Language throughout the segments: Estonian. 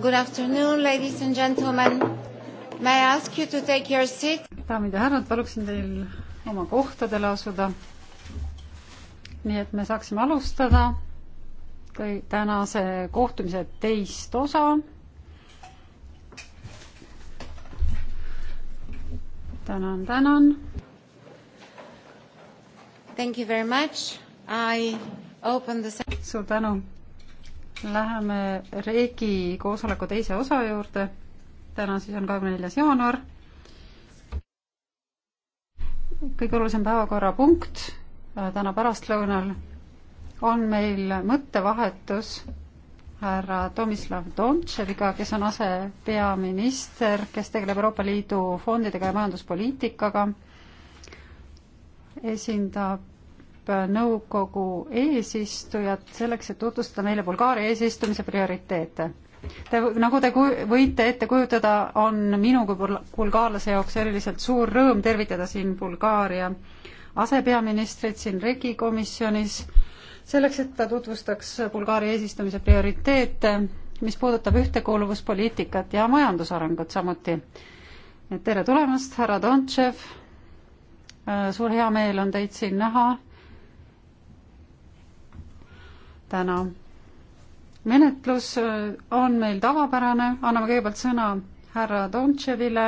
Good afternoon, ladies and gentlemen. May I ask you to take your seat? daamid ja härrad, paluksin teil oma kohtadele asuda. nii et me saaksime alustada tänase kohtumise teist osa. tänan, tänan. Thank you very much. I open the. suur tänu Läheme Regi koosoleku teise osa juurde. täna siis on kahekümne neljas jaanuar. kõige olulisem päevakorrapunkt äh, täna pärastlõunal on meil mõttevahetus härra Tomislav Tomtševiga, kes on asepeaminister, kes tegeleb Euroopa Liidu fondidega ja majanduspoliitikaga, esindab nõukogu eesistujat selleks, et tutvustada meile Bulgaaria eesistumise prioriteete. Te, nagu te võite ette kujutada, on minu kui bulgaarlase jaoks eriliselt suur rõõm tervitada siin Bulgaaria asepeaministrit siin Regi komisjonis, selleks, et ta tutvustaks Bulgaaria eesistumise prioriteete, mis puudutab ühtekuuluvuspoliitikat ja majandusarengut samuti. tere tulemast, härra Tontšev, äh, suur hea meel on teid siin näha täna. menetlus äh, on meil tavapärane, anname kõigepealt sõna härra Tontševile,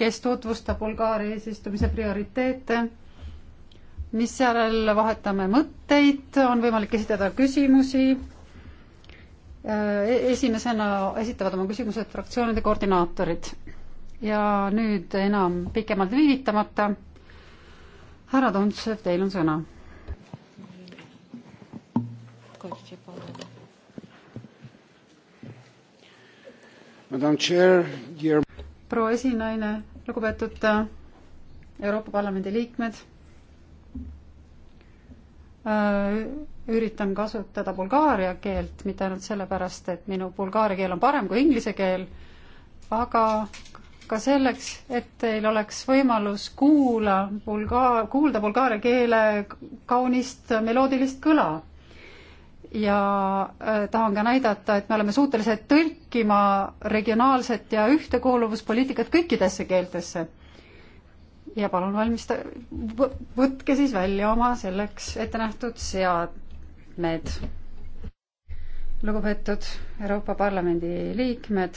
kes tutvustab Bulgaaria eesistumise prioriteete, mis järel vahetame mõtteid, on võimalik esitada küsimusi, äh, e-, esimesena esitavad oma küsimused fraktsioonide koordinaatorid. ja nüüd enam pikemalt viivitamata, härra Tontšev, teil on sõna Kochcie Polena. Madam Chair, dear... proua esinaine, lugupeetud äh, Euroopa Parlamendi liikmed. Äh, üritan kasutada bulgaaria keelt, mitte ainult sellepärast, et minu bulgaaria keel on parem kui inglise keel, aga ka selleks, et teil oleks võimalus kuula bulga-, kuulda bulgaaria keele kaunist meloodilist kõla ja äh, tahan ka näidata, et me oleme suutelised tõlkima regionaalset ja ühtekuuluvuspoliitikat kõikidesse keeltesse. ja palun valmista, võtke siis välja oma selleks ette nähtud seadmed. lugupeetud Euroopa Parlamendi liikmed,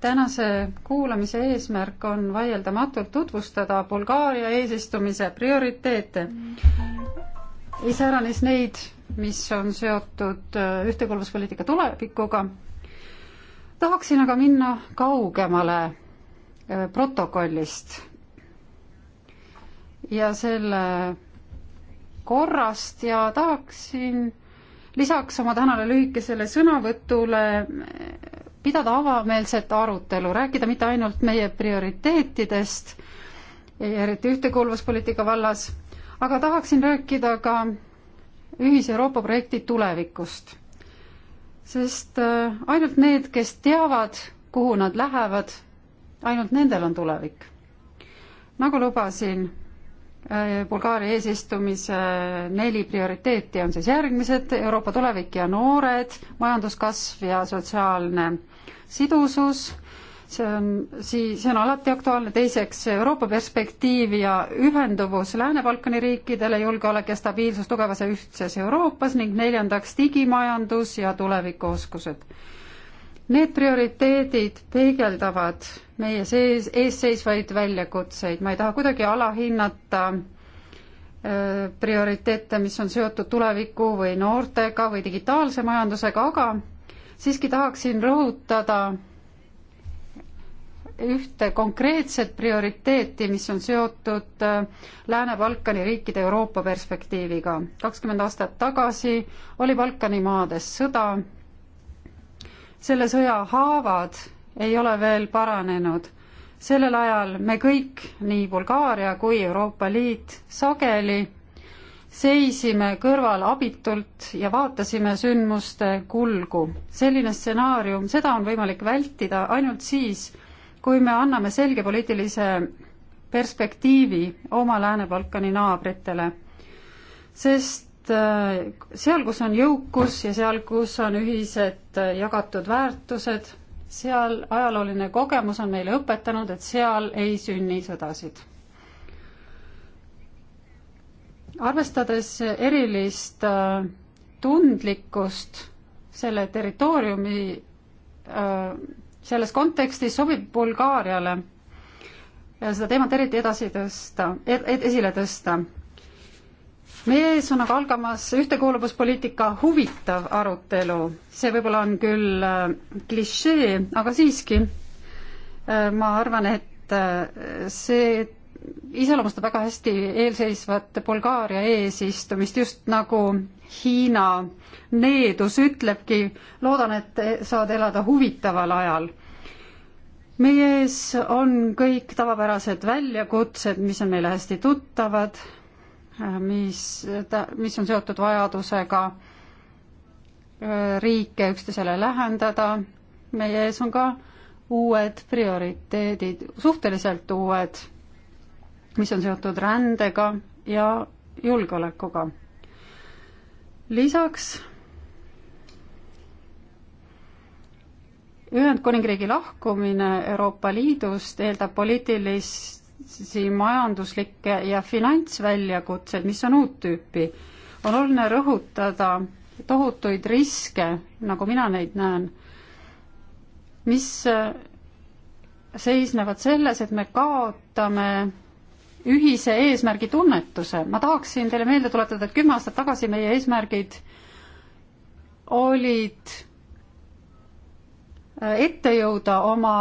tänase kuulamise eesmärk on vaieldamatult tutvustada Bulgaaria eesistumise prioriteete, iseäranis neid, mis on seotud äh, ühtekuuluvuspoliitika tulevikuga. tahaksin aga minna kaugemale äh, protokollist ja selle korrast ja tahaksin lisaks oma tänale lühikesele sõnavõtule äh, pidada avameelset arutelu, rääkida mitte ainult meie prioriteetidest, eriti ühtekuuluvuspoliitika vallas, aga tahaksin rääkida ka ühise Euroopa projekti tulevikust. sest äh, ainult need, kes teavad, kuhu nad lähevad, ainult nendel on tulevik. nagu lubasin, äh, Bulgaaria eesistumise neli prioriteeti on siis järgmised, Euroopa tulevik ja noored, majanduskasv ja sotsiaalne sidusus see on, siis see on alati aktuaalne, teiseks Euroopa perspektiiv ja ühenduvus Lääne-Balkani riikidele, julgeolek ja stabiilsus tugevas ja ühtses Euroopas ning neljandaks digimajandus ja tulevikuoskused. Need prioriteedid peegeldavad meie sees, eesseisvaid väljakutseid, ma ei taha kuidagi alahinnata äh, prioriteete, mis on seotud tuleviku või noortega või digitaalse majandusega, aga siiski tahaksin rõhutada ühte konkreetset prioriteeti, mis on seotud äh, Lääne-Balkani riikide Euroopa perspektiiviga. kakskümmend aastat tagasi oli Balkani maades sõda. selle sõja haavad ei ole veel paranenud. sellel ajal me kõik, nii Bulgaaria kui Euroopa Liit, sageli seisime kõrval abitult ja vaatasime sündmuste kulgu. selline stsenaarium, seda on võimalik vältida ainult siis, kui me anname selge poliitilise perspektiivi oma Lääne-Balkani naabritele, sest äh, seal, kus on jõukus ja seal, kus on ühised äh, jagatud väärtused, seal ajalooline kogemus on meile õpetanud, et seal ei sünni sõdasid. arvestades erilist äh, tundlikkust selle territooriumi selles kontekstis sobib Bulgaariale seda teemat eriti edasi tõsta ed,, ed, esile tõsta. meie ees on aga algamas ühtekuuluvuspoliitika huvitav arutelu, see võib-olla on küll äh, klišee, aga siiski äh, ma arvan, et äh, see iseloomustab väga hästi eelseisvat Bulgaaria eesistumist, just nagu Hiina needus ütlebki, loodan, et saad elada huvitaval ajal. meie ees on kõik tavapärased väljakutsed, mis on meile hästi tuttavad, mis, mis on seotud vajadusega äh, riike üksteisele lähendada, meie ees on ka uued prioriteedid, suhteliselt uued mis on seotud rändega ja julgeolekuga. lisaks Ühendkuningriigi lahkumine Euroopa Liidust eeldab poliitilisi, majanduslikke ja finantsväljakutseid, mis on uut tüüpi. on oluline rõhutada tohutuid riske, nagu mina neid näen, mis seisnevad selles, et me kaotame ühise eesmärgi tunnetuse. ma tahaksin teile meelde tuletada, et kümme aastat tagasi meie eesmärgid olid äh, ette jõuda oma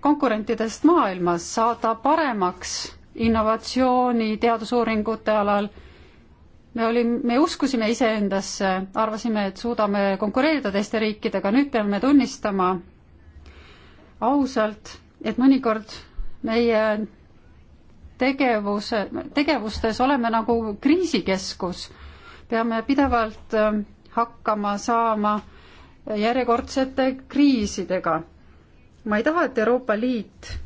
konkurentidest maailmas, saada paremaks innovatsiooni teadusuuringute alal. me olime, me uskusime iseendasse, arvasime, et suudame konkureerida teiste riikidega, nüüd peame tunnistama ausalt, et mõnikord meie tegevuse, tegevustes oleme nagu kriisikeskus. peame pidevalt ähm, hakkama saama järjekordsete kriisidega. ma ei taha, et Euroopa Liit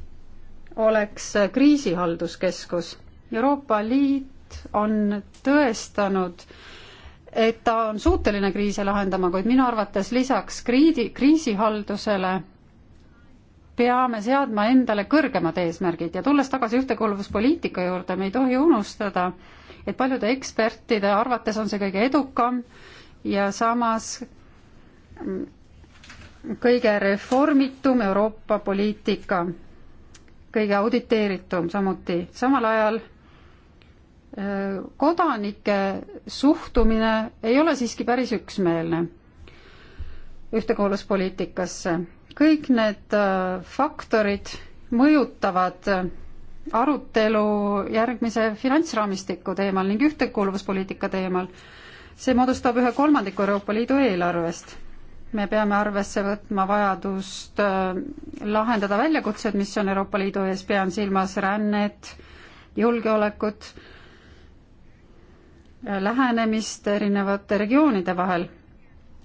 oleks äh, kriisihalduskeskus. Euroopa Liit on tõestanud, et ta on suuteline kriise lahendama, kuid minu arvates lisaks kriidi, kriisihaldusele peame seadma endale kõrgemad eesmärgid ja tulles tagasi ühtekuuluvuspoliitika juurde, me ei tohi unustada, et paljude ekspertide arvates on see kõige edukam ja samas mm, kõige reformitum Euroopa poliitika, kõige auditeeritum samuti, samal ajal kodanike suhtumine ei ole siiski päris üksmeelne ühtekuuluvuspoliitikasse kõik need äh, faktorid mõjutavad äh, arutelu järgmise finantsraamistiku teemal ning ühtekuuluvuspoliitika teemal. see moodustab ühe kolmandiku Euroopa Liidu eelarvest. me peame arvesse võtma vajadust äh, lahendada väljakutsed, mis on Euroopa Liidu ees, pean silmas rännet, julgeolekut, lähenemist erinevate regioonide vahel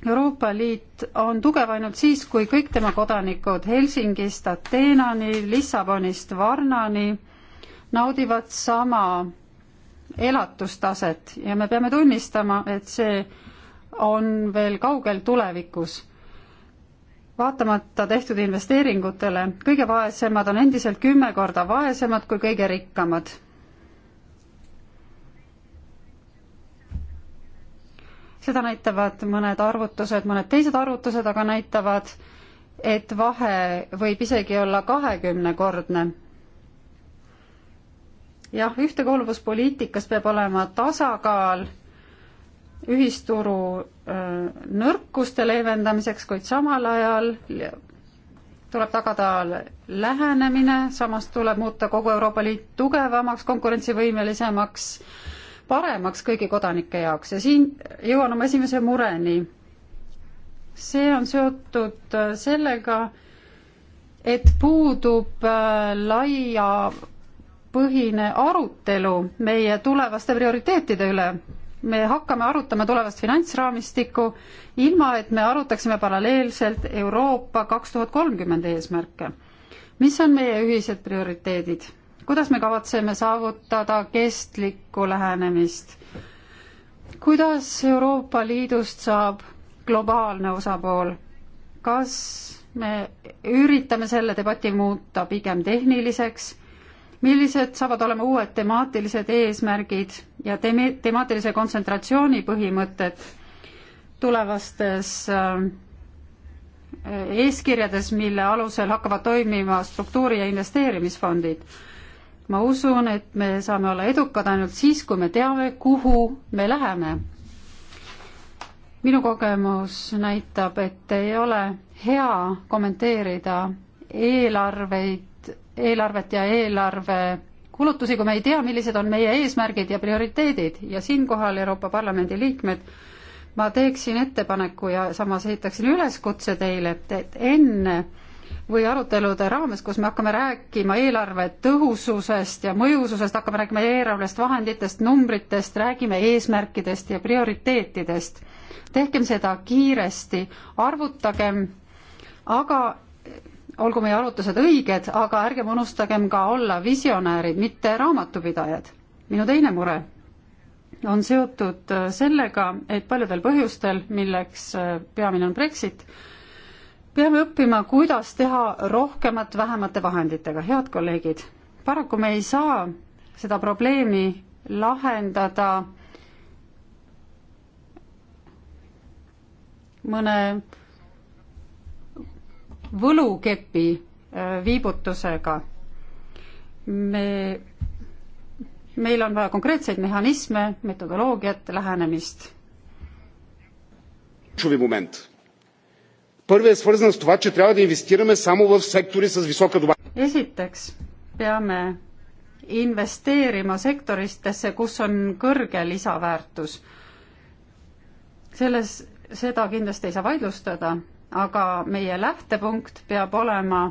Euroopa Liit on tugev ainult siis, kui kõik tema kodanikud Helsingist Ateenani, Lissabonist Varnani naudivad sama elatustaset ja me peame tunnistama, et see on veel kaugel tulevikus vaatamata tehtud investeeringutele, kõige vaesemad on endiselt kümme korda vaesemad kui kõige rikkamad. seda näitavad mõned arvutused, mõned teised arvutused aga näitavad, et vahe võib isegi olla kahekümnekordne. jah, ühtekuuluvuspoliitikas peab olema tasakaal ühisturu äh, nõrkuste leevendamiseks, kuid samal ajal tuleb tagada lähenemine, samas tuleb muuta kogu Euroopa Liit tugevamaks, konkurentsivõimelisemaks äh, paremaks kõigi kodanike jaoks ja siin jõuan oma esimese mureni. see on seotud äh, sellega, et puudub äh, laiapõhine arutelu meie tulevaste prioriteetide üle. me hakkame arutama tulevast finantsraamistikku, ilma et me arutaksime paralleelselt Euroopa kaks tuhat kolmkümmend eesmärke. mis on meie ühised prioriteedid? kuidas me kavatseme saavutada kestlikku lähenemist? kuidas Euroopa Liidust saab globaalne osapool? kas me üritame selle debati muuta pigem tehniliseks? millised saavad olema uued temaatilised eesmärgid ja teme-, temaatilise kontsentratsiooni põhimõtted tulevastes äh, eeskirjades, mille alusel hakkavad toimima struktuuri- ja investeerimisfondid? ma usun, et me saame olla edukad ainult siis, kui me teame, kuhu me läheme. minu kogemus näitab, et ei ole hea kommenteerida eelarveid, eelarvet ja eelarve kulutusi, kui me ei tea, millised on meie eesmärgid ja prioriteedid ja siinkohal Euroopa Parlamendi liikmed, ma teeksin ettepaneku ja samas ehitaksin üleskutse teile, et, et enne või arutelude raames, kus me hakkame rääkima eelarve tõhususest ja mõjususest, hakkame rääkima eelarvest, vahenditest, numbritest, räägime eesmärkidest ja prioriteetidest. tehkem seda kiiresti, arvutagem, aga olgu meie arvutused õiged, aga ärgem unustagem ka olla visionäärid, mitte raamatupidajad. minu teine mure on seotud sellega, et paljudel põhjustel, milleks peamine on Brexit, peame õppima, kuidas teha rohkemat vähemate vahenditega, head kolleegid. paraku me ei saa seda probleemi lahendada mõne võlukepi äh, viibutusega. me, meil on vaja konkreetseid mehhanisme, metodoloogiat, lähenemist. moment Първият е свързан с това, че трябва да инвестираме само в сектори с висока добавена. Esiteks peame investeerima sektoristesse, kus on kõrge lisaväärtus. selles, seda kindlasti ei saa vaidlustada, aga meie lähtepunkt peab olema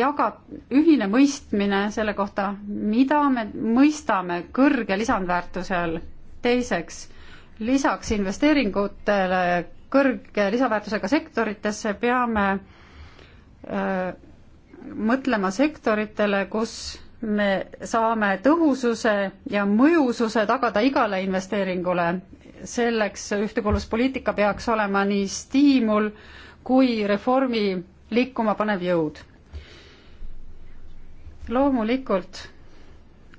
jaga-, ühine mõistmine selle kohta, mida me mõistame kõrge lisandväärtuse all. teiseks, lisaks investeeringutele kõrge lisaväärtusega sektoritesse, peame äh, mõtlema sektoritele, kus me saame tõhususe ja mõjususe tagada igale investeeringule. selleks ühtekuuluvuspoliitika peaks olema nii stiimul kui reformi liikuma panev jõud. loomulikult,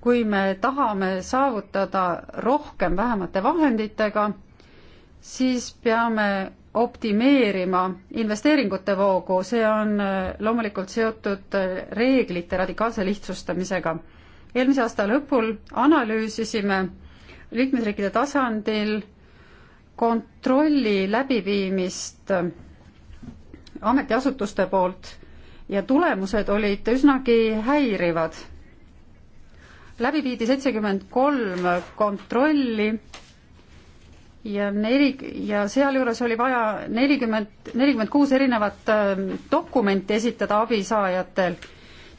kui me tahame saavutada rohkem vähemate vahenditega siis peame optimeerima investeeringute voogu, see on äh, loomulikult seotud äh, reeglite radikaalse lihtsustamisega. eelmise aasta lõpul analüüsisime liikmesriikide tasandil kontrolli läbiviimist äh, ametiasutuste poolt ja tulemused olid üsnagi häirivad. läbi viidi seitsekümmend kolm kontrolli ja neli, ja sealjuures oli vaja nelikümmend, nelikümmend kuus erinevat äh, dokumenti esitada abisaajatel.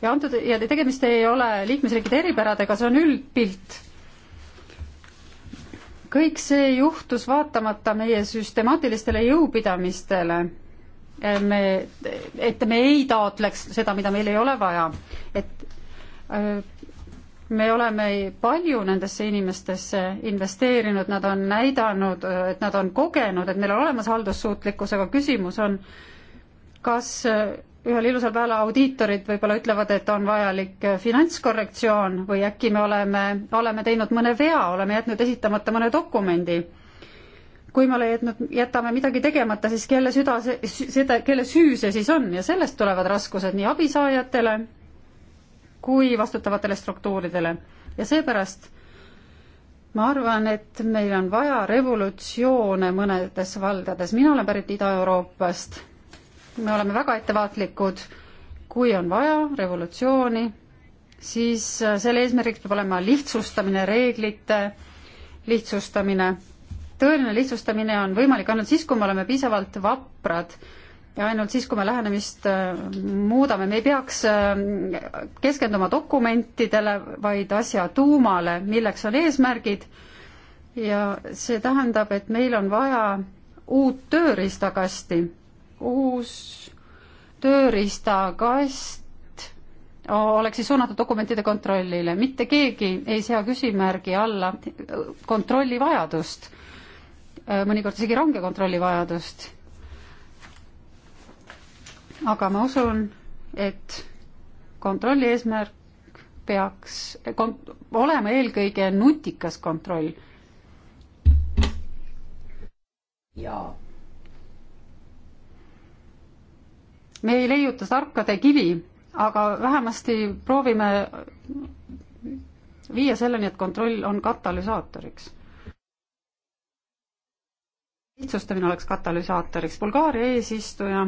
ja antud, ja tegemist ei ole liikmesriikide eripäradega, see on üldpilt. kõik see juhtus vaatamata meie süstemaatilistele jõupidamistele. Äh, me, et me ei taotleks seda, mida meil ei ole vaja, et äh, me oleme palju nendesse inimestesse investeerinud, nad on näidanud, et nad on kogenud, et meil on olemas haldussuutlikkus, aga küsimus on, kas ühel ilusal päeval audiitorid võib-olla ütlevad, et on vajalik finantskorrektsioon või äkki me oleme, oleme teinud mõne vea, oleme jätnud esitamata mõne dokumendi kui me jätnud, jätame midagi tegemata, siis kelle süda see, seda, kelle süü see siis on ja sellest tulevad raskused nii abisaajatele kui vastutavatele struktuuridele ja seepärast ma arvan, et meil on vaja revolutsioone mõnedes valdades, mina olen pärit Ida-Euroopast, me oleme väga ettevaatlikud, kui on vaja revolutsiooni, siis äh, selle eesmärgiks peab olema lihtsustamine, reeglite lihtsustamine. tõeline lihtsustamine on võimalik ainult siis, kui me oleme piisavalt vaprad ja ainult siis, kui me lähenemist äh, muudame, me ei peaks äh, keskenduma dokumentidele, vaid asja tuumale, milleks on eesmärgid ja see tähendab, et meil on vaja uut tööriistakasti, uus tööriistakast oleks siis suunatud dokumentide kontrollile, mitte keegi ei sea küsimärgi alla kontrolli vajadust, äh, mõnikord isegi range kontrolli vajadust aga ma usun, et kontrolli eesmärk peaks kont-, olema eelkõige nutikas kontroll. jaa. me ei leiuta tarkade kivi, aga vähemasti proovime viia selleni, et kontroll on katalüsaatoriks. lihtsustamine oleks katalüsaatoriks. Bulgaaria eesistuja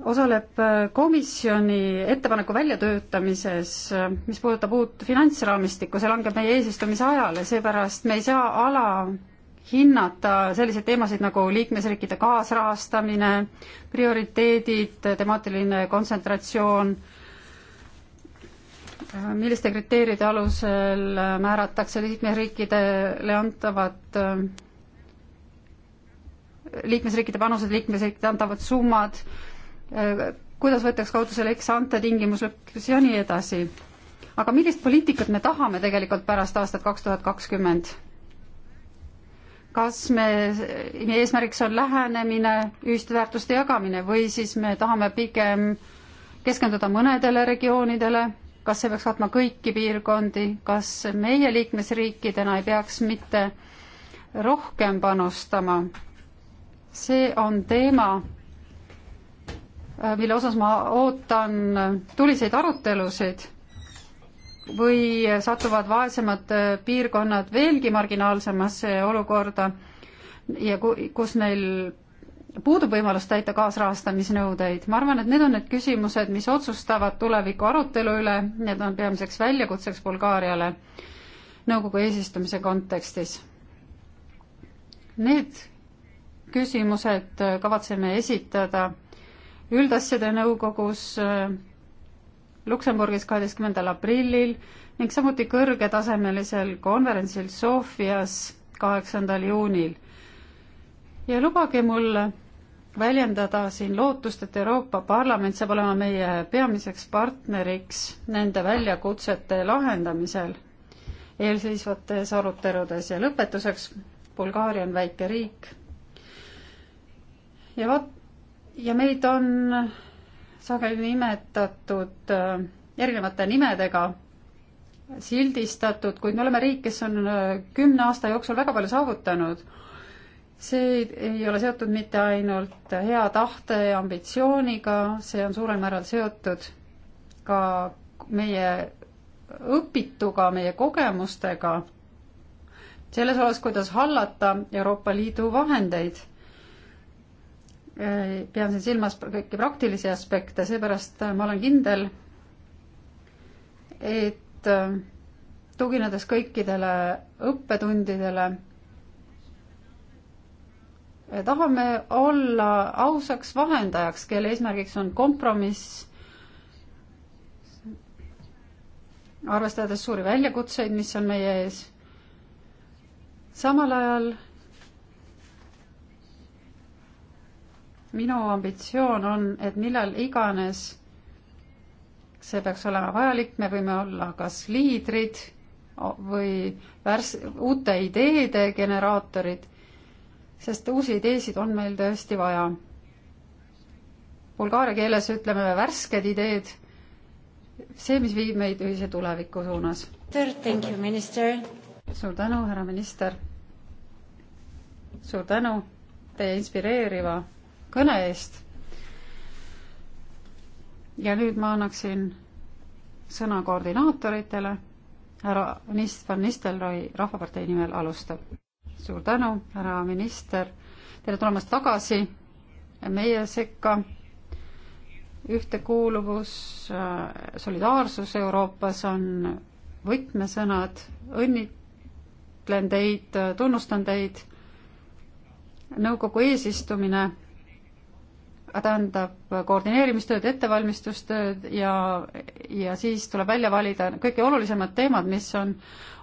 osaleb äh, komisjoni ettepaneku väljatöötamises, äh, mis puudutab uut finantsraamistikku, see langeb meie eesistumise ajale, seepärast me ei saa ala hinnata selliseid teemasid nagu liikmesriikide kaasrahastamine, prioriteedid, temaatiline kontsentratsioon, äh, milliste kriteeriumide alusel määratakse liikmesriikidele antavad, liikmesriikide panused, liikmesriikide antavad summad, Äh, kuidas võetakse kaotusele eksante tingimuslikkus ja nii edasi. aga millist poliitikat me tahame tegelikult pärast aastat kaks tuhat kakskümmend? kas me, meie eesmärgiks on lähenemine, ühiste väärtuste jagamine või siis me tahame pigem keskenduda mõnedele regioonidele, kas see peaks katma kõiki piirkondi, kas meie liikmesriikidena ei peaks mitte rohkem panustama? see on teema, Äh, mille osas ma ootan tuliseid arutelusid või satuvad vaesemad äh, piirkonnad veelgi marginaalsemasse olukorda ja kus neil puudub võimalus täita kaasrahastamisnõudeid. ma arvan, et need on need küsimused, mis otsustavad tuleviku arutelu üle, need on peamiseks väljakutseks Bulgaariale nõukogu eesistumise kontekstis. Need küsimused kavatseme esitada üldasjade nõukogus äh, Luksemburgis kaheteistkümnendal aprillil ning samuti kõrgetasemelisel konverentsil Sofias kaheksandal juunil. ja lubage mul väljendada siin lootust, et Euroopa Parlament saab olema meie peamiseks partneriks nende väljakutsete lahendamisel eelseisvates aruteludes ja lõpetuseks, Bulgaaria on väike riik ja vaat-, ja meid on sageli nimetatud äh, erinevate nimedega, sildistatud, kuid me oleme riik, kes on äh, kümne aasta jooksul väga palju saavutanud. see ei ole seotud mitte ainult hea tahte ja ambitsiooniga, see on suurel määral seotud ka meie õpituga, meie kogemustega, selles osas, kuidas hallata Euroopa Liidu vahendeid Äh, pean siin silmas kõiki praktilisi aspekte, seepärast äh, ma olen kindel, et äh, tuginedes kõikidele õppetundidele, tahame olla ausaks vahendajaks, kelle eesmärgiks on kompromiss, arvestades suuri väljakutseid, mis on meie ees, samal ajal minu ambitsioon on, et millal iganes see peaks olema vajalik, me võime olla kas liidrid või värs-, uute ideede generaatorid, sest uusi ideesid on meil tõesti vaja. Bulgaaria keeles ütleme me värsked ideed, see, mis viib meid ühise tuleviku suunas. suur tänu, härra minister! suur tänu teie inspireeriva kõne eest. ja nüüd ma annaksin sõna koordinaatoritele. härra Nist-, Van Nistelrooy Rahvapartei nimel alustab. suur tänu, härra minister, tere tulemast tagasi meie sekka. ühtekuuluvus, äh, solidaarsus Euroopas on võtmesõnad, õnnitlen teid, äh, tunnustan teid. nõukogu eesistumine tähendab koordineerimistööd, ettevalmistustööd ja, ja siis tuleb välja valida kõige olulisemad teemad, mis on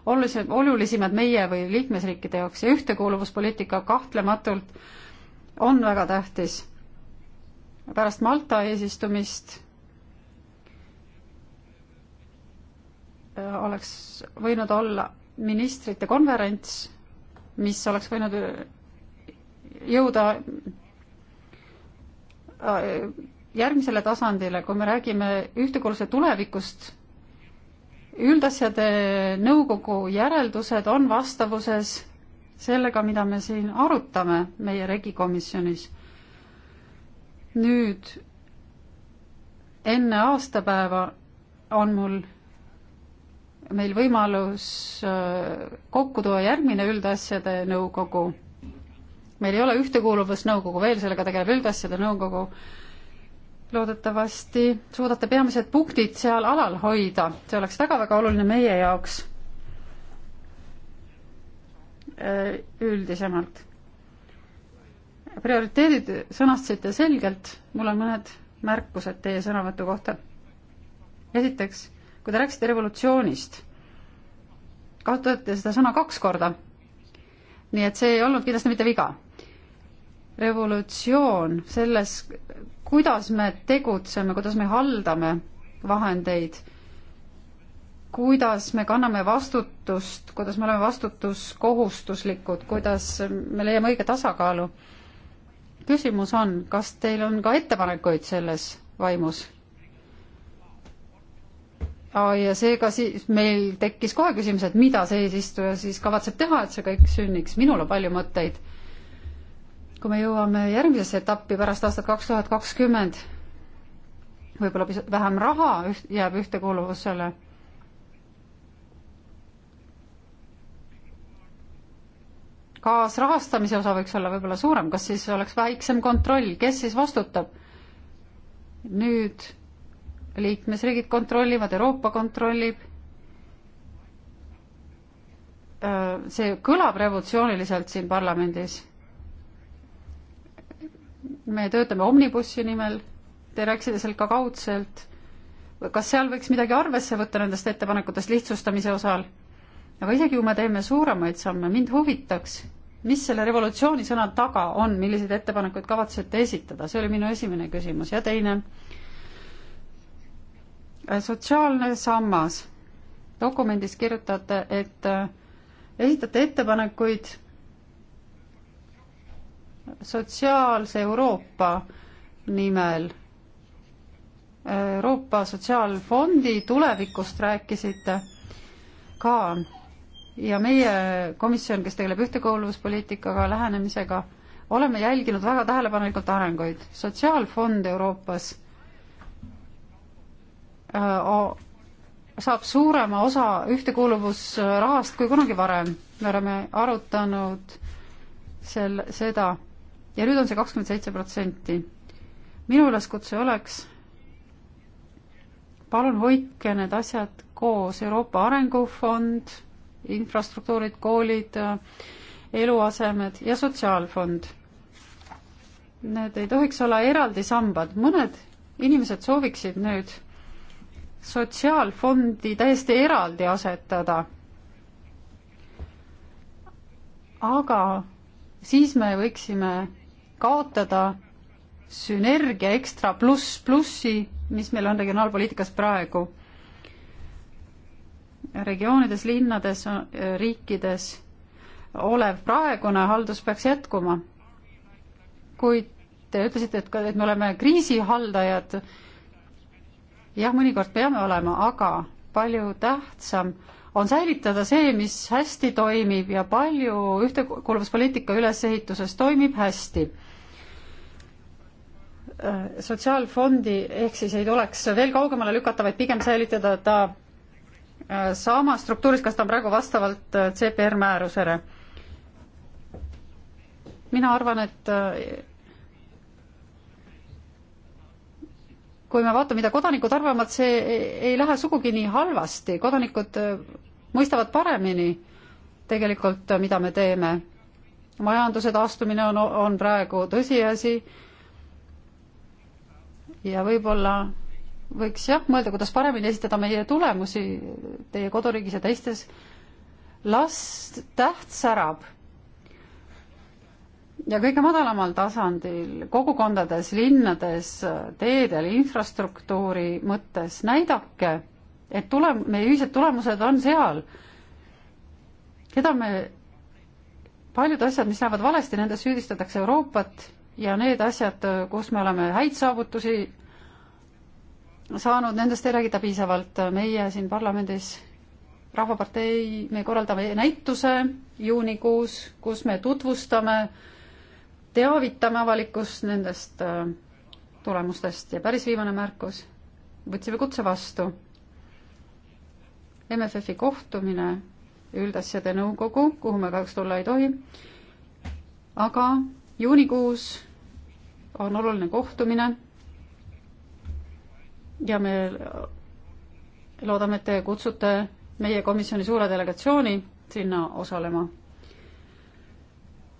olulised, olulisemad meie või liikmesriikide jaoks ja ühtekuuluvuspoliitika kahtlematult on väga tähtis. pärast Malta eesistumist äh, oleks võinud olla ministrite konverents, mis oleks võinud äh, jõuda Äh, järgmisele tasandile, kui me räägime ühtekuuluvuse tulevikust, üldasjade nõukogu järeldused on vastavuses sellega, mida me siin arutame meie regikomisjonis. nüüd enne aastapäeva on mul meil võimalus äh, kokku tuua järgmine üldasjade nõukogu meil ei ole ühtekuuluvusnõukogu veel, sellega tegeleb üldasjade nõukogu. loodetavasti suudate peamised punktid seal alal hoida, see oleks väga-väga oluline meie jaoks äh, üldisemalt. prioriteedid sõnastasite selgelt, mul on mõned märkused teie sõnavõtu kohta. esiteks, kui te rääkisite revolutsioonist, kasutate seda sõna kaks korda nii et see ei olnud kindlasti mitte viga revolutsioon selles, kuidas me tegutseme, kuidas me haldame vahendeid, kuidas me kanname vastutust, kuidas me oleme vastutuskohustuslikud, kuidas me leiame õige tasakaalu. küsimus on, kas teil on ka ettepanekuid selles vaimus? ja seega siis meil tekkis kohe küsimus, et mida see eesistuja siis kavatseb teha, et see kõik sünniks. minul on palju mõtteid kui me jõuame järgmisesse etappi pärast aastat kaks tuhat kakskümmend, võib-olla pisut vähem raha üht, jääb ühtekuuluvusele. kaasrahastamise osa võiks olla võib-olla suurem, kas siis oleks väiksem kontroll, kes siis vastutab? nüüd liikmesriigid kontrollivad, Euroopa kontrollib. Äh, see kõlab revolutsiooniliselt siin parlamendis me töötame Omnibussi nimel, te rääkisite sealt ka kaudselt, kas seal võiks midagi arvesse võtta nendest ettepanekutest lihtsustamise osal? aga isegi kui me teeme suuremaid samme, mind huvitaks, mis selle revolutsiooni sõna taga on, milliseid ettepanekuid kavatsete esitada, see oli minu esimene küsimus ja teine. sotsiaalne sammas, dokumendis kirjutate, et eh, esitate ettepanekuid sotsiaalse Euroopa nimel. Euroopa Sotsiaalfondi tulevikust rääkisite ka ja meie komisjon, kes tegeleb ühtekuuluvuspoliitikaga, lähenemisega, oleme jälginud väga tähelepanelikult arenguid. sotsiaalfond Euroopas äh, saab suurema osa ühtekuuluvusrahast kui kunagi varem. me oleme arutanud sel-, seda ja nüüd on see kakskümmend seitse protsenti. minu üleskutse oleks, palun hoidke need asjad koos, Euroopa Arengufond, infrastruktuurid, koolid, eluasemed ja sotsiaalfond. Need ei tohiks olla eraldi sambad, mõned inimesed sooviksid nüüd sotsiaalfondi täiesti eraldi asetada. aga siis me võiksime kaotada sünergia ekstra pluss plussi, mis meil on regionaalpoliitikas praegu. regioonides, linnades, riikides olev praegune haldus peaks jätkuma. kuid te ütlesite, et ka, et me oleme kriisihaldajad. jah, mõnikord peame olema, aga palju tähtsam on säilitada see, mis hästi toimib ja palju ühtekuuluvuspoliitika ülesehituses toimib hästi Äh, sotsiaalfondi, ehk siis ei tuleks veel kaugemale lükata, vaid pigem säilitada ta äh, sama struktuuris, kas ta on praegu vastavalt äh, CPR määrusele. mina arvan, et kui me vaatame, mida kodanikud arvavad, see ei lähe sugugi nii halvasti, kodanikud mõistavad paremini tegelikult, mida me teeme. majanduse taastumine on, on praegu tõsiasi ja võib-olla võiks jah mõelda, kuidas paremini esitada meie tulemusi teie koduriigis ja teistes. las täht särab. ja kõige madalamal tasandil, kogukondades, linnades, teedel, infrastruktuuri mõttes, näidake, et tule-, meie ühised tulemused on seal. keda me, paljud asjad, mis lähevad valesti, nendes süüdistatakse Euroopat ja need asjad, kus me oleme häid saavutusi saanud, nendest ei räägita piisavalt. meie siin parlamendis, Rahvapartei, me korraldame näituse juunikuus, kus me tutvustame, teavitame avalikkust nendest äh, tulemustest ja päris viimane märkus, võtsime kutse vastu. MFF-i kohtumine, üldasjade nõukogu, kuhu me kahjuks tulla ei tohi, aga juunikuus on oluline kohtumine ja me loodame, et te kutsute meie komisjoni suure delegatsiooni sinna osalema.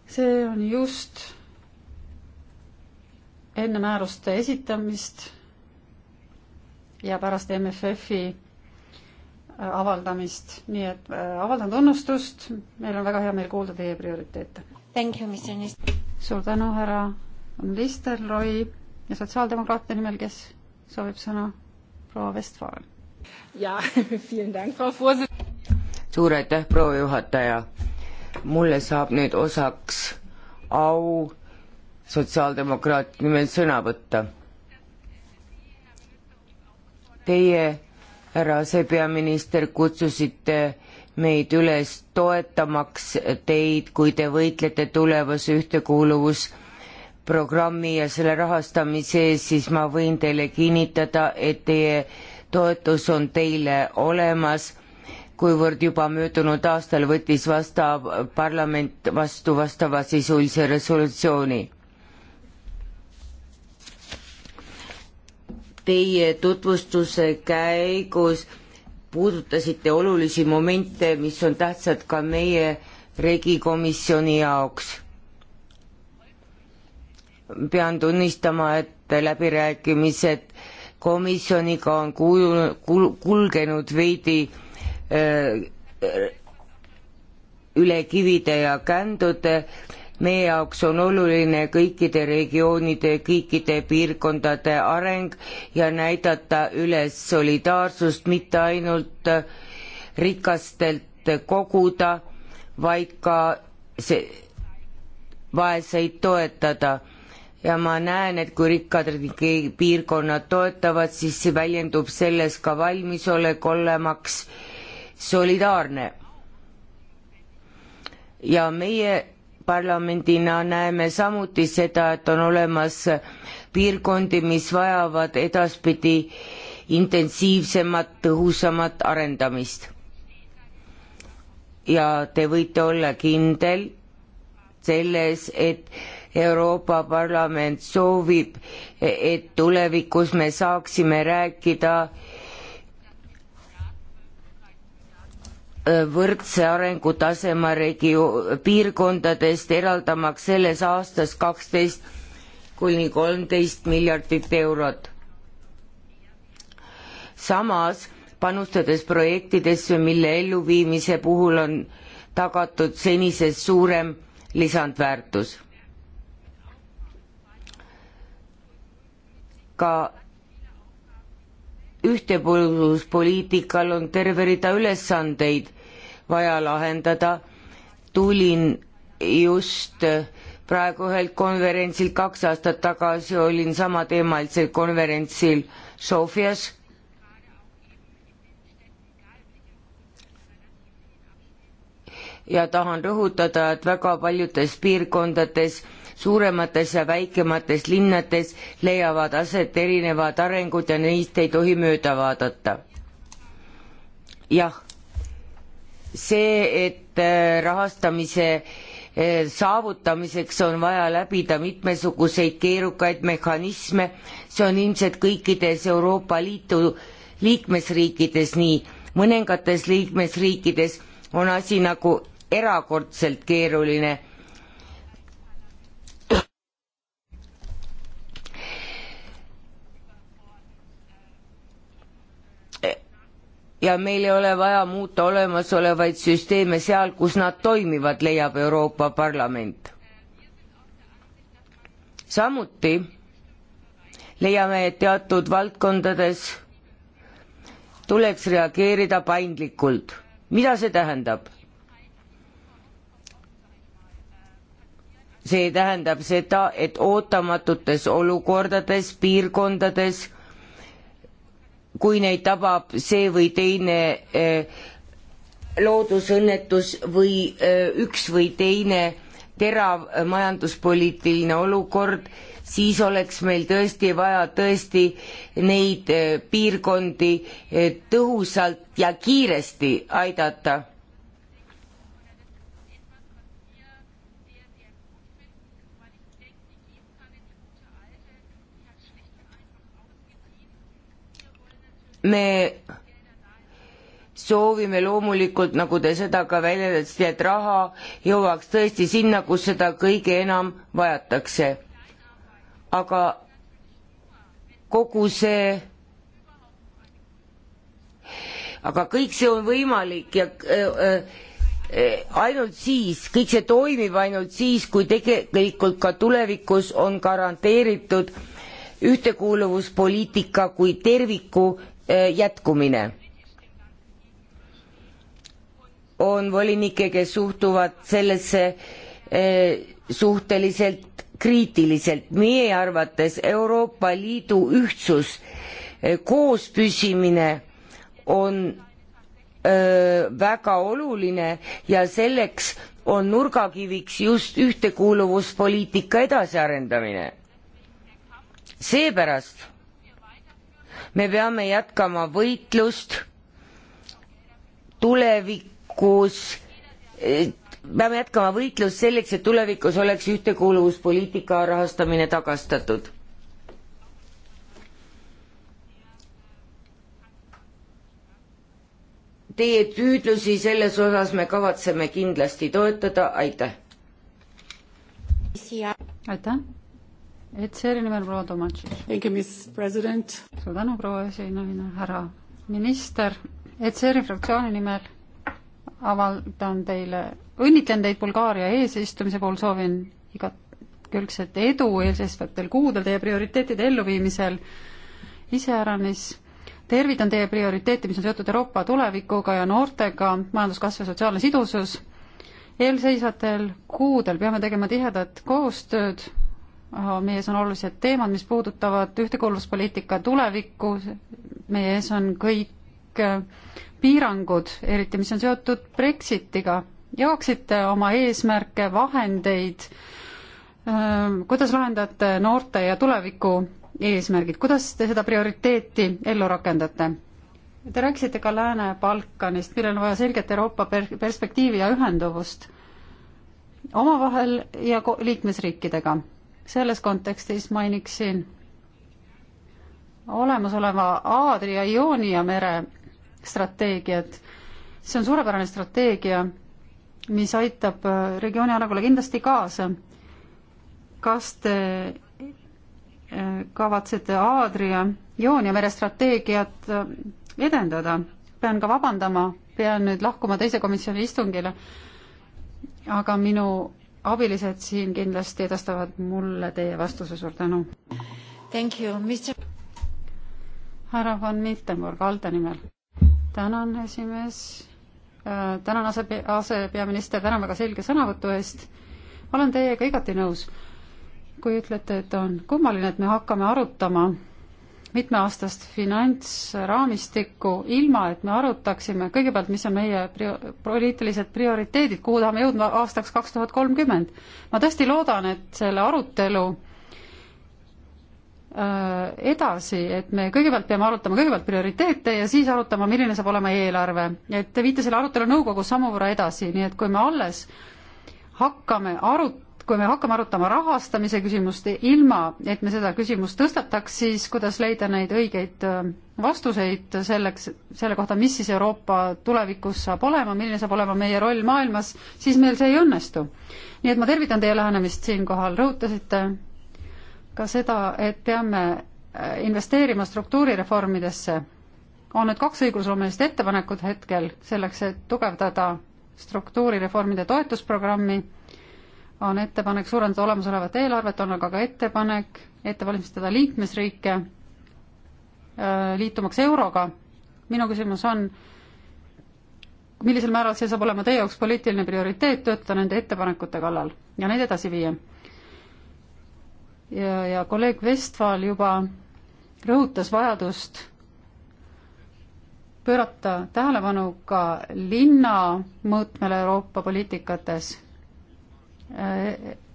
see on just enne määruste esitamist ja pärast MFF-i avaldamist, nii et äh, avaldan tunnustust, meil on väga hea meel kuulda teie prioriteete. suur tänu, härra on Listerloi ja sotsiaaldemokraatide nimel, kes soovib sõna, proua Vestfalen. suur aitäh, proua juhataja. mulle saab nüüd osaks au sotsiaaldemokraatide nimel sõna võtta. Teie, härra asepeaminister, kutsusite meid üles toetamaks teid, kui te võitlete tulevase ühtekuuluvus programmi ja selle rahastamise eest, siis ma võin teile kinnitada, et teie toetus on teile olemas, kuivõrd juba möödunud aastal võttis vastav parlament vastu vastavasisulise resolutsiooni. Teie tutvustuse käigus puudutasite olulisi momente, mis on tähtsad ka meie regikomisjoni jaoks pean tunnistama, et läbirääkimised komisjoniga on kuju- kul,, kulgenud veidi öö, äh, üle kivide ja kändude. meie jaoks on oluline kõikide regioonide, kõikide piirkondade areng ja näidata üles solidaarsust mitte ainult äh, rikastelt koguda, vaid ka see, vaeseid toetada ja ma näen, et kui rikkad piirkonnad toetavad, siis see väljendub selles ka valmisolek olemaks solidaarne. ja meie parlamendina näeme samuti seda, et on olemas piirkondi, mis vajavad edaspidi intensiivsemat, tõhusamat arendamist. ja te võite olla kindel selles, et Euroopa Parlament soovib, et tulevikus me saaksime rääkida võrdse arengutasema regio-, piirkondadest, eraldamaks selles aastas kaksteist kuni kolmteist miljardit eurot. samas panustades projektidesse, mille elluviimise puhul on tagatud senisest suurem lisandväärtus ka ühtekuuluvuspoliitikal on terve rida ülesandeid vaja lahendada. tulin just praegu ühelt konverentsilt, kaks aastat tagasi olin samateemalisel konverentsil Sofias. ja tahan rõhutada, et väga paljudes piirkondades suuremates ja väikemates linnades leiavad aset erinevad arengud ja neist ei tohi mööda vaadata. jah, see, et äh, rahastamise äh, saavutamiseks on vaja läbida mitmesuguseid keerukaid mehhanisme, see on ilmselt kõikides Euroopa Liidu liikmesriikides nii, mõningates liikmesriikides on asi nagu erakordselt keeruline ja meil ei ole vaja muuta olemasolevaid süsteeme seal, kus nad toimivad, leiab Euroopa Parlament. samuti leiame, et teatud valdkondades tuleks reageerida paindlikult. mida see tähendab? see tähendab seda, et ootamatutes olukordades, piirkondades kui neid tabab see või teine eh, loodusõnnetus või eh, üks või teine terav majanduspoliitiline olukord, siis oleks meil tõesti vaja tõesti neid eh, piirkondi tõhusalt ja kiiresti aidata me soovime loomulikult, nagu te seda ka väljendasite, et raha jõuaks tõesti sinna, kus seda kõige enam vajatakse. aga kogu see aga kõik see on võimalik ja äh, äh, äh ainult siis, kõik see toimib ainult siis, kui tegelikult ka tulevikus on garanteeritud ühtekuuluvuspoliitika kui terviku Äh, jätkumine. on volinikke, kes suhtuvad sellesse äh, suhteliselt kriitiliselt, meie arvates Euroopa Liidu ühtsus, äh, koos püsimine on öö, väga oluline ja selleks on nurgakiviks just ühtekuuluvuspoliitika edasiarendamine. seepärast me peame jätkama võitlust tulevikus, peame jätkama võitlust selleks, et tulevikus oleks ühtekuuluvuspoliitika rahastamine tagastatud. Teie püüdlusi selles osas me kavatseme kindlasti toetada, aitäh! aitäh! et selle nimel proua Tomatšis. suur tänu, proua esinaine, härra minister, et selle fraktsiooni nimel avaldan teile, õnnitlen teid Bulgaaria eesistumise puhul, soovin igakülgset edu eelseisvatel kuudel teie prioriteetide elluviimisel. iseäranis tervitan teie prioriteete, mis on seotud Euroopa tulevikuga ja noortega, majanduskasv ja sotsiaalne sidusus. eelseisvatel kuudel peame tegema tihedat koostööd meie ees on olulised teemad, mis puudutavad ühtekuuluvuspoliitika tulevikku, meie ees on kõik äh, piirangud, eriti mis on seotud Brexitiga. jagaksite oma eesmärke, vahendeid, äh, kuidas lahendate noorte ja tuleviku eesmärgid, kuidas te seda prioriteeti ellu rakendate? Te rääkisite ka Lääne-Balkanist, millel on vaja selget Euroopa perspektiivi ja ühenduvust omavahel ja liikmesriikidega selles kontekstis mainiksin olemasoleva Aadria Ioonia mere strateegiat. see on suurepärane strateegia, mis aitab regiooni arengule kindlasti kaasa. kas te äh, kavatsete Aadria Ioonia mere strateegiat äh, edendada? pean ka vabandama, pean nüüd lahkuma teise komisjoni istungile, aga minu abilised siin kindlasti edastavad mulle teie vastuse, suur tänu. Thank you, Mr. härra von Miltenburg, ALDE nimel. tänan, esimees. Äh, tänan asepe-, asepeaminister, tänan väga selge sõnavõtu eest. olen teiega igati nõus, kui ütlete, et on kummaline, et me hakkame arutama mitmeaastast finantsraamistikku, ilma et me arutaksime kõigepealt, mis on meie prio-, poliitilised prioriteedid, kuhu tahame jõudma aastaks kaks tuhat kolmkümmend. ma tõesti loodan, et selle arutelu äh, edasi, et me kõigepealt peame arutama kõigepealt prioriteete ja siis arutama, milline saab olema eelarve. et te viite selle arutelu nõukogus samavõrra edasi, nii et kui me alles hakkame arut-, kui me hakkame arutama rahastamise küsimust ilma, et me seda küsimust tõstataks, siis kuidas leida neid õigeid äh, vastuseid selleks, selle kohta, mis siis Euroopa tulevikus saab olema, milline saab olema meie roll maailmas, siis meil see ei õnnestu. nii et ma tervitan teie lähenemist siinkohal, rõhutasite ka seda, et peame äh, investeerima struktuurireformidesse. on nüüd kaks õigusloomelist ettepanekut hetkel selleks, et tugevdada struktuurireformide toetusprogrammi on ettepanek suurendada olemasolevat eelarvet, on aga ka ettepanek ette valmistada liikmesriike äh, liitumaks euroga. minu küsimus on, millisel määral see saab olema teie jaoks poliitiline prioriteet töötada nende ettepanekute kallal ja neid edasi viia? ja, ja kolleeg Vestfaal juba rõhutas vajadust pöörata tähelepanu ka linna mõõtmele Euroopa poliitikates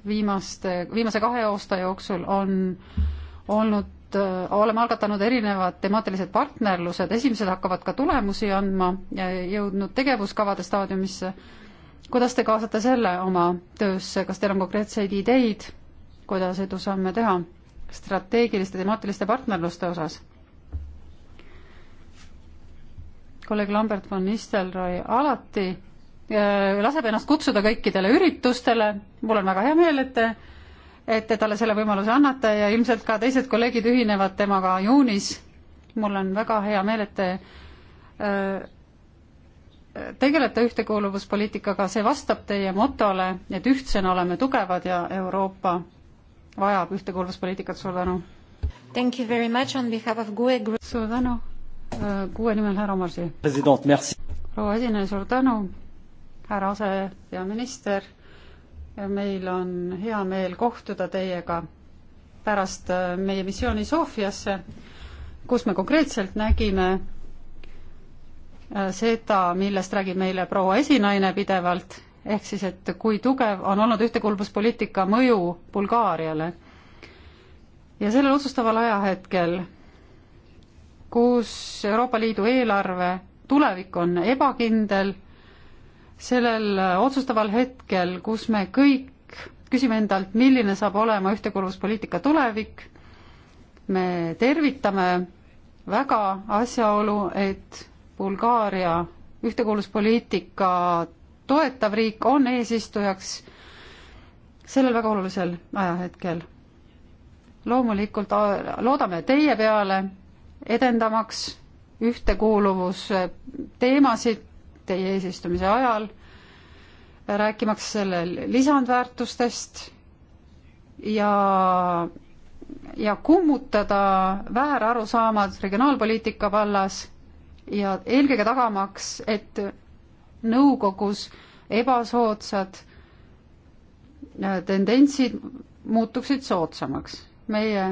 viimaste, viimase kahe aasta jooksul on olnud, äh, oleme algatanud erinevad temaatilised partnerlused, esimesed hakkavad ka tulemusi andma, jõudnud tegevuskavade staadiumisse. kuidas te kaasate selle oma töösse, kas teil on konkreetseid ideid, kuidas edusamme teha strateegiliste temaatiliste partnerluste osas? kolleeg Lambert von Nistelrooy alati Äh, laseb ennast kutsuda kõikidele üritustele, mul on väga hea meel, et te, et te talle selle võimaluse annate ja ilmselt ka teised kolleegid ühinevad temaga juunis. mul on väga hea meel, et te äh, tegelete ühtekuuluvuspoliitikaga, see vastab teie motole, et ühtsena oleme tugevad ja Euroopa vajab ühtekuuluvuspoliitikat, suur tänu! Thank you very much on behalf of GUE Group. suur tänu, äh, GUE nimel härra Omarsi. president, merci! proua esineja, suur tänu! härra asepeaminister, meil on hea meel kohtuda teiega pärast äh, meie missiooni Sofiasse, kus me konkreetselt nägime äh, seda, millest räägib meile proua esinaine pidevalt, ehk siis, et kui tugev on olnud ühtekuuluvuspoliitika mõju Bulgaariale. ja sellel otsustaval ajahetkel, kus Euroopa Liidu eelarve tulevik on ebakindel sellel äh, otsustaval hetkel, kus me kõik küsime endalt, milline saab olema ühtekuuluvuspoliitika tulevik, me tervitame väga asjaolu, et Bulgaaria ühtekuuluvuspoliitika toetav riik on eesistujaks sellel väga olulisel ajahetkel. loomulikult loodame teie peale, edendamaks ühtekuuluvuse teemasid teie eesistumise ajal, rääkimaks selle lisandväärtustest ja, ja kummutada väärarusaamad regionaalpoliitika vallas ja eelkõige tagamaks, et nõukogus ebasoodsad äh, tendentsid muutuksid soodsamaks. meie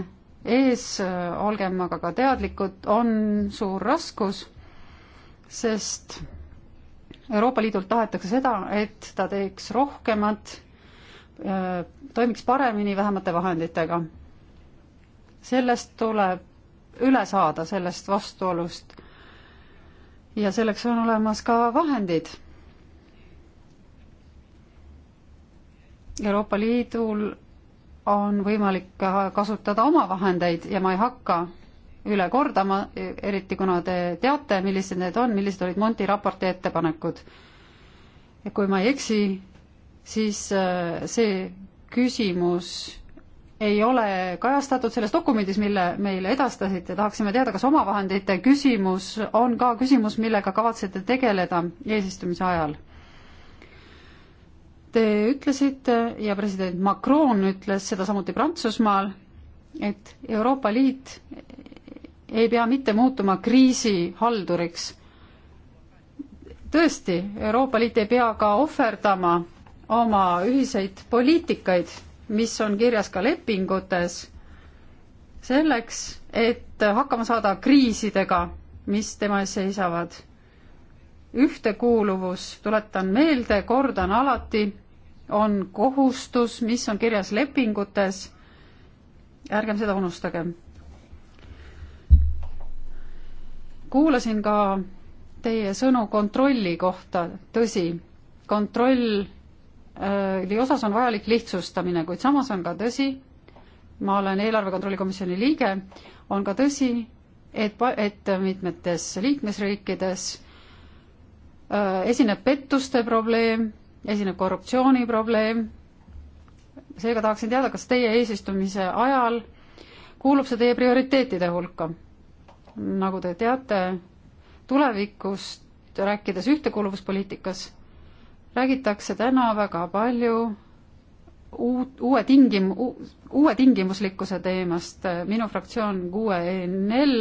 ees, äh, olgem aga ka teadlikud, on suur raskus, sest Euroopa Liidult tahetakse seda, et ta teeks rohkemat, äh, toimiks paremini vähemate vahenditega. sellest tuleb üle saada, sellest vastuolust. ja selleks on olemas ka vahendid. Euroopa Liidul on võimalik kasutada oma vahendeid ja ma ei hakka üle kordama, eriti kuna te teate, millised need on, millised olid Monti raporti ettepanekud. ja kui ma ei eksi, siis äh, see küsimus ei ole kajastatud selles dokumendis, mille meile edastasite, tahaksime teada, kas omavahendite küsimus on ka küsimus, millega kavatsete tegeleda eesistumise ajal? Te ütlesite ja president Macron ütles seda samuti Prantsusmaal, et Euroopa Liit ei pea mitte muutuma kriisihalduriks. tõesti, Euroopa Liit ei pea ka ohverdama oma ühiseid poliitikaid, mis on kirjas ka lepingutes, selleks, et hakkama saada kriisidega, mis tema ees seisavad. ühtekuuluvus, tuletan meelde, kordan alati, on kohustus, mis on kirjas lepingutes, ärgem seda unustagem kuulasin ka teie sõnu kontrolli kohta, tõsi, kontrolli äh, osas on vajalik lihtsustamine, kuid samas on ka tõsi, ma olen eelarve kontrolli komisjoni liige, on ka tõsi, et, et mitmetes liikmesriikides äh, esineb pettuste probleem, esineb korruptsiooni probleem, seega tahaksin teada, kas teie eesistumise ajal kuulub see teie prioriteetide hulka nagu te teate, tulevikust rääkides ühtekuuluvuspoliitikas, räägitakse täna väga palju uut, uue tingim-, uue tingimuslikkuse teemast, minu fraktsioon kuue ENL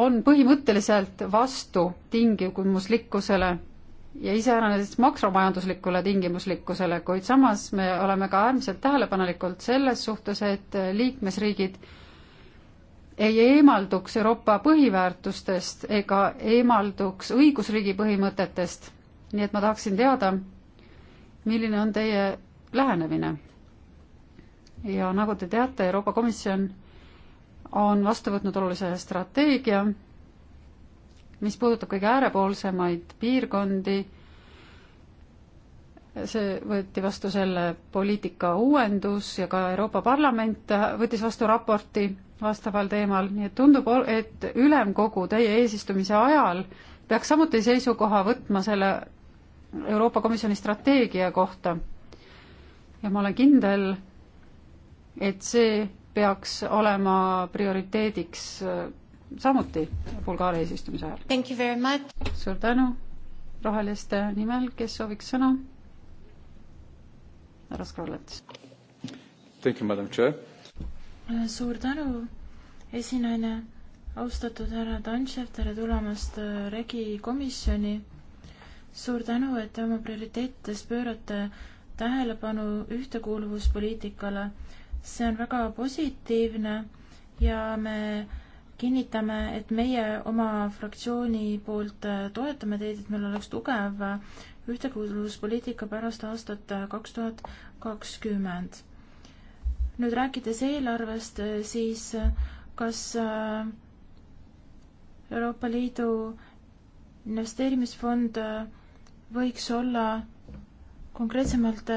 on põhimõtteliselt vastu tingimuslikkusele ja iseäranis makromajanduslikule tingimuslikkusele, kuid samas me oleme ka äärmiselt tähelepanelikud selles suhtes, et liikmesriigid ei eemalduks Euroopa põhiväärtustest ega eemalduks õigusriigi põhimõtetest. nii et ma tahaksin teada, milline on teie lähenemine? ja nagu te teate, Euroopa Komisjon on vastu võtnud olulise strateegia, mis puudutab kõige äärepoolsemaid piirkondi, see võeti vastu selle poliitika uuendus ja ka Euroopa Parlament võttis vastu raporti vastaval teemal, nii et tundub, et ülemkogu teie eesistumise ajal peaks samuti seisukoha võtma selle Euroopa Komisjoni strateegia kohta. ja ma olen kindel, et see peaks olema prioriteediks äh, samuti Bulgaaria eesistumise ajal. suur tänu roheliste nimel, kes sooviks sõna? härra Skrolets. Thank you, madam chair suur tänu, esinaine, austatud härra Tantšev, tere tulemast äh, Regi komisjoni. suur tänu, et te oma prioriteetides pöörate tähelepanu ühtekuuluvuspoliitikale. see on väga positiivne ja me kinnitame, et meie oma fraktsiooni poolt äh, toetame teid, et meil oleks tugev ühtekuuluvuspoliitika pärast aastat äh, kaks tuhat kakskümmend nüüd rääkides eelarvest, eh, siis eh, kas eh, Euroopa Liidu investeerimisfond võiks olla konkreetsemalt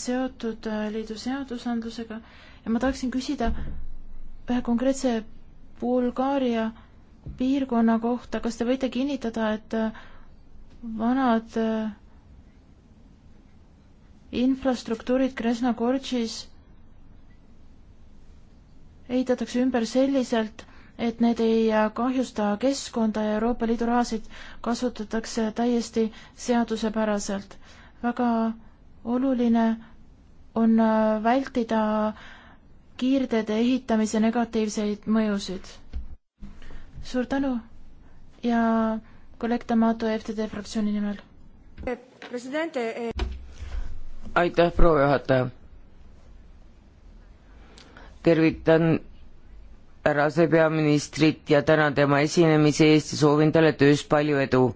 seotud liidu seadusandlusega ja ma tahaksin küsida ühe konkreetse Bulgaaria piirkonna kohta, kas te võite kinnitada, et vanad infrastruktuurid Kresna-Gortšis ehitatakse ümber selliselt, et need ei kahjusta keskkonda ja Euroopa Liidu rahasid kasutatakse täiesti seadusepäraselt. väga oluline on äh, vältida kiirteede ehitamise negatiivseid mõjusid. suur tänu ja kolleeg Tamato FTD fraktsiooni nimel. Eh, aitäh, proua juhataja tervitan härra asepeaministrit ja tänan tema esinemise eest ja soovin talle töös palju edu.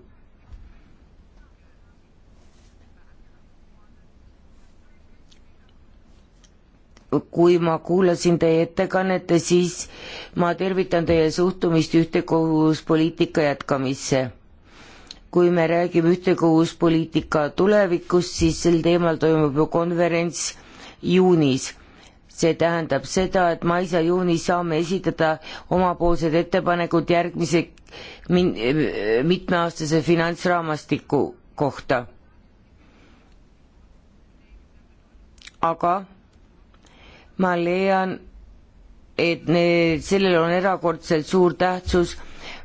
kui ma kuulasin teie ettekannet, siis ma tervitan teie suhtumist ühtekohuspoliitika jätkamisse. kui me räägime ühtekohuspoliitika tulevikust, siis sel teemal toimub ju konverents juunis see tähendab seda, et mais ja juunis saame esitada omapoolsed ettepanekud järgmise min-, mitmeaastase finantsraamastiku kohta. aga ma leian, et need, sellel on erakordselt suur tähtsus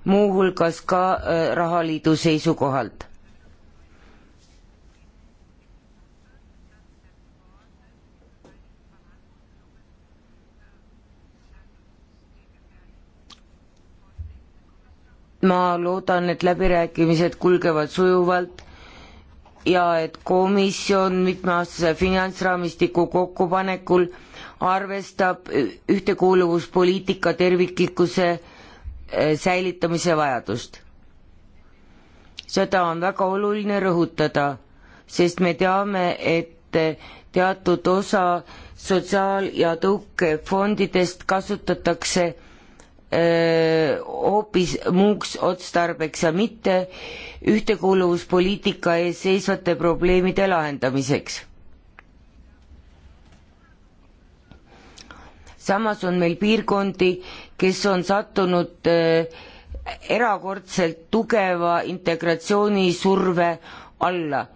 muuhulgas ka äh, rahaliidu seisukohalt. ma loodan, et läbirääkimised kulgevad sujuvalt ja et komisjon mitmeaastase finantsraamistiku kokkupanekul arvestab ühtekuuluvuspoliitika terviklikkuse eh, säilitamise vajadust. seda on väga oluline rõhutada, sest me teame, et teatud osa sotsiaal- ja tõukefondidest kasutatakse hoopis muuks otstarbeks ja mitte ühtekuuluvuspoliitika ees seisvate probleemide lahendamiseks. samas on meil piirkondi, kes on sattunud erakordselt tugeva integratsioonisurve alla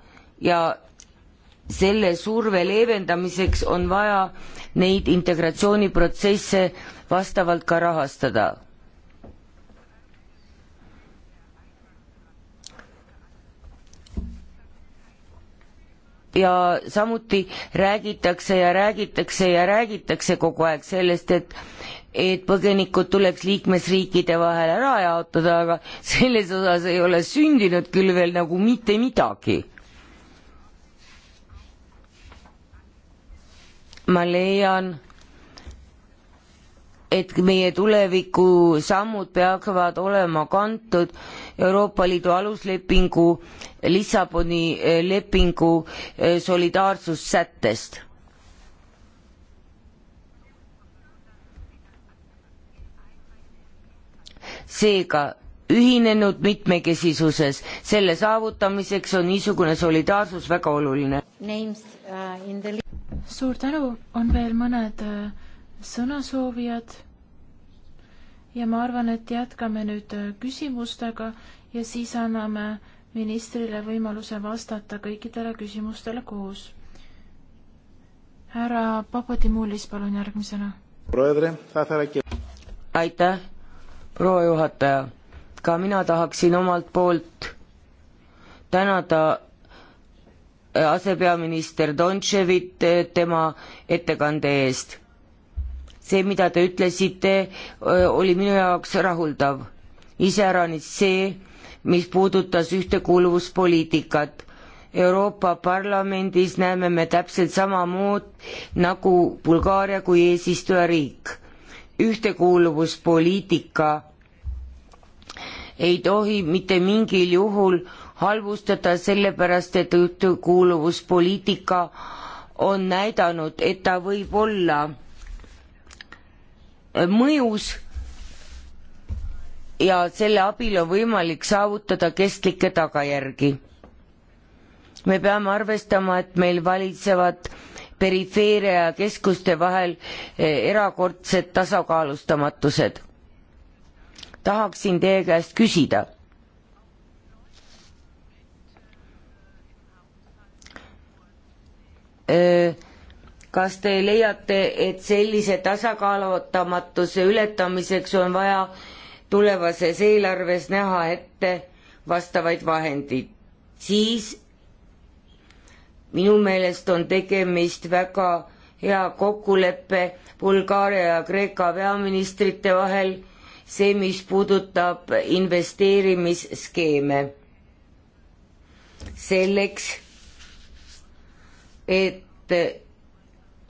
ja selle surve leevendamiseks on vaja neid integratsiooniprotsesse vastavalt ka rahastada. ja samuti räägitakse ja räägitakse ja räägitakse kogu aeg sellest, et et põgenikud tuleks liikmesriikide vahel ära jaotada, aga selles osas ei ole sündinud küll veel nagu mitte midagi. ma leian, et meie tuleviku sammud peavad olema kantud Euroopa Liidu aluslepingu, Lissaboni eh, lepingu eh, solidaarsussättest. seega ühinenud mitmekesisuses, selle saavutamiseks on niisugune solidaarsus väga oluline. Uh, the... suur tänu, on veel mõned äh sõnasoovijad ja ma arvan, et jätkame nüüd küsimustega ja siis anname ministrile võimaluse vastata kõikidele küsimustele koos. härra Papadimulis, palun järgmisena. aitäh, proua juhataja. ka mina tahaksin omalt poolt tänada äh, asepeaminister Dončevit äh, tema ettekande eest see, mida te ütlesite, oli minu jaoks rahuldav. iseäranis see, mis puudutas ühtekuuluvuspoliitikat. Euroopa Parlamendis näeme me täpselt sama muud nagu Bulgaaria kui eesistujariik. ühtekuuluvuspoliitika ei tohi mitte mingil juhul halvustada, sellepärast et ühtekuuluvuspoliitika on näidanud, et ta võib olla Äh, mõjus ja selle abil on võimalik saavutada kestlikke tagajärgi. me peame arvestama, et meil valitsevad perifeeria ja keskuste vahel äh, erakordsed tasakaalustamatused. tahaksin teie käest küsida. Öö, äh, kas te leiate, et sellise tasakaalutamatuse ületamiseks on vaja tulevases eelarves näha ette vastavaid vahendeid, siis minu meelest on tegemist väga hea kokkuleppe Bulgaaria ja Kreeka peaministrite vahel, see, mis puudutab investeerimisskeeme. selleks, et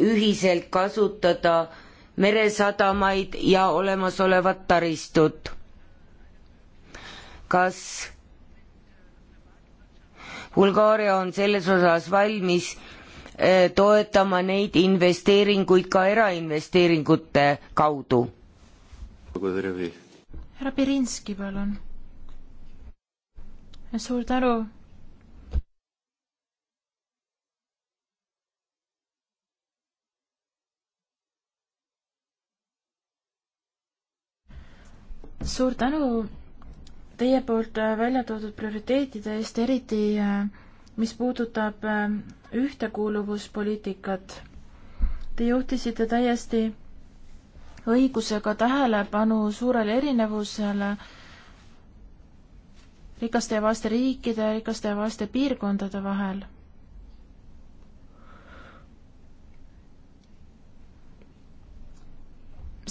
ühiselt kasutada meresadamaid ja olemasolevat taristut. kas Bulgaaria on selles osas valmis eh, toetama neid investeeringuid ka erainvesteeringute kaudu? härra Pirinski, palun. suur tänu suur tänu teie poolt äh, välja toodud prioriteetide eest, eriti äh, mis puudutab äh, ühtekuuluvuspoliitikat. Te juhtisite täiesti õigusega tähelepanu suurele erinevusele rikaste ja vaeste riikide, rikaste ja vaeste piirkondade vahel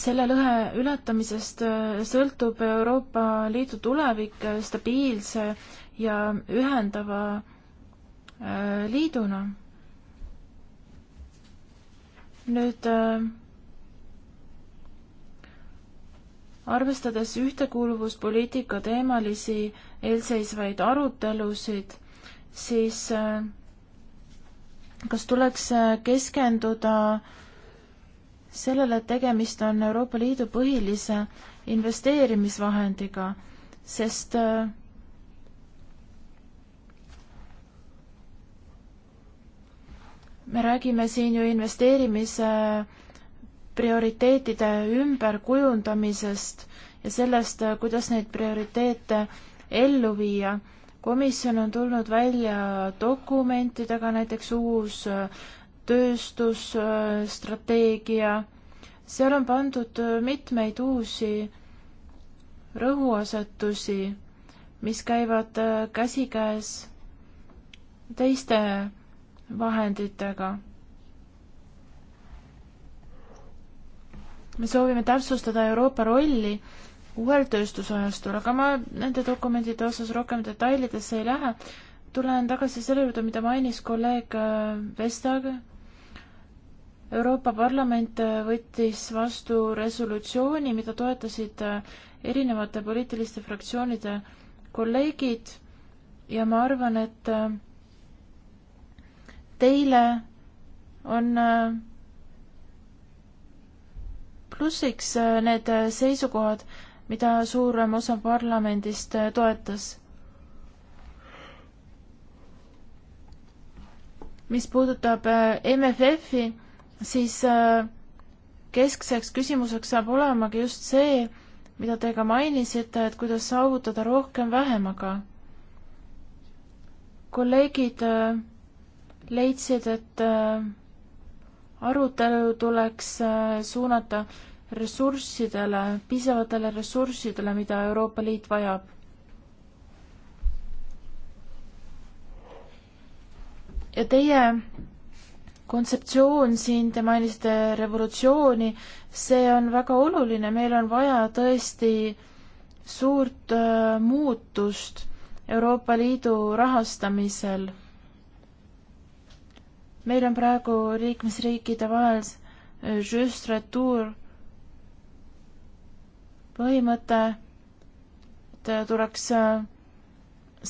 selle lõhe ületamisest äh, sõltub Euroopa Liidu tulevik äh, stabiilse ja ühendava äh, liiduna. nüüd arvestades ühtekuuluvuspoliitika teemalisi eelseisvaid arutelusid, siis kas tuleks keskenduda äh, sellele, et tegemist on Euroopa Liidu põhilise investeerimisvahendiga, sest äh, me räägime siin ju investeerimise prioriteetide ümberkujundamisest ja sellest, äh, kuidas neid prioriteete ellu viia. komisjon on tulnud välja dokumentidega, näiteks uus äh, tööstusstrateegia, äh, seal on pandud äh, mitmeid uusi rõhuasetusi, mis käivad äh, käsikäes teiste vahenditega. me soovime täpsustada Euroopa rolli uuel tööstusajastul, aga ma nende dokumentide osas rohkem detailidesse ei lähe. tulen tagasi selle juurde, mida mainis kolleeg Vestager Euroopa Parlament äh, võttis vastu resolutsiooni, mida toetasid äh, erinevate poliitiliste fraktsioonide kolleegid ja ma arvan, et äh, teile on plussiks need seisukohad, mida suurem osa parlamendist toetas. mis puudutab MFF-i, siis äh, keskseks küsimuseks saab olemagi just see, mida te ka mainisite, et kuidas saavutada rohkem vähemaga. kolleegid äh, leidsid, et äh, arutelu tuleks suunata ressurssidele, piisavatele ressurssidele, mida Euroopa Liit vajab. ja teie kontseptsioon siin, te mainisite revolutsiooni, see on väga oluline, meil on vaja tõesti suurt äh, muutust Euroopa Liidu rahastamisel. meil on praegu liikmesriikide vahel äh, põhimõte, et äh, tuleks äh,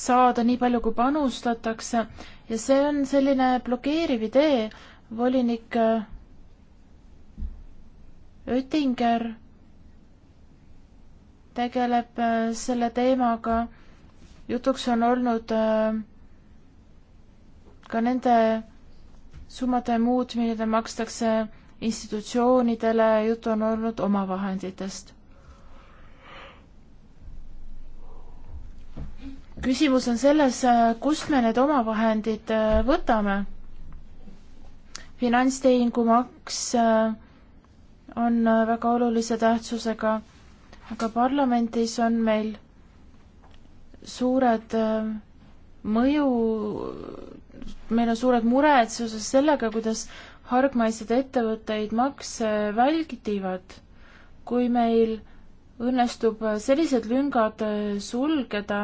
saada nii palju, kui panustatakse ja see on selline blokeeriv idee, volinik äh, Oettinger tegeleb äh, selle teemaga. jutuks on olnud äh, ka nende summade muutmine, mida makstakse institutsioonidele, juttu on olnud omavahenditest. küsimus on selles, kust me need omavahendid võtame finantstehingumaks äh, on äh, väga olulise tähtsusega, aga parlamendis on meil suured äh, mõju, meil on suured mured seoses sellega, kuidas hargmaised ettevõtteid makse välgivad. kui meil õnnestub sellised lüngad sulgeda,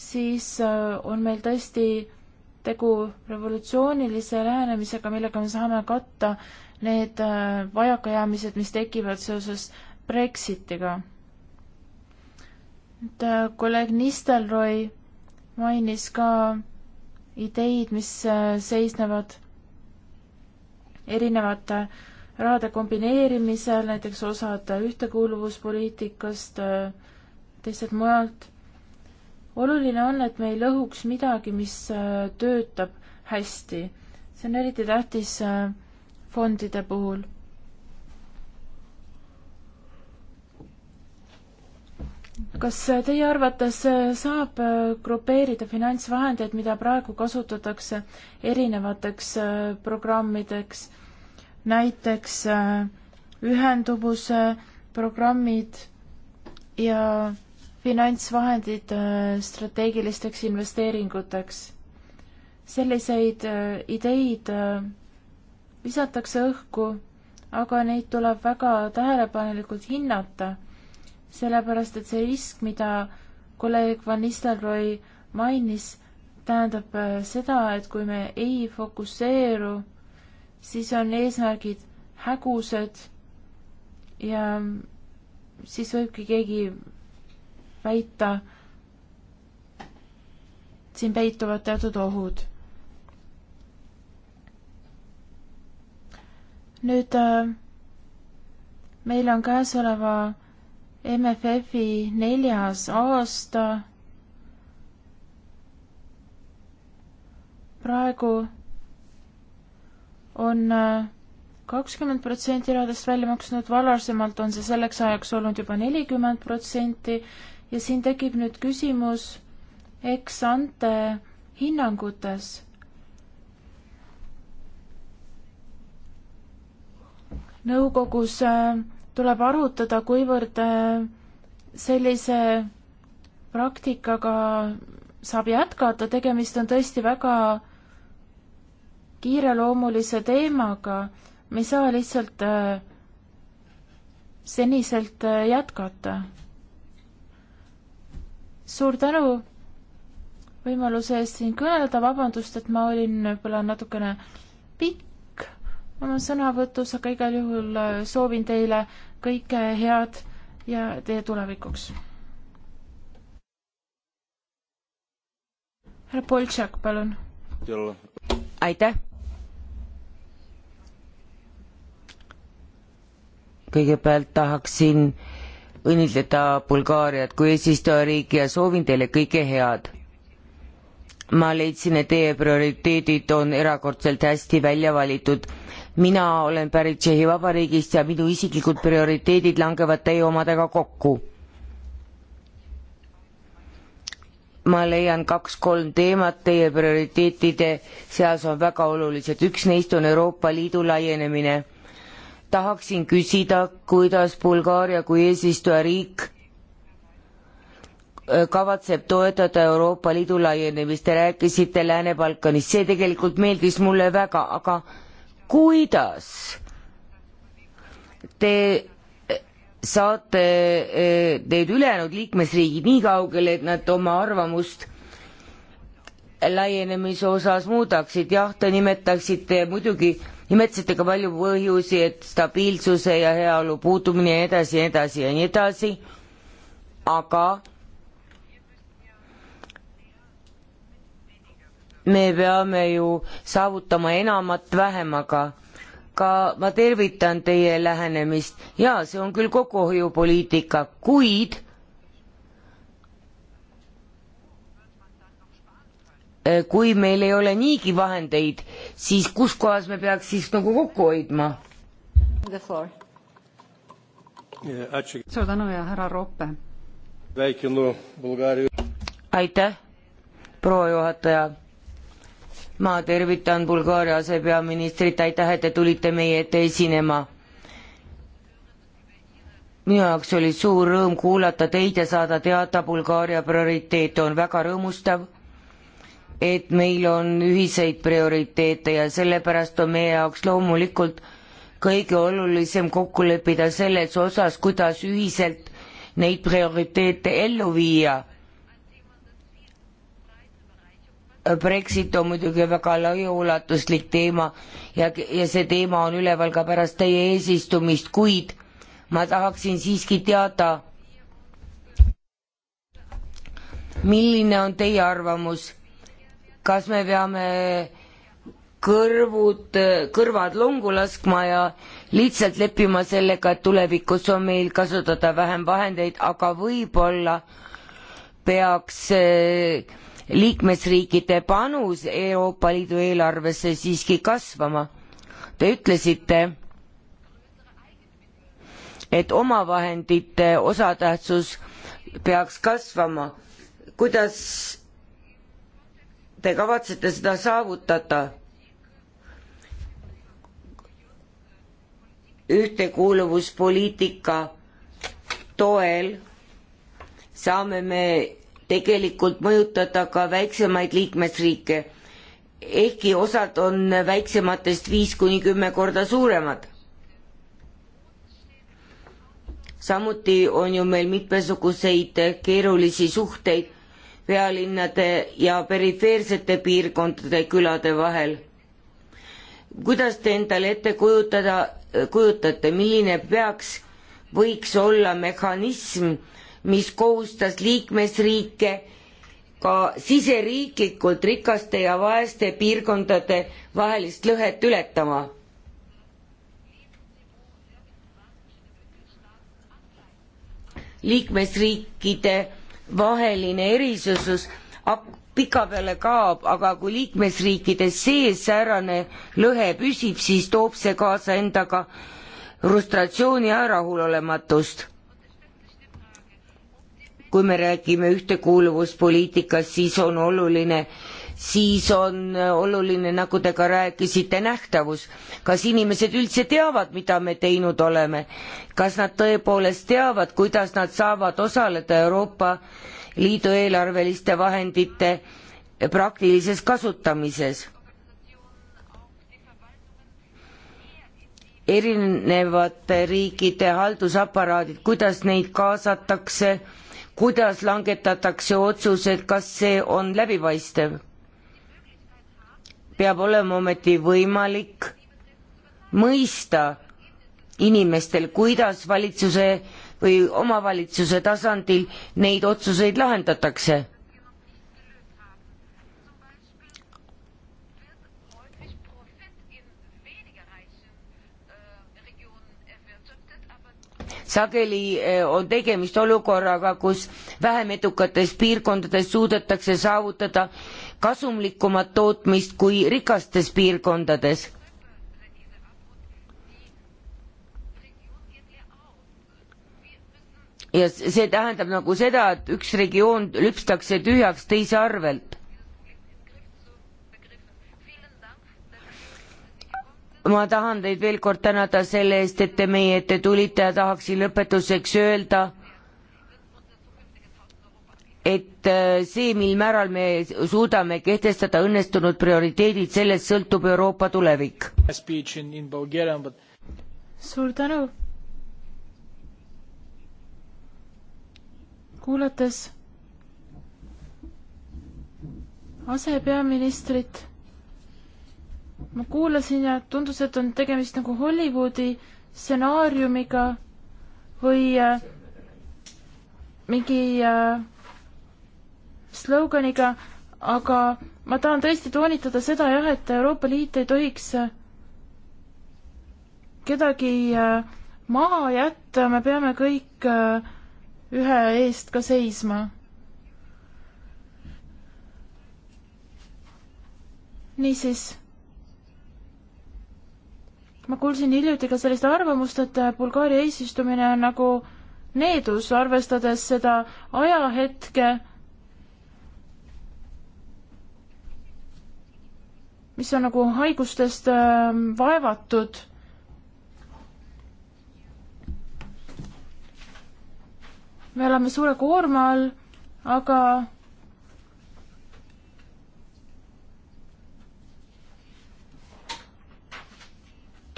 siis on meil tõesti tegu revolutsioonilise lähenemisega, millega me saame katta need äh, vajakajäämised, mis tekivad seoses Brexitiga. et äh, kolleeg Nistelrooy mainis ka ideid, mis äh, seisnevad erinevate rahade kombineerimisel, näiteks osad ühtekuuluvuspoliitikast, teised mujalt oluline on, et me ei lõhuks midagi, mis äh, töötab hästi. see on eriti tähtis äh, fondide puhul. kas äh, teie arvates saab grupeerida finantsvahendeid, mida praegu kasutatakse erinevateks programmideks, näiteks ühenduvuse programmid ja finantsvahendid äh, strateegilisteks investeeringuteks. selliseid äh, ideid visatakse äh, õhku, aga neid tuleb väga tähelepanelikult hinnata, sellepärast et see risk, mida kolleeg Van Nistelrooy mainis, tähendab seda, et kui me ei fokusseeru, siis on eesmärgid hägusad ja mm, siis võibki keegi väita, siin peituvad teatud ohud. nüüd äh, meil on käesoleva MFF-i neljas aasta. praegu on äh, kakskümmend protsenti radest välja maksnud, varasemalt on see selleks ajaks olnud juba nelikümmend protsenti ja siin tekib nüüd küsimus eksante hinnangutes. nõukogus äh, tuleb arutada, kuivõrd äh, sellise praktikaga saab jätkata, tegemist on tõesti väga kiireloomulise teemaga, me ei saa lihtsalt äh, seniselt jätkata suur tänu võimaluse eest siin kõneleda, vabandust, et ma olin võib-olla natukene pikk oma sõnavõtus, aga igal juhul äh, soovin teile kõike head ja teie tulevikuks. härra Boltšak, palun. aitäh. kõigepealt tahaksin õnnitleda Bulgaariat kui eesistujariiki ja soovin teile kõike head. ma leidsin, et teie prioriteedid on erakordselt hästi välja valitud. mina olen pärit Tšehhi Vabariigist ja minu isiklikud prioriteedid langevad teie omadega kokku. ma leian kaks-kolm teemat teie prioriteetide seas on väga olulised, üks neist on Euroopa Liidu laienemine tahaksin küsida, kuidas Bulgaaria kui eesistujariik äh, kavatseb toetada Euroopa Liidu laienemist, te rääkisite Lääne-Balkanist, see tegelikult meeldis mulle väga, aga kuidas te äh, saate äh, need ülejäänud liikmesriigid nii kaugele, et nad oma arvamust laienemise osas muudaksid, jah, te nimetaksite muidugi nimetasite ka palju põhjusi, et stabiilsuse ja heaolu puudumine ja nii edasi ja nii edasi ja nii edasi, aga me peame ju saavutama enamat vähemaga. ka ma tervitan teie lähenemist ja see on küll kokkuhoiupoliitika, kuid Äh, kui meil ei ole niigi vahendeid, siis kus kohas me peaks siis nagu kokku hoidma? suur tänu ja härra Roope. aitäh, proua juhataja. ma tervitan Bulgaaria asepeaministrit, aitäh, et te tulite meie ette esinema minu jaoks oli suur rõõm kuulata teid ja saada teada, Bulgaaria prioriteet on väga rõõmustav et meil on ühiseid prioriteete ja sellepärast on meie jaoks loomulikult kõige olulisem kokku leppida selles osas, kuidas ühiselt neid prioriteete ellu viia. Brexit on muidugi väga laiaulatuslik teema ja, ja see teema on üleval ka pärast teie eesistumist, kuid ma tahaksin siiski teada, milline on teie arvamus kas me peame kõrvud, kõrvad longu laskma ja lihtsalt leppima sellega, et tulevikus on meil kasutada vähem vahendeid, aga võib-olla peaks eh, liikmesriikide panus Euroopa Liidu eelarvesse siiski kasvama. Te ütlesite, et omavahendite osatähtsus peaks kasvama. kuidas te kavatsete seda saavutada? ühtekuuluvuspoliitika toel saame me tegelikult mõjutada ka väiksemaid liikmesriike, ehkki osad on väiksematest viis kuni kümme korda suuremad. samuti on ju meil mitmesuguseid keerulisi suhteid pealinnade ja perifeersete piirkondade külade vahel. kuidas te endale ette kujutada, kujutate, milline peaks, võiks olla mehhanism, mis kohustas liikmesriike ka siseriiklikult rikaste ja vaeste piirkondade vahelist lõhet ületama liikmesriikide vaheline erisusus pikapeale kaob, aga kui liikmesriikide sees säärane lõhe püsib, siis toob see kaasa endaga frustratsiooni ja rahulolematust. kui me räägime ühtekuuluvuspoliitikast, siis on oluline äh, siis on oluline, nagu te ka rääkisite, nähtavus. kas inimesed üldse teavad, mida me teinud oleme? kas nad tõepoolest teavad, kuidas nad saavad osaleda Euroopa Liidu eelarveliste vahendite praktilises kasutamises? erinevate riikide haldusaparaadid, kuidas neid kaasatakse, kuidas langetatakse otsused, kas see on läbipaistev? peab olema ometi võimalik mõista inimestel, kuidas valitsuse või omavalitsuse tasandil neid otsuseid lahendatakse. sageli eh, on tegemist olukorraga, kus vähem edukates piirkondades suudetakse saavutada kasumlikumat tootmist kui rikastes piirkondades. ja see tähendab nagu seda, et üks regioon lüpstakse tühjaks teise arvelt. ma tahan teid veel kord tänada selle eest, et te meie ette tulite ja tahaksin lõpetuseks öelda et äh, see, mil määral me suudame kehtestada õnnestunud prioriteedid, sellest sõltub Euroopa tulevik. suur tänu. kuulates asepeaministrit, ma kuulasin ja tundus, et on tegemist nagu Hollywoodi stsenaariumiga või äh, mingi äh, sloganiga, aga ma tahan tõesti toonitada seda jah, et Euroopa Liit ei tohiks äh, kedagi äh, maha jätta, me peame kõik äh, ühe eest ka seisma. niisiis, ma kuulsin hiljuti ka sellist arvamust, et Bulgaaria eesistumine on nagu needus, arvestades seda ajahetke, mis on nagu haigustest ähm, vaevatud. me oleme suure koorma all, aga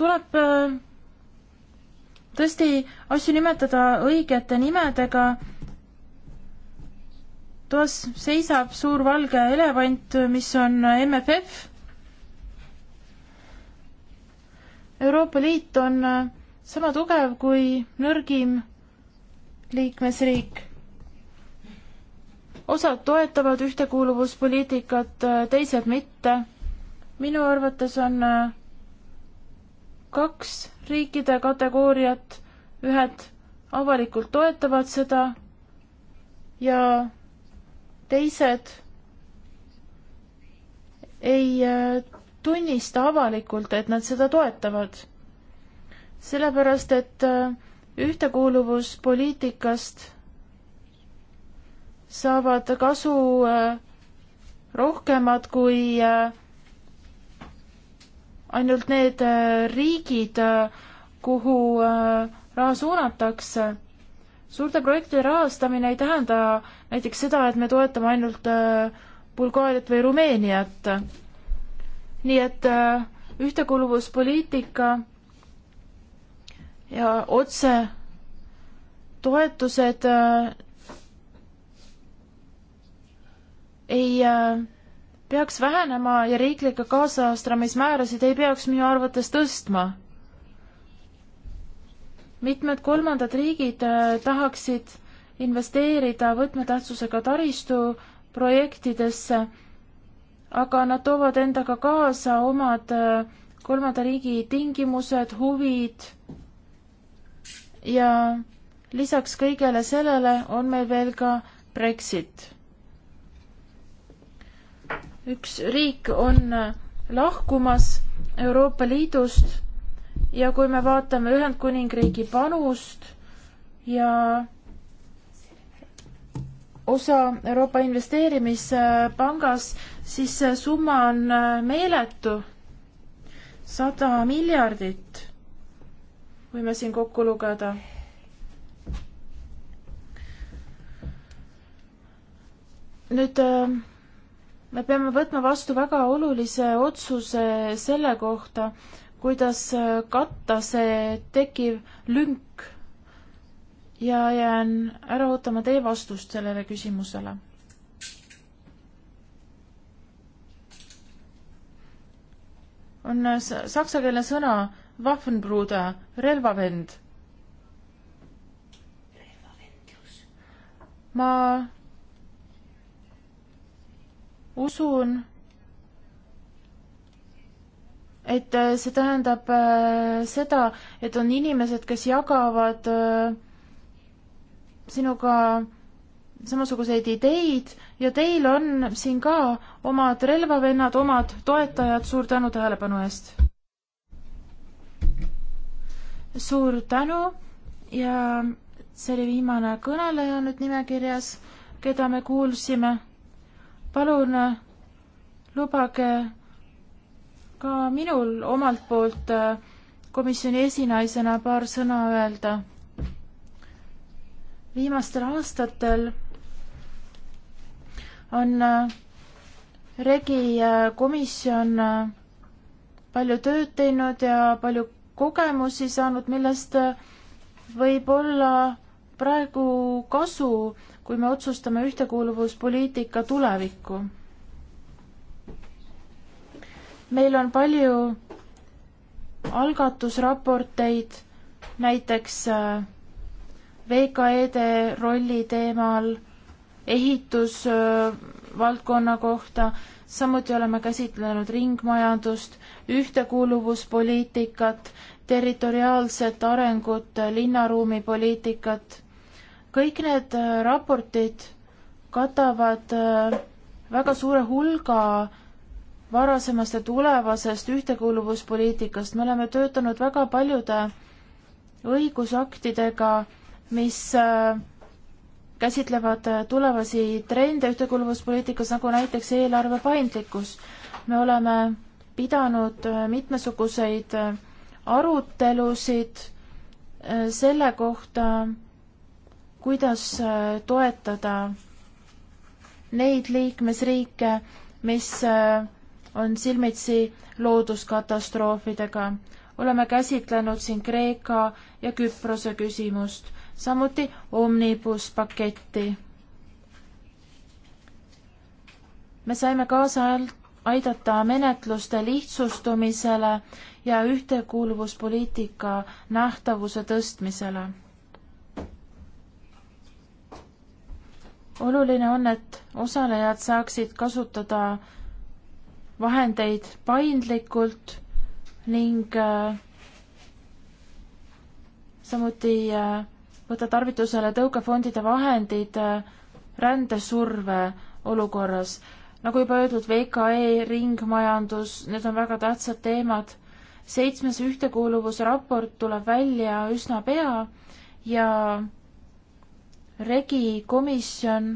tuleb äh, tõesti asju nimetada õigete nimedega. toas seisab suur valge elevant, mis on MFF. Euroopa Liit on äh, sama tugev kui nõrgim liikmesriik. osad toetavad ühtekuuluvuspoliitikat, äh, teised mitte. minu arvates on äh, kaks riikide kategooriat, ühed avalikult toetavad seda ja teised ei tunnista avalikult, et nad seda toetavad. sellepärast, et äh, ühtekuuluvuspoliitikast saavad kasu äh, rohkemad kui äh, ainult need riigid, kuhu raha suunatakse. suurte projektide rahastamine ei tähenda näiteks seda, et me toetame ainult Bulgaariat või Rumeeniat nii et äh, ühtekuuluvuspoliitika ja otse toetused äh, ei äh, peaks vähenema ja riiklikke kaasastramismäärasid ei peaks minu arvates tõstma. mitmed kolmandad riigid tahaksid investeerida võtmetähtsusega taristu projektidesse aga nad toovad endaga kaasa omad äh, kolmanda riigi tingimused, huvid ja lisaks kõigele sellele on meil veel ka Brexit. üks riik on äh, lahkumas Euroopa Liidust ja kui me vaatame Ühendkuningriigi panust ja osa Euroopa Investeerimispangas, siis see summa on äh, meeletu, sada miljardit võime siin kokku lugeda. nüüd äh, me peame võtma vastu väga olulise otsuse selle kohta, kuidas äh, katta see tekkiv lünk ja jään ära ootama teie vastust sellele küsimusele on äh, saksakeelne sõna Waffenbruder, relvavend. ma usun, et äh, see tähendab äh, seda, et on inimesed, kes jagavad sinuga äh, samasuguseid ideid ja teil on siin ka omad relvavennad, omad toetajad, suur tänu tähelepanu eest! suur tänu ja see oli viimane kõneleja nüüd nimekirjas, keda me kuulsime. palun lubage ka minul omalt poolt äh, komisjoni esinaisena paar sõna öelda. viimastel aastatel on äh, regi äh, komisjon äh, palju tööd teinud ja palju kogemusi saanud, millest võib olla praegu kasu, kui me otsustame ühtekuuluvuspoliitika tulevikku. meil on palju algatusraporteid, näiteks VKE-de rolli teemal ehitusvaldkonna kohta, samuti oleme käsitlenud ringmajandust, ühtekuuluvuspoliitikat, territoriaalset arengut, linnaruumipoliitikat. kõik need äh, raportid katavad äh, väga suure hulga varasemast ja tulevasest ühtekuuluvuspoliitikast. me oleme töötanud väga paljude õigusaktidega, mis äh, käsitlevad äh, tulevasi trende ühtekuuluvuspoliitikas, nagu näiteks eelarve paindlikkus. me oleme pidanud äh, mitmesuguseid äh, arutelusid selle kohta, kuidas toetada neid liikmesriike, mis on silmitsi looduskatastroofidega. oleme käsitlenud siin Kreeka ja Küprose küsimust samuti Omnibus paketti. me saime kaasa aidata menetluste lihtsustumisele ja ühtekuuluvuspoliitika nähtavuse tõstmisele. oluline on, et osalejad saaksid kasutada vahendeid paindlikult ning äh, samuti äh, võtta tarvitusele tõukefondide vahendid äh, rändesurve olukorras. nagu juba öeldud, VKE, ringmajandus, need on väga tähtsad teemad. seitsmes ühtekuuluvuse raport tuleb välja üsna pea ja regi komisjon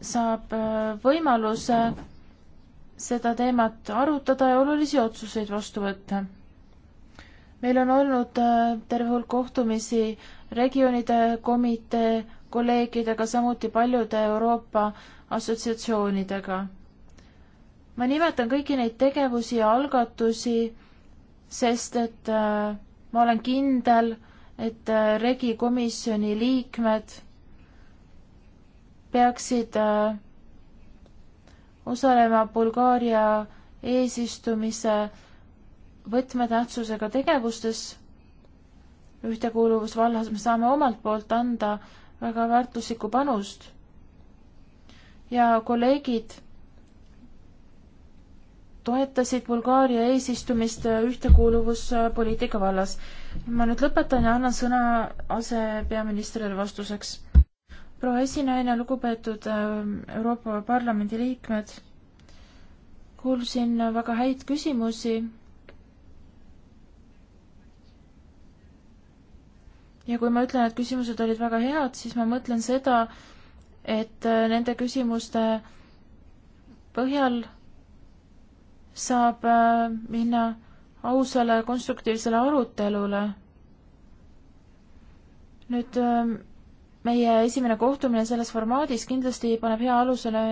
saab äh, võimaluse seda teemat arutada ja olulisi otsuseid vastu võtta meil on olnud äh, terve hulk kohtumisi regioonide komitee kolleegidega, samuti paljude Euroopa assotsiatsioonidega. ma nimetan kõiki neid tegevusi ja algatusi, sest et äh, ma olen kindel, et äh, regikomisjoni liikmed peaksid osalema Bulgaaria eesistumise võtmetähtsusega tegevustes ühtekuuluvusvallas me saame omalt poolt anda väga väärtuslikku panust. ja kolleegid toetasid Bulgaaria eesistumist ühtekuuluvuspoliitika vallas. ma nüüd lõpetan ja annan sõna asepeaministrile vastuseks. proua esinaine, lugupeetud ähm, Euroopa Parlamendi liikmed, kuulsin väga häid küsimusi ja kui ma ütlen, et küsimused olid väga head, siis ma mõtlen seda, et äh, nende küsimuste põhjal saab äh, minna ausale konstruktiivsele arutelule. nüüd ähm, meie esimene kohtumine selles formaadis kindlasti paneb hea alusele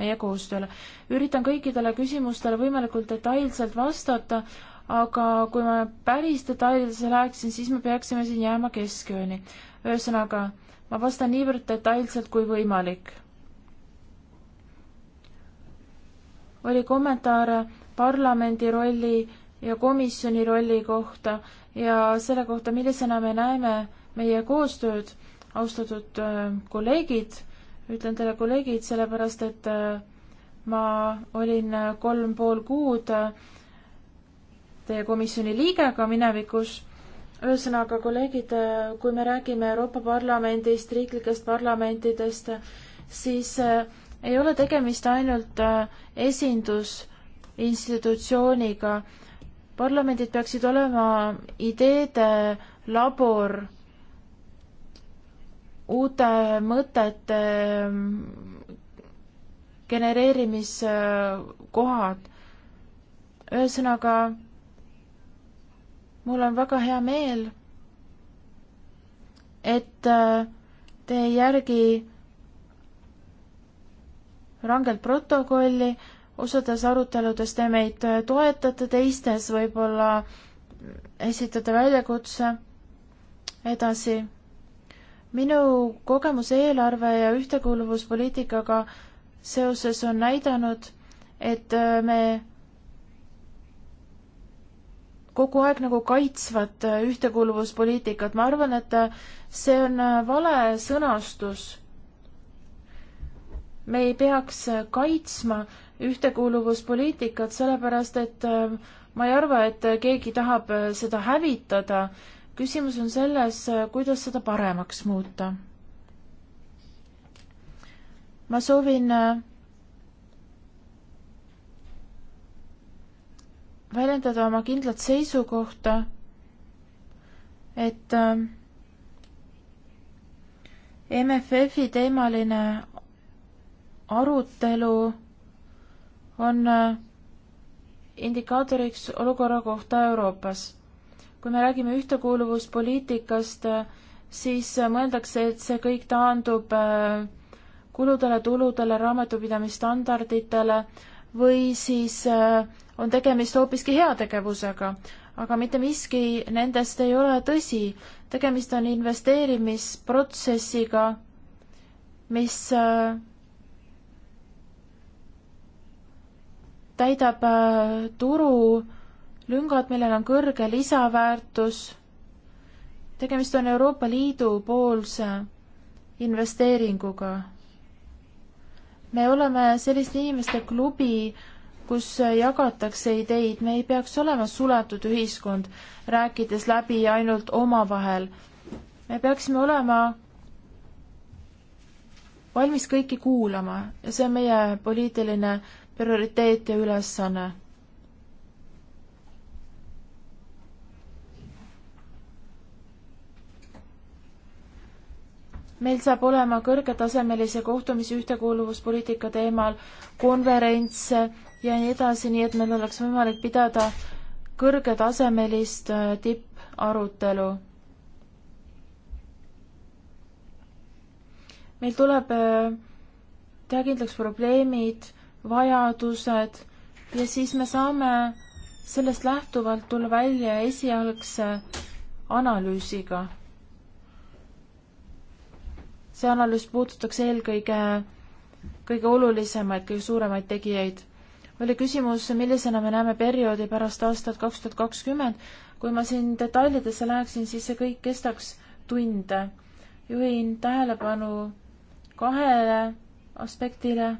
meie koostööle. üritan kõikidele küsimustele võimalikult detailselt vastata, aga kui me päris detailidesse läheksin, siis me peaksime siin jääma keskööni. ühesõnaga, ma vastan niivõrd detailselt kui võimalik. oli kommentaare parlamendi rolli ja komisjoni rolli kohta ja selle kohta, millisena me näeme meie koostööd, austatud äh, kolleegid, ütlen teile kolleegid, sellepärast et äh, ma olin äh, kolm pool kuud äh, teie komisjoni liige ka minevikus. ühesõnaga, kolleegid, kui me räägime Euroopa Parlamendist, riiklikest parlamentidest, siis eh, ei ole tegemist ainult eh, esindusinstitutsiooniga. parlamendid peaksid olema ideede labor, uute mõtete eh, genereerimiskohad. ühesõnaga, mul on väga hea meel, et äh, te ei järgi rangelt protokolli, osades aruteludes te meid äh, toetate, teistes võib-olla esitate väljakutse edasi. minu kogemus eelarve ja ühtekuuluvuspoliitikaga seoses on näidanud, et äh, me kogu aeg nagu kaitsvat äh, ühtekuuluvuspoliitikat, ma arvan, et äh, see on äh, vale sõnastus. me ei peaks kaitsma ühtekuuluvuspoliitikat, sellepärast et ma ei arva, et keegi tahab seda hävitada. küsimus on selles, kuidas seda paremaks muuta. ma soovin väljendada oma kindlat seisukohta, et MFF-i ähm, teemaline arutelu on äh, indikaatoriks olukorra kohta Euroopas. kui me räägime ühtekuuluvuspoliitikast, äh, siis äh, mõeldakse, et see kõik taandub kuludele, tuludele, raamatupidamisstandarditele, või siis äh, on tegemist hoopiski heategevusega. aga mitte miski nendest ei ole tõsi. tegemist on investeerimisprotsessiga, mis äh, täidab äh, turu lüngad, millel on kõrge lisaväärtus. tegemist on Euroopa Liidu poolse investeeringuga me oleme selliste inimeste klubi, kus jagatakse ideid, me ei peaks olema suletud ühiskond, rääkides läbi ainult omavahel. me peaksime olema valmis kõiki kuulama ja see on meie poliitiline prioriteet ja ülesanne meil saab olema kõrgetasemelise kohtumise ühtekuuluvuspoliitika teemal konverents ja nii edasi, nii et meil oleks võimalik pidada kõrgetasemelist äh, tipparutelu. meil tuleb äh, teha kindlaks probleemid, vajadused ja siis me saame sellest lähtuvalt tulla välja esialgse analüüsiga see analüüs puudutaks eelkõige kõige olulisemaid, kõige suuremaid tegijaid. oli küsimus, millisena me näeme perioodi pärast aastat kaks tuhat kakskümmend. kui ma siin detailidesse läheksin, siis see kõik kestaks tunde. juhin tähelepanu kahele aspektile,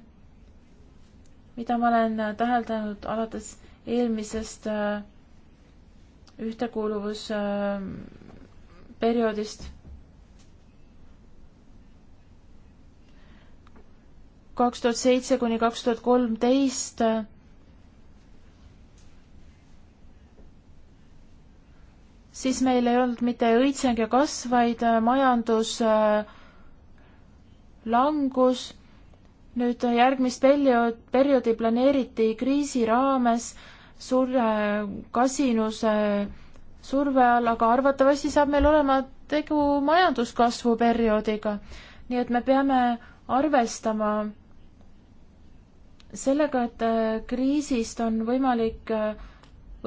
mida ma olen täheldanud alates eelmisest äh, ühtekuuluvusperioodist äh, kaks tuhat seitse kuni kaks tuhat kolmteist siis meil ei olnud mitte õitseng ja kasv, vaid äh, majanduslangus. Äh, nüüd äh, järgmist periood, perioodi planeeriti kriisi raames suure kasinuse surve all, aga arvatavasti saab meil olema tegu majanduskasvu perioodiga. nii et me peame arvestama sellega, et äh, kriisist on võimalik äh,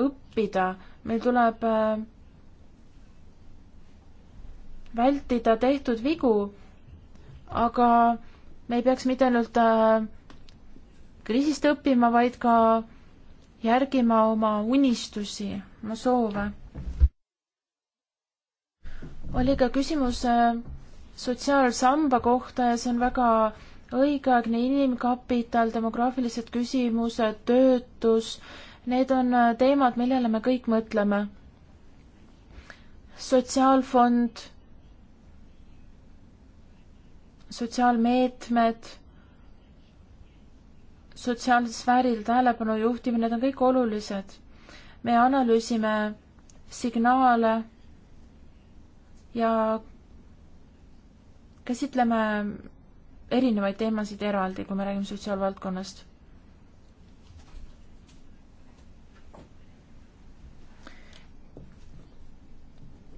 õppida, meil tuleb äh, vältida tehtud vigu, aga me ei peaks mitte ainult kriisist õppima, vaid ka järgima oma unistusi, oma soove. oli ka küsimus sotsiaalsamba kohta ja see on väga õigeaegne inimkapital, demograafilised küsimused, töötus, need on äh, teemad, millele me kõik mõtleme. sotsiaalfond, sotsiaalmeetmed, sotsiaalsfäärile tähelepanu juhtimine, need on kõik olulised. me analüüsime signaale ja käsitleme erinevaid teemasid eraldi, kui me räägime sotsiaalvaldkonnast.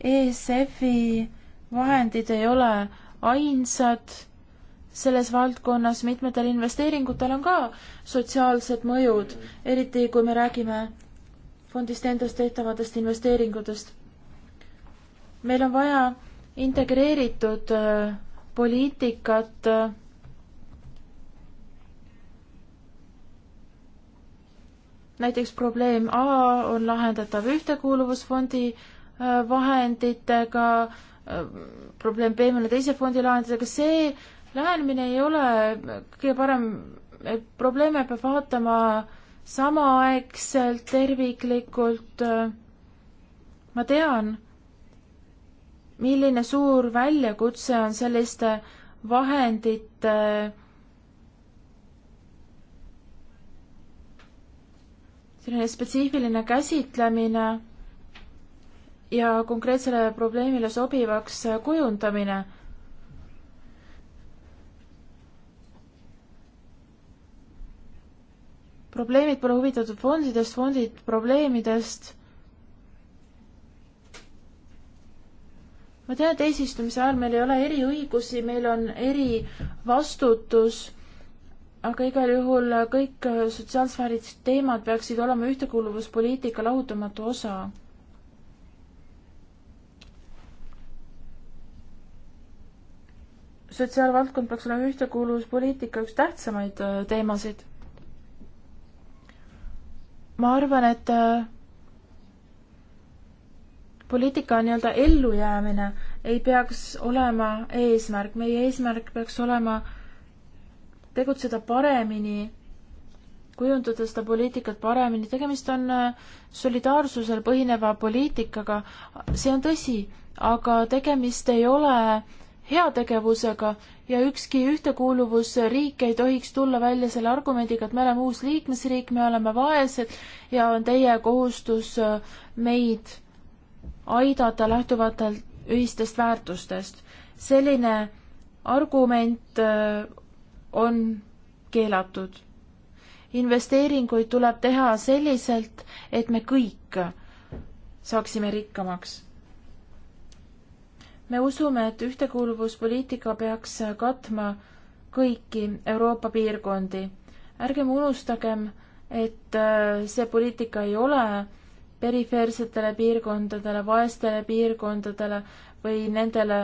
ESF-i vahendid ei ole ainsad selles valdkonnas, mitmetel investeeringutel on ka sotsiaalsed mõjud, eriti kui me räägime fondist endast tehtavatest investeeringutest. meil on vaja integreeritud äh, poliitikat näiteks probleem A on lahendatav ühtekuuluvusfondi äh, vahenditega, äh, probleem B mõne teise fondi lahendusega, see lähenemine ei ole kõige parem, et probleeme peab vaatama samaaegselt, terviklikult. Äh, ma tean, milline suur väljakutse on selliste vahendite selline spetsiifiline käsitlemine ja konkreetsele probleemile sobivaks kujundamine. probleemid pole huvitatud fondidest, fondid probleemidest ma tean, et eesistumise ajal meil ei ole eriõigusi, meil on erivastutus, aga igal juhul kõik sotsiaalsfäärid teemad peaksid olema ühtekuuluvuspoliitika lahutamatu osa. sotsiaalvaldkond peaks olema ühtekuuluvuspoliitika üks tähtsamaid teemasid. ma arvan, et äh, poliitika nii-öelda ellujäämine ei peaks olema eesmärk, meie eesmärk peaks olema tegutseda paremini, kujundada seda poliitikat paremini, tegemist on äh, solidaarsusel põhineva poliitikaga, see on tõsi, aga tegemist ei ole heategevusega ja ükski ühtekuuluvusriik ei tohiks tulla välja selle argumendiga, et me oleme uus liikmesriik, me oleme vaesed ja on teie kohustus äh, meid aidata lähtuvatelt ühistest väärtustest. selline argument äh, on keelatud. investeeringuid tuleb teha selliselt, et me kõik saaksime rikkamaks. me usume, et ühtekuuluvuspoliitika peaks katma kõiki Euroopa piirkondi. ärgem unustagem, et äh, see poliitika ei ole perifeersetele piirkondadele, vaestele piirkondadele või nendele,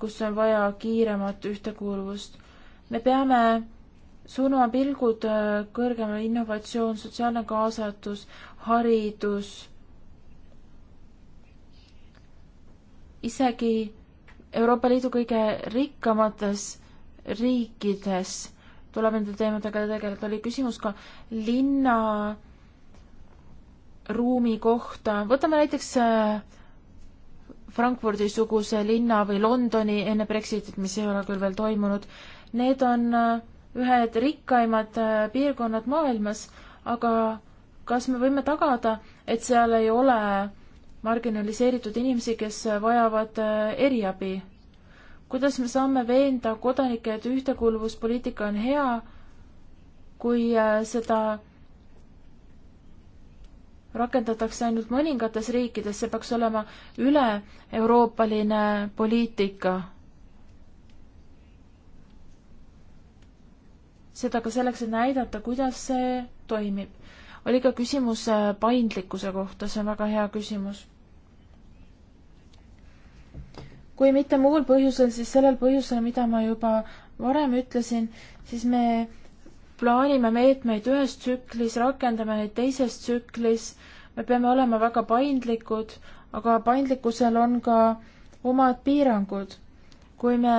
kus on vaja kiiremat ühtekuuluvust. me peame suunama pilgud äh, kõrgemale innovatsioon, sotsiaalne kaasatus, haridus, isegi Euroopa Liidu kõige rikkamates riikides tuleb nende teemadega tegeleda, oli küsimus ka linna ruumi kohta, võtame näiteks äh, Frankfurdi-suguse linna või Londoni enne Brexitit, mis ei ole küll veel toimunud, need on äh, ühed rikkaimad äh, piirkonnad maailmas, aga kas me võime tagada, et seal ei ole marginaliseeritud inimesi, kes vajavad eriabi? kuidas me saame veenda kodanikke, et ühtekuuluvuspoliitika on hea, kui seda rakendatakse ainult mõningates riikides, see peaks olema üle-euroopaline poliitika. seda ka selleks, et näidata, kuidas see toimib. oli ka küsimus äh, paindlikkuse kohta, see on väga hea küsimus. kui mitte muul põhjusel, siis sellel põhjusel, mida ma juba varem ütlesin, siis me plaanime meetmeid ühes tsüklis, rakendame neid teises tsüklis, me peame olema väga paindlikud, aga paindlikkusel on ka omad piirangud. kui me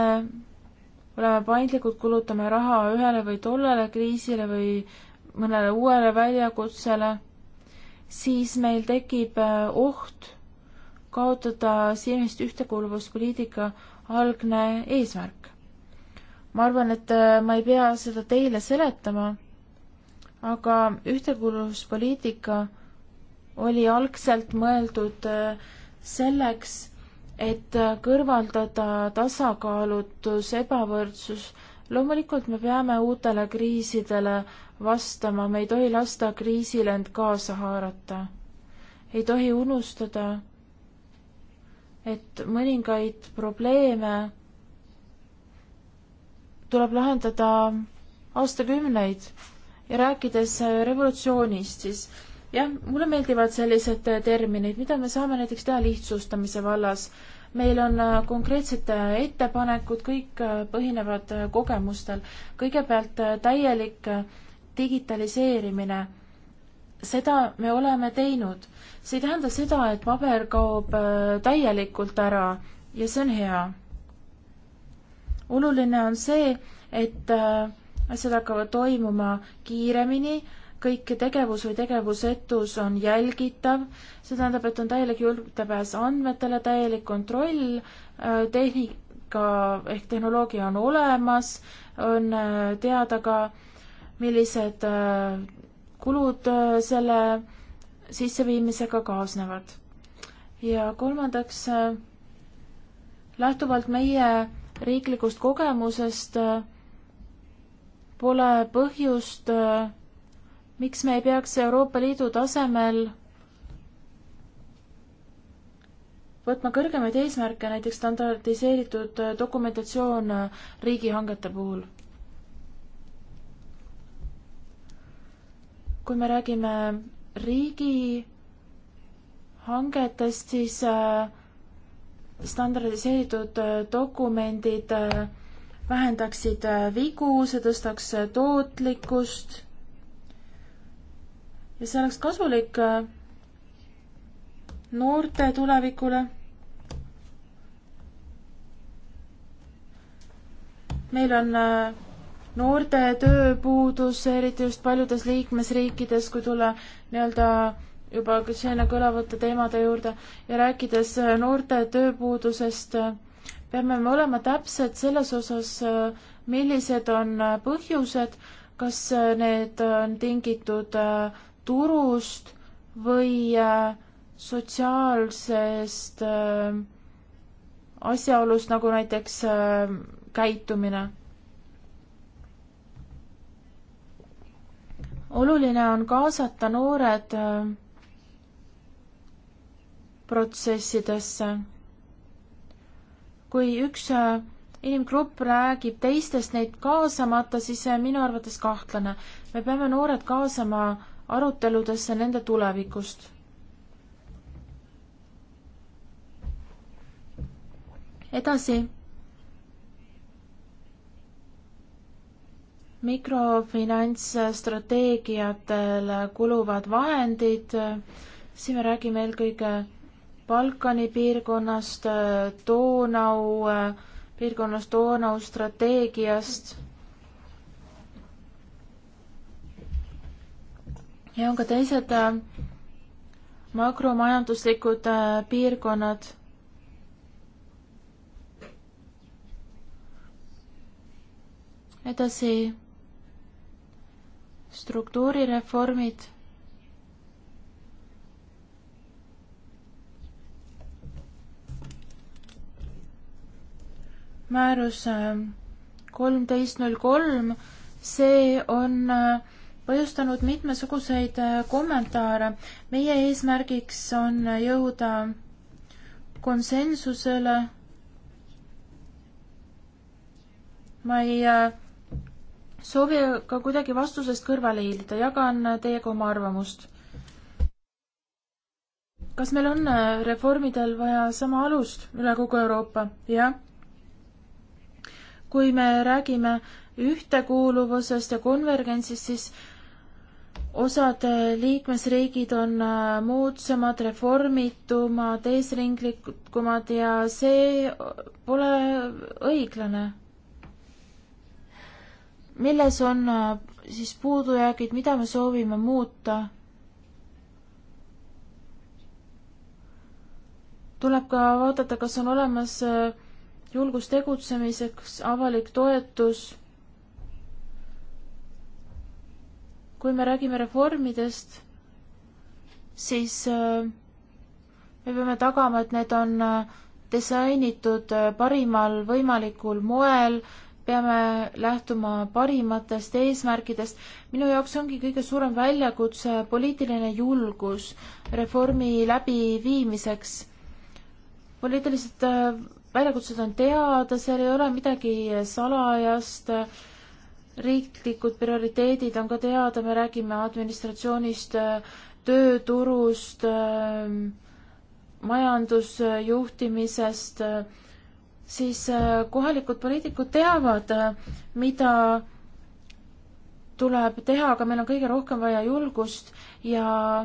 oleme paindlikud, kulutame raha ühele või tollele kriisile või mõnele uuele väljakutsele, siis meil tekib äh, oht kaotada silmist ühtekuuluvuspoliitika algne eesmärk ma arvan, et äh, ma ei pea seda teile seletama, aga ühtekuuluvuspoliitika oli algselt mõeldud äh, selleks, et äh, kõrvaldada tasakaalutus, ebavõrdsus. loomulikult me peame uutele kriisidele vastama, me ei tohi lasta kriisil end kaasa haarata. ei tohi unustada, et mõningaid probleeme tuleb lahendada aastakümneid ja rääkides äh, revolutsioonist, siis jah, mulle meeldivad sellised äh, terminid, mida me saame näiteks teha lihtsustamise vallas. meil on äh, konkreetsed ettepanekud, kõik põhinevad kogemustel. kõigepealt täielik digitaliseerimine. seda me oleme teinud. see ei tähenda seda, et paber kaob täielikult ära ja see on hea oluline on see, et äh, asjad hakkavad toimuma kiiremini, kõik tegevus või tegevusetus on jälgitav, see tähendab, et on täielik juurdepääs andmetele, täielik kontroll, äh, tehnika ehk tehnoloogia on olemas, on äh, teada ka, millised kulud selle sisseviimisega kaasnevad. ja kolmandaks, lähtuvalt meie riiklikust kogemusest äh, pole põhjust, äh, miks me ei peaks Euroopa Liidu tasemel võtma kõrgemaid eesmärke, näiteks standardiseeritud äh, dokumentatsioon riigihangete puhul. kui me räägime riigihangetest, siis äh, standardiseeritud äh, dokumendid äh, vähendaksid äh, vigu, see tõstaks tootlikkust ja see oleks kasulik noorte tulevikule. meil on noorte tööpuudus, eriti just paljudes liikmesriikides, kui tulla nii-öelda juba siin kõlavate teemade juurde ja rääkides äh, noorte tööpuudusest, äh, peame me olema täpsed selles osas, äh, millised on põhjused, kas need on tingitud turust või sotsiaalsest asjaolust, nagu näiteks käitumine oluline on kaasata noored protsessidesse. kui üks äh, inimgrupp räägib teistest neid kaasamata, siis see äh, on minu arvates kahtlane. me peame noored kaasama aruteludesse nende tulevikust. edasi. mikrofinantsstrateegiatele kuluvad vahendid, siin me räägime eelkõige Balkani piirkonnast, äh, Donau, äh, piirkonnast Donau strateegiast. ja on ka teised äh, makromajanduslikud piirkonnad. edasi struktuurireformid määrus äh, kolmteist null kolm, see on äh, põhjustanud mitmesuguseid äh, kommentaare. meie eesmärgiks on jõuda konsensusele. ma ei soovi ka kuidagi vastusest kõrvale hiilida, jagan teiega oma arvamust. kas meil on reformidel vaja sama alust üle kogu Euroopa? jah kui me räägime ühtekuuluvusest ja konvergentsist, siis osad liikmesriigid on äh, moodsamad, reformitumad, eesringlikumad ja see pole õiglane. milles on äh, siis puudujäägid, mida me soovime muuta? tuleb ka vaadata, kas on olemas äh, julgus tegutsemiseks, avalik toetus. kui me räägime reformidest, siis äh, me peame tagama, et need on äh, disainitud äh, parimal võimalikul moel, peame lähtuma parimatest eesmärkidest. minu jaoks ongi kõige suurem väljakutse poliitiline julgus reformi läbiviimiseks. poliitilised väljakutsed on teada, seal ei ole midagi salajast, riiklikud prioriteedid on ka teada, me räägime administratsioonist, tööturust, majandusjuhtimisest, siis eh, kohalikud poliitikud teavad, eh, mida tuleb teha, aga meil on kõige rohkem vaja julgust ja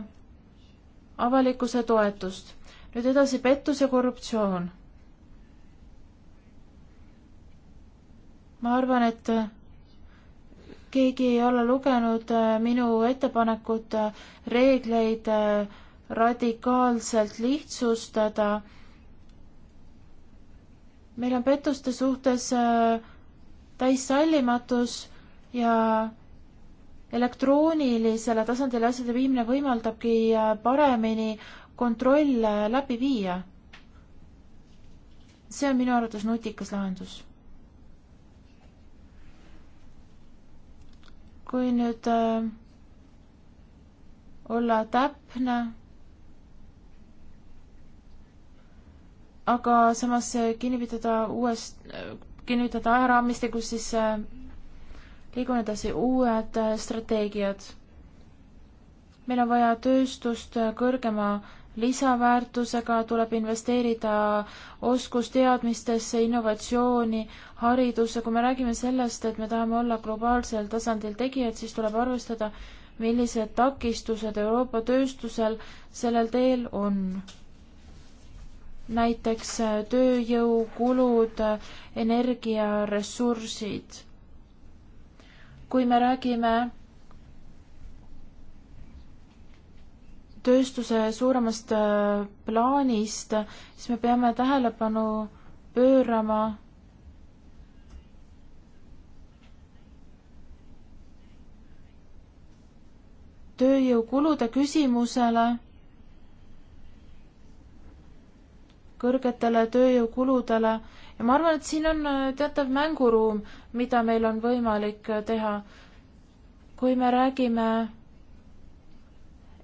avalikkuse toetust. nüüd edasi pettus ja korruptsioon ma arvan, et äh, keegi ei ole lugenud äh, minu ettepanekut äh, reegleid radikaalselt lihtsustada. meil on pettuste suhtes täis sallimatus ja elektroonilisele tasandile asjade viimine võimaldabki paremini kontrolle läbi viia. see on minu arvates nutikas lahendus kui nüüd äh, olla täpne, aga samas äh, kinnipitada uuest, äh, kinnitada ajaraamistikus, siis äh, liigun edasi uued äh, strateegiad. meil on vaja tööstust äh, kõrgema lisaväärtusega, tuleb investeerida oskusteadmistesse, innovatsiooni, haridusse, kui me räägime sellest, et me tahame olla globaalsel tasandil tegijad, siis tuleb arvestada, millised takistused Euroopa tööstusel sellel teel on. näiteks äh, tööjõukulud, äh, energiaressursid. kui me räägime tööstuse suuremast äh, plaanist, siis me peame tähelepanu pöörama tööjõukulude küsimusele, kõrgetele tööjõukuludele ja ma arvan, et siin on äh, teatav mänguruum, mida meil on võimalik äh, teha. kui me räägime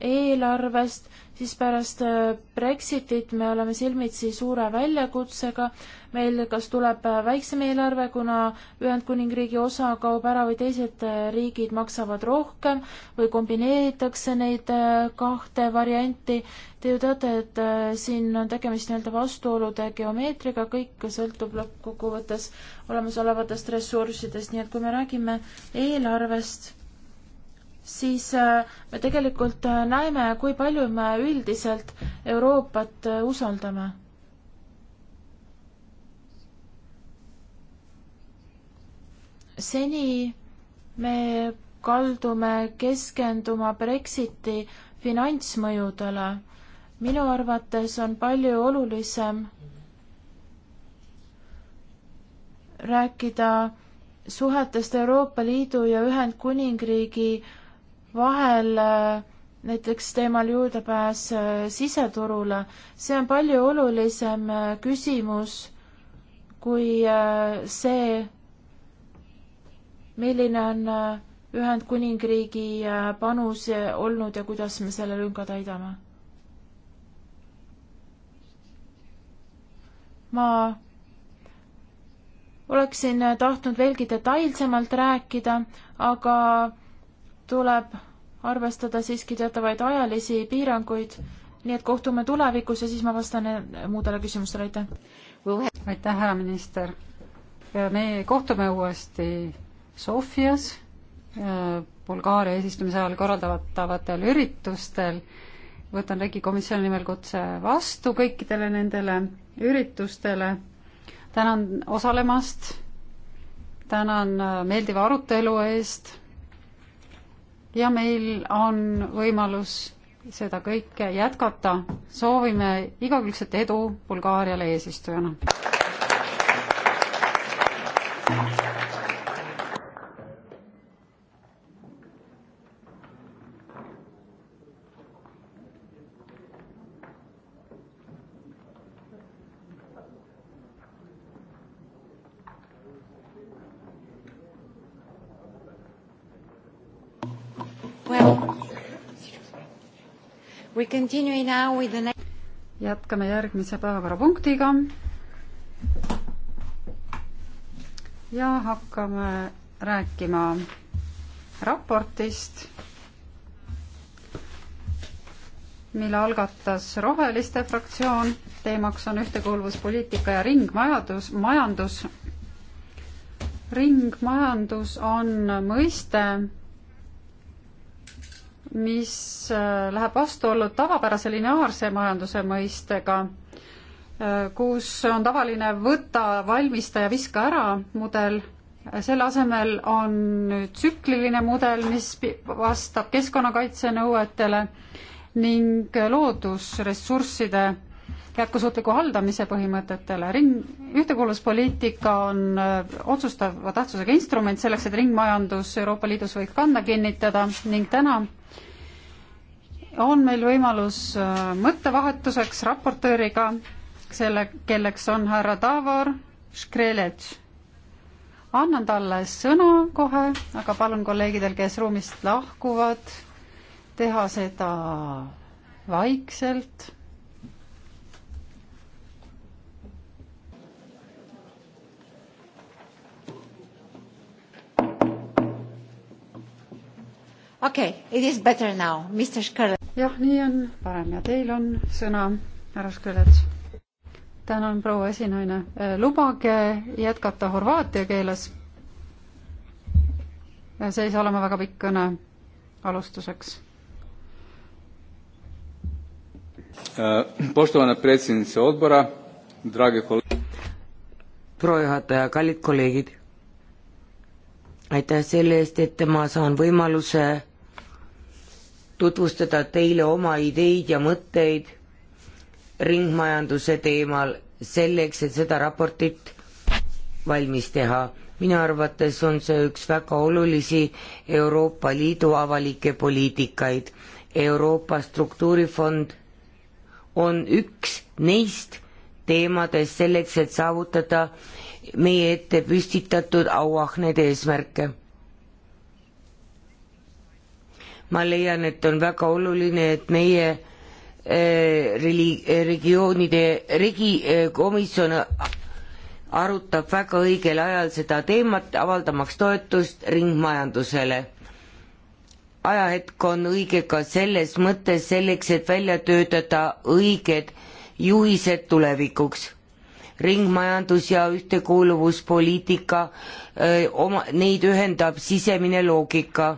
eelarvest, siis pärast äh, Brexitit me oleme silmitsi suure väljakutsega, meil kas tuleb äh, väiksem eelarve, kuna Ühendkuningriigi osa kaob ära või teised äh, riigid maksavad rohkem või kombineeritakse neid kahte varianti. Te ju teate, et siin on tegemist nii-öelda vastuolude geomeetriga, kõik sõltub lõppkokkuvõttes olemasolevatest ressurssidest, nii et kui me räägime eelarvest, siis äh, me tegelikult äh, näeme, kui palju me üldiselt Euroopat äh, usaldame. seni me kaldume keskenduma Brexiti finantsmõjudele. minu arvates on palju olulisem rääkida suhetest Euroopa Liidu ja Ühendkuningriigi vahel äh, näiteks teemal juurdepääs äh, siseturule, see on palju olulisem äh, küsimus kui see, milline on Ühendkuningriigi panus olnud ja kuidas me selle lünga täidame? ma oleksin tahtnud veelgi detailsemalt rääkida, aga tuleb arvestada siiski teatavaid ajalisi piiranguid, nii et kohtume tulevikus ja siis ma vastan eh, muudele küsimustele, aitäh. aitäh, härra minister. me kohtume uuesti Sofias eh, Bulgaaria eesistumise ajal korraldatavatel üritustel. võtan Regi komisjoni nimel kutse vastu kõikidele nendele üritustele. tänan osalemast, tänan eh, meeldiva arutelu eest ja meil on võimalus seda kõike jätkata. soovime igakülgset edu Bulgaariale eesistujana. The... jätkame järgmise päevakorrapunktiga. ja hakkame rääkima raportist, mille algatas Roheliste fraktsioon. teemaks on ühtekuuluvuspoliitika ja ringmajandus, majandus. ringmajandus on mõiste, mis äh, läheb vastuollu tavapärase lineaarse majanduse mõistega, äh, kus on tavaline võta, valmista ja viska ära mudel, selle asemel on nüüd tsükliline mudel, mis vastab keskkonnakaitsenõuetele ning loodusressursside jätkusuutliku haldamise põhimõtetele. ring, ühtekuuluvuspoliitika on äh, otsustava tähtsusega instrument selleks, et ringmajandus Euroopa Liidus võiks kanda kinnitada ning täna on meil võimalus äh, mõttevahetuseks raportööriga, selle, kelleks on härra Davor Škrelec. annan talle sõna kohe, aga palun kolleegidel, kes ruumist lahkuvad, teha seda vaikselt okei okay,, it is better now, Mr Škõlõt. jah, nii on parem ja teil on sõna, härra Škõlõt. tänan, proua esinaine. Äh, lubage jätkata horvaatia keeles. Äh, see ei saa olema väga pikk kõne alustuseks. Äh, poštovana predsjednice odbora, drage kolege. proua juhataja, kallid kolleegid aitäh selle eest, et ma saan võimaluse tutvustada teile oma ideid ja mõtteid ringmajanduse teemal selleks, et seda raportit valmis teha. minu arvates on see üks väga olulisi Euroopa Liidu avalikke poliitikaid. Euroopa struktuurifond on üks neist teemadest selleks, et saavutada meie ette püstitatud auahned eesmärke ma leian, et on väga oluline, et meie eh, reli-, eh, regioonide, regikomisjon eh, arutab väga õigel ajal seda teemat, avaldamaks toetust ringmajandusele. ajahetk on õige ka selles mõttes selleks, et välja töötada õiged juhised tulevikuks. ringmajandus ja ühtekuuluvuspoliitika, oma, neid ühendab sisemine loogika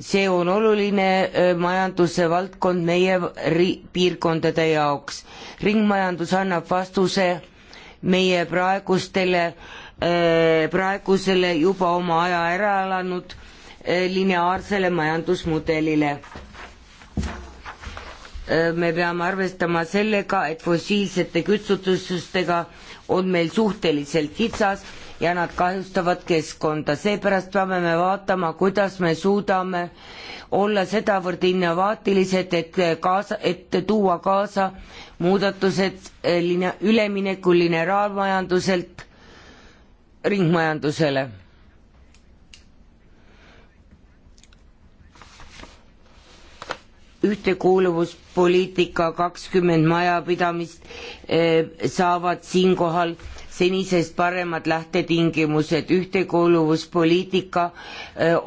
see on oluline äh, majanduse valdkond meie ri-, piirkondade jaoks. ringmajandus annab vastuse meie praegustele, äh, praegusele juba oma aja ära elanud äh, lineaarsele majandusmudelile. me peame arvestama sellega, et fossiilsete kütsetustega on meil suhteliselt kitsas ja nad kahjustavad keskkonda, seepärast peame me vaatama, kuidas me suudame olla sedavõrd innovaatilised, et kaasa, et tuua kaasa muudatused eh, linna, ülemineku lineaarmajanduselt ringmajandusele ühtekuuluvuspoliitika kakskümmend majapidamist eh, saavad siinkohal senisest paremad lähtetingimused, ühtekuuluvuspoliitika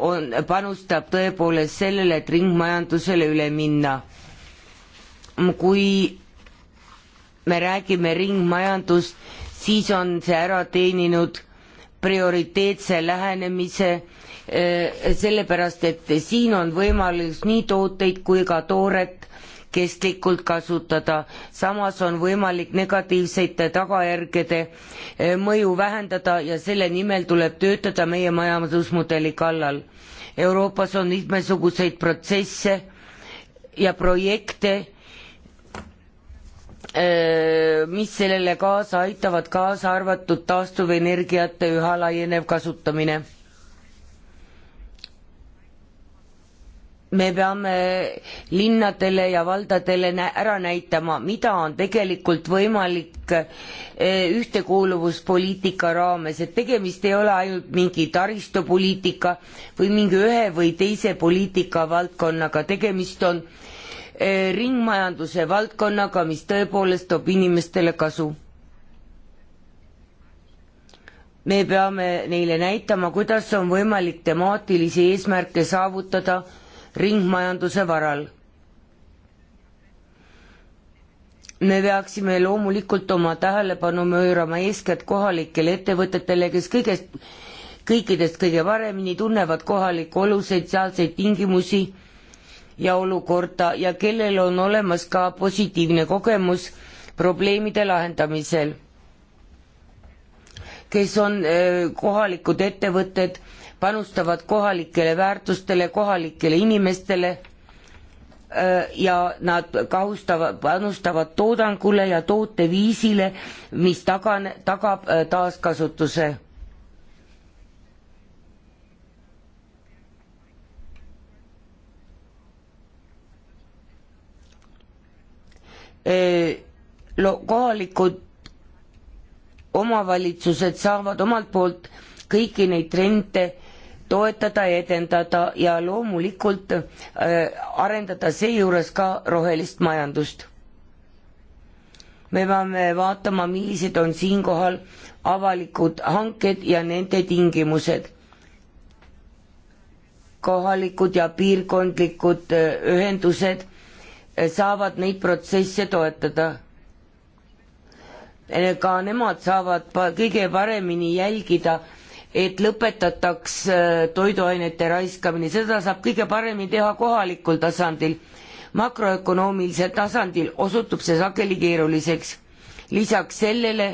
on, panustab tõepoolest sellele, et ringmajandusele üle minna. kui me räägime ringmajandust, siis on see ära teeninud prioriteetse lähenemise, sellepärast et siin on võimalus nii tooteid kui ka tooret kestlikult kasutada. samas on võimalik negatiivsete tagajärgede eh, mõju vähendada ja selle nimel tuleb töötada meie majandusmudeli kallal. Euroopas on mitmesuguseid protsesse ja projekte, eh, mis sellele kaasa aitavad, kaasa arvatud taastuvenergiate üha laienev kasutamine me peame linnadele ja valdadele ära näitama, mida on tegelikult võimalik eh, ühtekuuluvuspoliitika raames, et tegemist ei ole ainult mingi taristupoliitika või mingi ühe või teise poliitika valdkonnaga, tegemist on eh, ringmajanduse valdkonnaga, mis tõepoolest toob inimestele kasu me peame neile näitama, kuidas on võimalik temaatilisi eesmärke saavutada ringmajanduse varal. me peaksime loomulikult oma tähelepanu möörama eeskätt kohalikele ettevõtetele, kes kõigest, kõikidest kõige paremini tunnevad kohalikke olusid, sealseid tingimusi ja olukorda ja kellel on olemas ka positiivne kogemus probleemide lahendamisel, kes on eh, kohalikud ettevõtted panustavad kohalikele väärtustele, kohalikele inimestele äh, ja nad kahustavad, panustavad toodangule ja tooteviisile, mis tagan-, tagab äh, taaskasutuse äh, lo-, kohalikud omavalitsused saavad omalt poolt kõiki neid trende toetada ja edendada ja loomulikult äh, arendada seejuures ka rohelist majandust. me peame vaatama, millised on siinkohal avalikud hanked ja nende tingimused. kohalikud ja piirkondlikud äh, ühendused äh, saavad neid protsesse toetada äh, ka nemad saavad kõige paremini jälgida et lõpetataks äh, toiduainete raiskamine, seda saab kõige paremini teha kohalikul tasandil. makroökonoomilisel tasandil osutub see sageli keeruliseks. lisaks sellele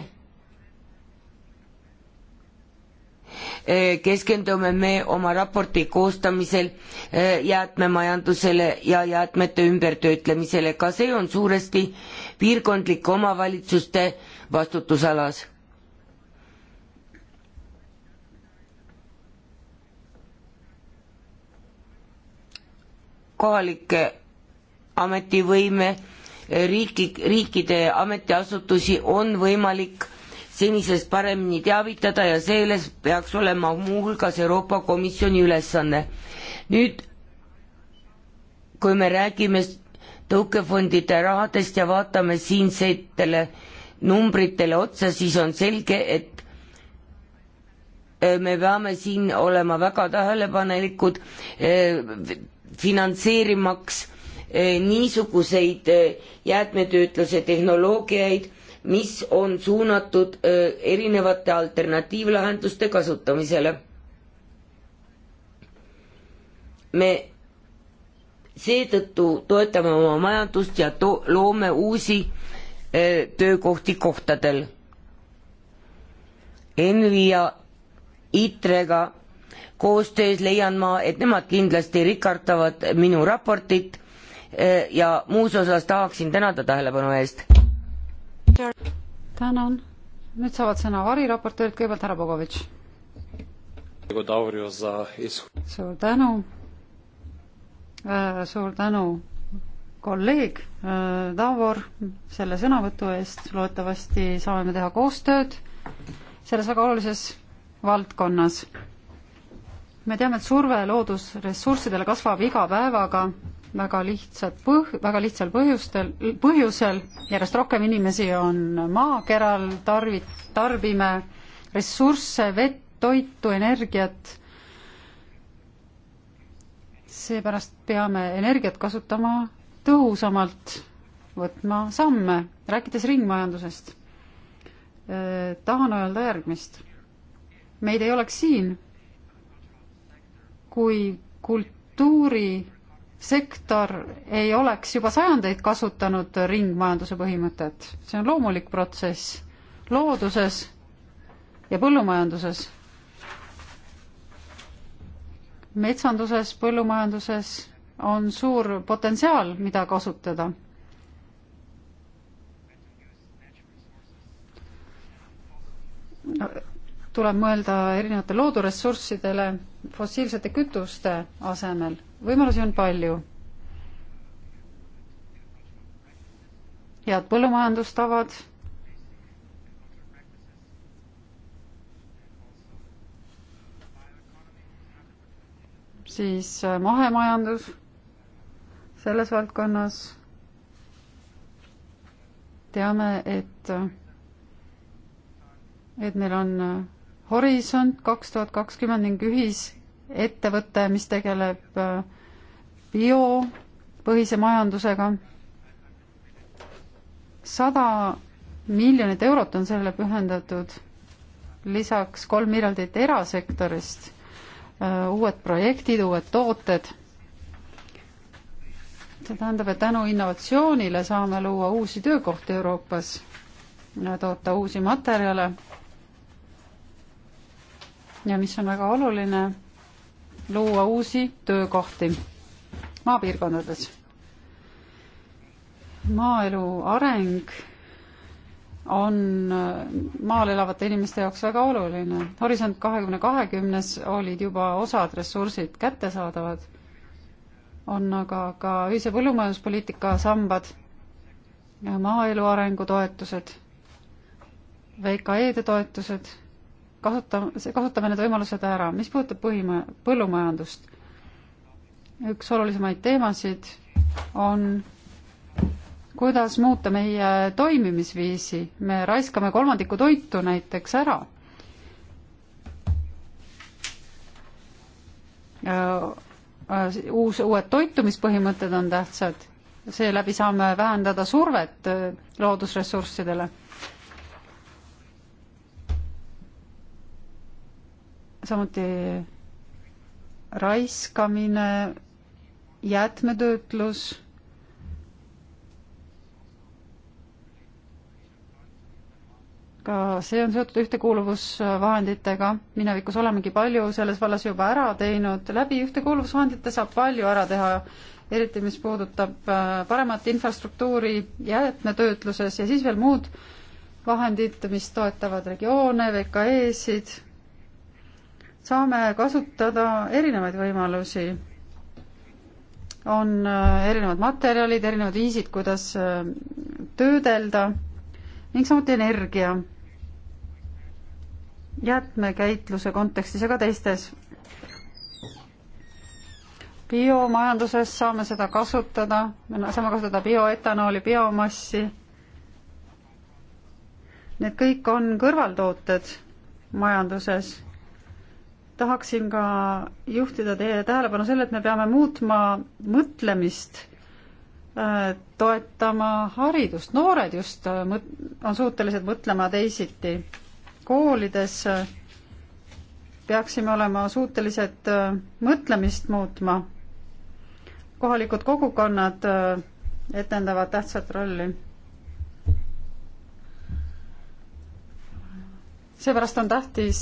äh, keskendume me oma raporti koostamisel äh, jäätmemajandusele ja jäätmete ümbertöötlemisele, ka see on suuresti piirkondlike omavalitsuste vastutusalas kohalike ametivõime riiki, riikide ametiasutusi on võimalik senisest paremini teavitada ja selles peaks olema muuhulgas Euroopa Komisjoni ülesanne. nüüd, kui me räägime tõukefondide rahadest ja vaatame siinsetele numbritele otsa, siis on selge, et eh, me peame siin olema väga tähelepanelikud eh, finantseerimaks eh, niisuguseid eh, jäätmetöötluse tehnoloogiaid, mis on suunatud eh, erinevate alternatiivlahenduste kasutamisele. me seetõttu toetame oma majandust ja to-, loome uusi töökohti kohtadel. Envi ja ITREga koostöös leian ma, et nemad kindlasti rikastavad minu raportit eh, ja muus osas tahaksin tänada tähelepanu eest. tänan, nüüd saavad sõna variraportöörid, kõigepealt härra Bogovitš. suur tänu, eh, suur tänu, kolleeg eh, Davor selle sõnavõtu eest, loodetavasti saame me teha koostööd selles väga olulises valdkonnas me teame, et surve loodusressurssidele kasvab iga päevaga väga lihtsad põh-, väga lihtsal põhjustel, põhjusel, järjest rohkem inimesi on maakeral, tarvi-, tarbime ressursse, vett, toitu, energiat, seepärast peame energiat kasutama tõhusamalt, võtma samme, rääkides ringmajandusest eh, tahan öelda järgmist. meid ei oleks siin, kui kultuurisektor ei oleks juba sajandeid kasutanud ringmajanduse põhimõtet. see on loomulik protsess looduses ja põllumajanduses. metsanduses, põllumajanduses on suur potentsiaal, mida kasutada tuleb mõelda erinevate looduressurssidele fossiilsete kütuste asemel. võimalusi on palju. head põllumajandustavad, siis äh, mahemajandus selles valdkonnas teame, et, äh, et meil on äh, Horisont kaks tuhat kakskümmend ning ühisettevõte, mis tegeleb äh, biopõhise majandusega. sada miljonit eurot on sellele pühendatud, lisaks kolm miljardit erasektorist, äh, uued projektid, uued tooted. see tähendab, et tänu innovatsioonile saame luua uusi töökohti Euroopas, toota uusi materjale ja mis on väga oluline, luua uusi töökohti maapiirkondades. maaelu areng on äh, maal elavate inimeste jaoks väga oluline. Horisont kahekümne kahekümnes olid juba osad ressursid kättesaadavad, on aga ka ühise põllumajanduspoliitika sambad, maaelu arengu toetused, VKE-de toetused kasutame, kasutame need võimalused ära. mis puudutab põhima-, põllumajandust, üks olulisemaid teemasid on kuidas muuta meie toimimisviisi, me raiskame kolmandiku toitu näiteks ära. uus, uued toitumispõhimõtted on tähtsad, seeläbi saame vähendada survet äh, loodusressurssidele samuti raiskamine, jäätmetöötlus ka see on seotud ühtekuuluvusvahenditega, minevikus olemegi palju selles vallas juba ära teinud, läbi ühtekuuluvusvahendite saab palju ära teha, eriti mis puudutab äh, paremat infrastruktuuri jäätmetöötluses ja siis veel muud vahendid, mis toetavad regioone, VKE-sid saame kasutada erinevaid võimalusi. on äh, erinevad materjalid, erinevad viisid, kuidas äh, töödelda ning samuti energia jäätmekäitluse kontekstis ja ka teistes. biomajanduses saame seda kasutada, me saame kasutada bioetanooli, biomassi. Need kõik on kõrvaltooted majanduses tahaksin ka juhtida teie tähelepanu selle, et me peame muutma mõtlemist, äh, toetama haridust, noored just äh, mõt-, on suutelised mõtlema teisiti. koolides äh, peaksime olema suutelised mõtlemist muutma. kohalikud kogukonnad etendavad tähtsat rolli seepärast on tähtis,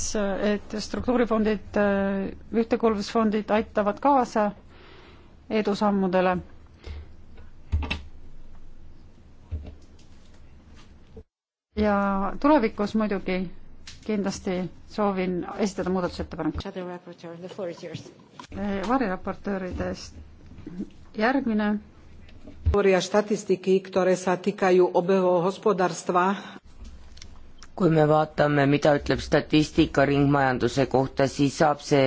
et struktuurifondid, ühtekuuluvusfondid aitavad kaasa edusammudele. ja tulevikus muidugi kindlasti soovin esitada muudatusettepaneku. variraportööridest järgmine. Teória statistiky, ktoré sa týkajú obehového hospodárstva kui me vaatame, mida ütleb statistika ringmajanduse kohta, siis saab see,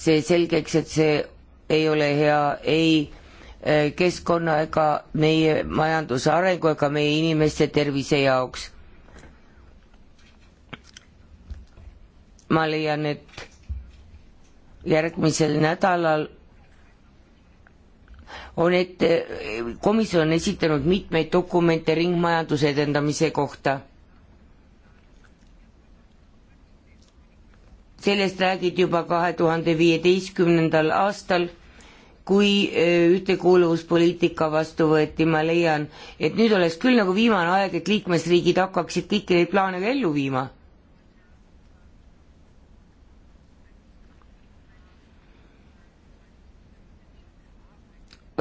see selgeks, et see ei ole hea ei eh, keskkonna ega meie majanduse arengu ega meie inimeste tervise jaoks. ma leian, et järgmisel nädalal on ette, komisjon on esitanud mitmeid dokumente ringmajanduse edendamise kohta sellest räägiti juba kahe tuhande viieteistkümnendal aastal, kui äh, ühtekuuluvuspoliitika vastu võeti, ma leian, et nüüd oleks küll nagu viimane aeg, et liikmesriigid hakkaksid kõiki neid plaane ka ellu viima.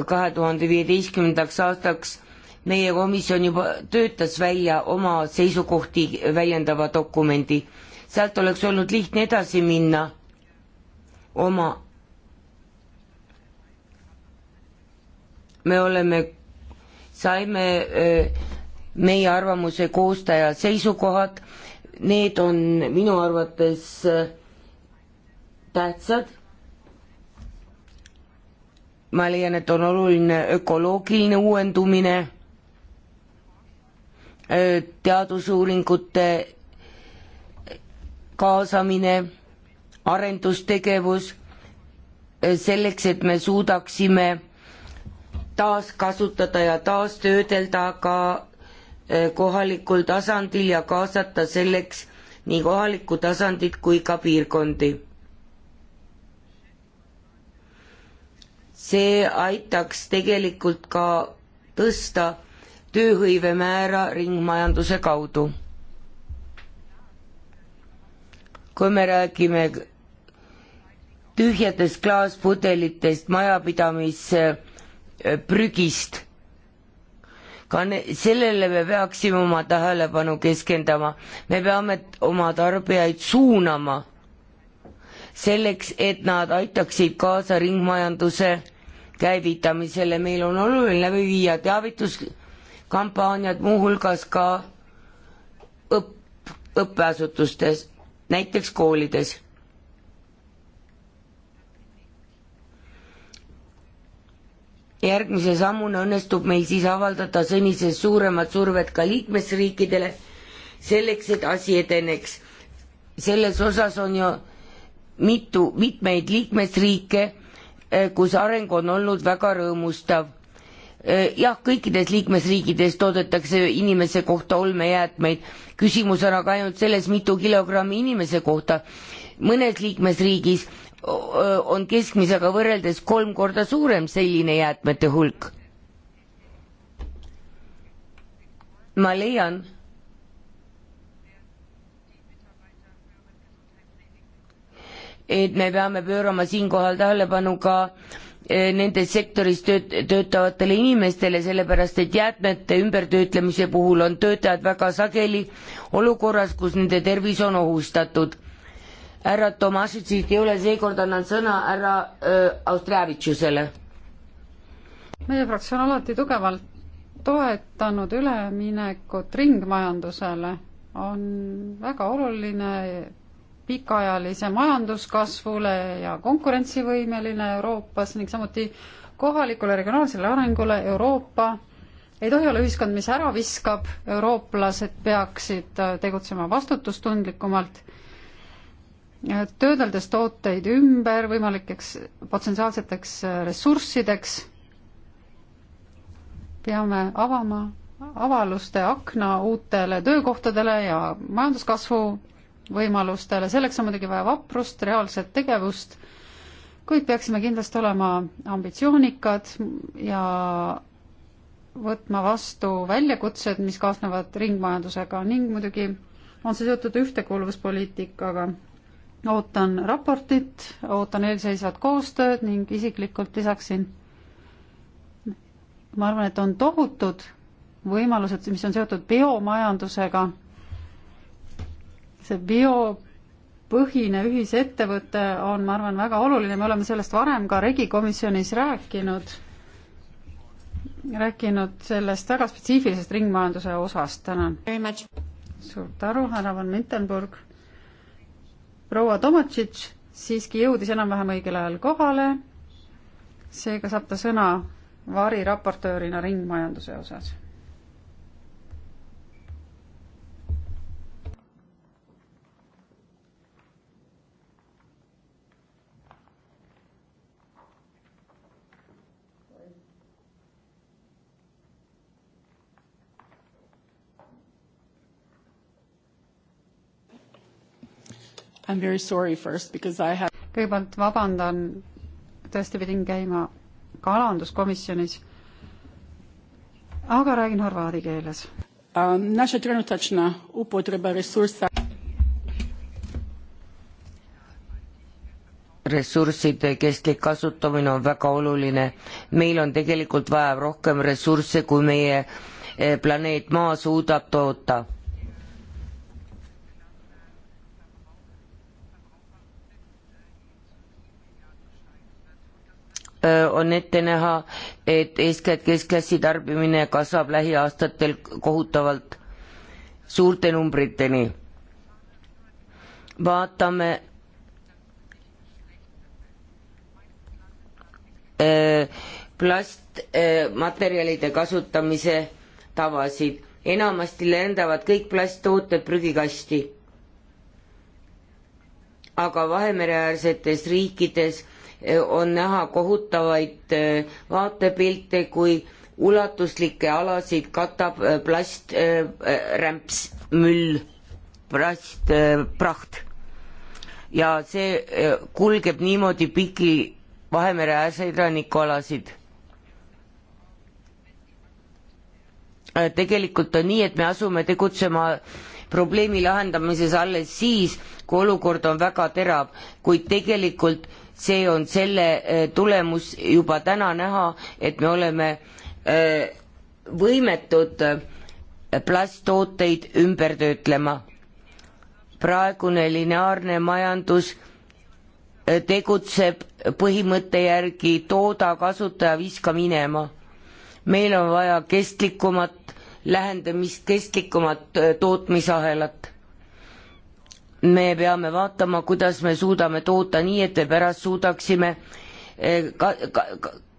kahe tuhande viieteistkümnendaks aastaks meie komisjon juba töötas välja oma seisukohti väljendava dokumendi sealt oleks olnud lihtne edasi minna oma. me oleme, saime meie arvamuse koostaja seisukohad, need on minu arvates tähtsad. ma leian, et on oluline ökoloogiline uuendumine, teadusuuringute kaasamine, arendustegevus, selleks, et me suudaksime taaskasutada ja taastöödelda ka eh, kohalikul tasandil ja kaasata selleks nii kohalikku tasandit kui ka piirkondi. see aitaks tegelikult ka tõsta tööhõive määra ringmajanduse kaudu kui me räägime tühjadest klaaspudelitest, majapidamisprügist, eh, ka ne-, sellele me peaksime oma tähelepanu keskendama, me peame oma tarbijaid suunama selleks, et nad aitaksid kaasa ringmajanduse käivitamisele, meil on oluline läbi viia teavituskampaaniad, muuhulgas ka õpp, õppeasutustes näiteks koolides. järgmise sammuna õnnestub meil siis avaldada senisest suuremat survet ka liikmesriikidele, selleks et asi edeneks. selles osas on ju mitu, mitmeid liikmesriike, eh, kus areng on olnud väga rõõmustav Äh, jah, kõikides liikmesriikides toodetakse inimese kohta olmejäätmeid, küsimus on aga ainult selles, mitu kilogrammi inimese kohta. mõnes liikmesriigis on keskmisega võrreldes kolm korda suurem selline jäätmete hulk. ma leian, et me peame pöörama siinkohal tähelepanu ka äh, Eh, nendes sektoris tööt-, töötavatele inimestele, sellepärast et jäätmete ümbertöötlemise puhul on töötajad väga sageli olukorras, kus nende tervis on ohustatud. härra Tomašitsit ei ole, seekord annan sõna härra äh, Austrevitšusele. meie fraktsioon alati tugevalt toetanud üleminekut ringmajandusele on väga oluline pikaajalise majanduskasvule ja konkurentsivõimeline Euroopas ning samuti kohalikule regionaalsele arengule Euroopa ei tohi olla ühiskond, mis ära viskab, eurooplased peaksid äh, tegutsema vastutustundlikumalt, äh, töödeldes tooteid ümber võimalikeks potentsiaalseteks äh, ressurssideks, peame avama avaluste akna uutele töökohtadele ja majanduskasvu võimalustele, selleks on muidugi vaja vaprust, reaalset tegevust, kuid peaksime kindlasti olema ambitsioonikad ja võtma vastu väljakutsed, mis kaasnevad ringmajandusega ning muidugi on see seotud ühtekuuluvuspoliitikaga. ootan raportit, ootan eelseisvat koostööd ning isiklikult lisaksin, ma arvan, et on tohutud võimalused, mis on seotud biomajandusega see biopõhine ühisettevõte on, ma arvan, väga oluline, me oleme sellest varem ka regikomisjonis rääkinud, rääkinud sellest väga spetsiifilisest ringmajanduse osast, tänan. suur tänu, härra von Mittenburg. proua Tomatšitš siiski jõudis enam-vähem õigel ajal kohale, seega saab ta sõna variraportöörina ringmajanduse osas I am very sorry first because I have kõigepealt vabandan, tõesti pidin käima kalanduskomisjonis, aga räägin horvaadi keeles um,. Naša trenutačna upotreba resursa ressursside kestlik kasutamine on väga oluline. meil on tegelikult vaja rohkem ressursse, kui meie eh, planeet Maa suudab toota Äh, on ette näha, et eeskätt keskklassi tarbimine kasvab lähiaastatel kohutavalt suurte numbriteni. vaatame äh, plastmaterjalide kasutamise tavasid. enamasti lendavad kõik plasttooted prügikasti. aga Vahemereäärsetes riikides on näha kohutavaid äh, vaatepilte, kui ulatuslikke alasid katab äh, plasträmps, äh, müll, plastpraht. ja see kulgeb niimoodi piki Vahemere ääseiraniku alasid tegelikult on nii, et me asume tegutsema probleemi lahendamises alles siis, kui olukord on väga terav, kuid tegelikult see on selle äh, tulemus juba täna näha, et me oleme äh, võimetud äh, plasttooteid ümber töötlema. praegune lineaarne majandus tegutseb põhimõtte järgi tooda, kasutaja, viska minema. meil on vaja kestlikumat lähendamist, kestlikumat tootmisahelat me peame vaatama, kuidas me suudame toota nii, et me pärast suudaksime eh, ka, ka,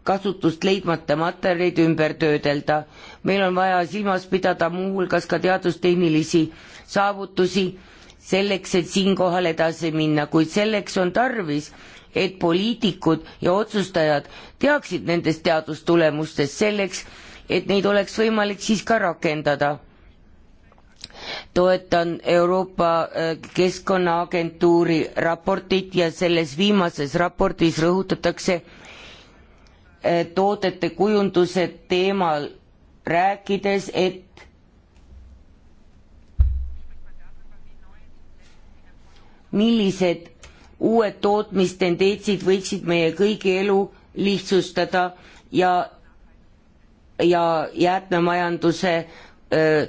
kasutust leidmata materjalid ümber töödelda. meil on vaja silmas pidada muuhulgas ka teadustehnilisi saavutusi, selleks, et siinkohal edasi minna, kuid selleks on tarvis, et poliitikud ja otsustajad teaksid nendest teadustulemustest selleks, et neid oleks võimalik siis ka rakendada toetan Euroopa äh, Keskkonnaagentuuri raportit ja selles viimases raportis rõhutatakse äh, toodete kujunduse teemal rääkides, et millised uued tootmistendentsid võiksid meie kõigi elu lihtsustada ja, ja jäätmemajanduse öö, äh,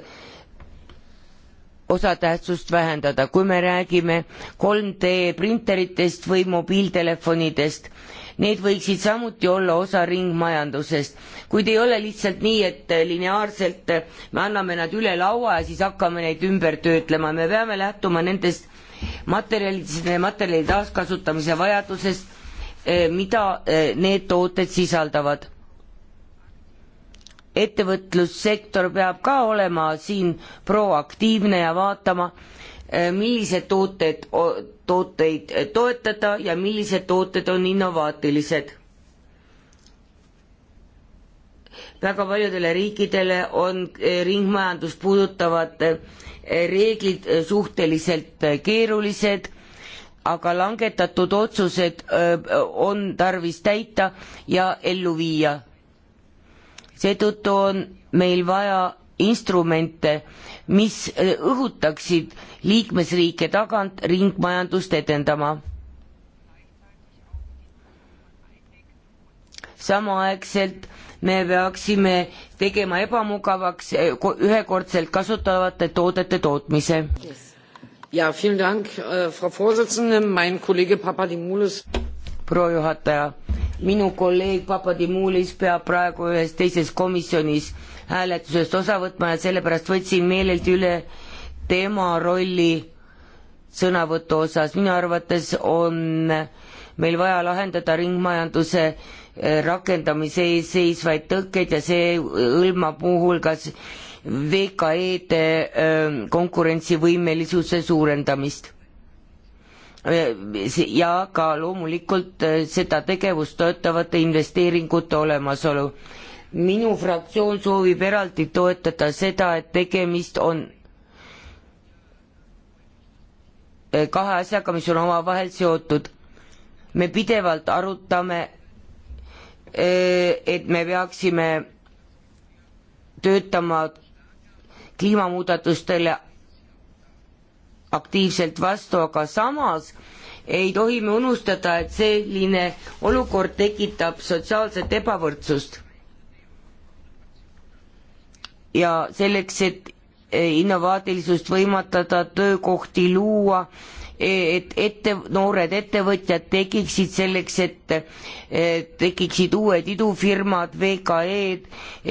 osatähtsust vähendada, kui me räägime 3D printeritest või mobiiltelefonidest, need võiksid samuti olla osa ringmajandusest, kuid ei ole lihtsalt nii, et lineaarselt me anname nad üle laua ja siis hakkame neid ümber töötlema, me peame lähtuma nendest materjalidest, materjali taaskasutamise vajadusest, eh, mida eh, need tooted sisaldavad ettevõtlussektor peab ka olema siin proaktiivne ja vaatama, eh, millised tooted, tooteid toetada ja millised tooted on innovaatilised. väga paljudele riikidele on eh, ringmajandust puudutavad eh, reeglid suhteliselt keerulised aga langetatud otsused on tarvis täita ja ellu viia seetõttu on meil vaja instrumente, mis äh, õhutaksid liikmesriike tagant ringmajandust edendama. samaaegselt me peaksime tegema ebamugavaks äh, ühekordselt kasutatavate toodete tootmise. ja, vielen Dank, äh, Frau Vorsitzende, mein Kollege Papadimoulis proua juhataja. minu kolleeg Papadimulis peab praegu ühes teises komisjonis hääletusest osa võtma ja sellepärast võtsin meelelt üle tema rolli sõnavõtu osas. minu arvates on meil vaja lahendada ringmajanduse eh, rakendamise ees seisvaid tõkkeid ja see hõlmab muuhulgas VKE-de eh, konkurentsivõimelisuse suurendamist ja ka loomulikult äh, seda tegevust toetavate investeeringute olemasolu. minu fraktsioon soovib eraldi toetada seda, et tegemist on äh, kahe asjaga, mis on omavahel seotud. me pidevalt arutame, äh, et me peaksime töötama kliimamuudatustele aktiivselt vastu, aga samas ei tohi me unustada, et selline olukord tekitab sotsiaalset ebavõrdsust. ja selleks, et eh, innovaatilisust võimatada, töökohti luua, eh, et ette, noored ettevõtjad tekiksid selleks, et eh, tekiksid uued idufirmad, VKE-d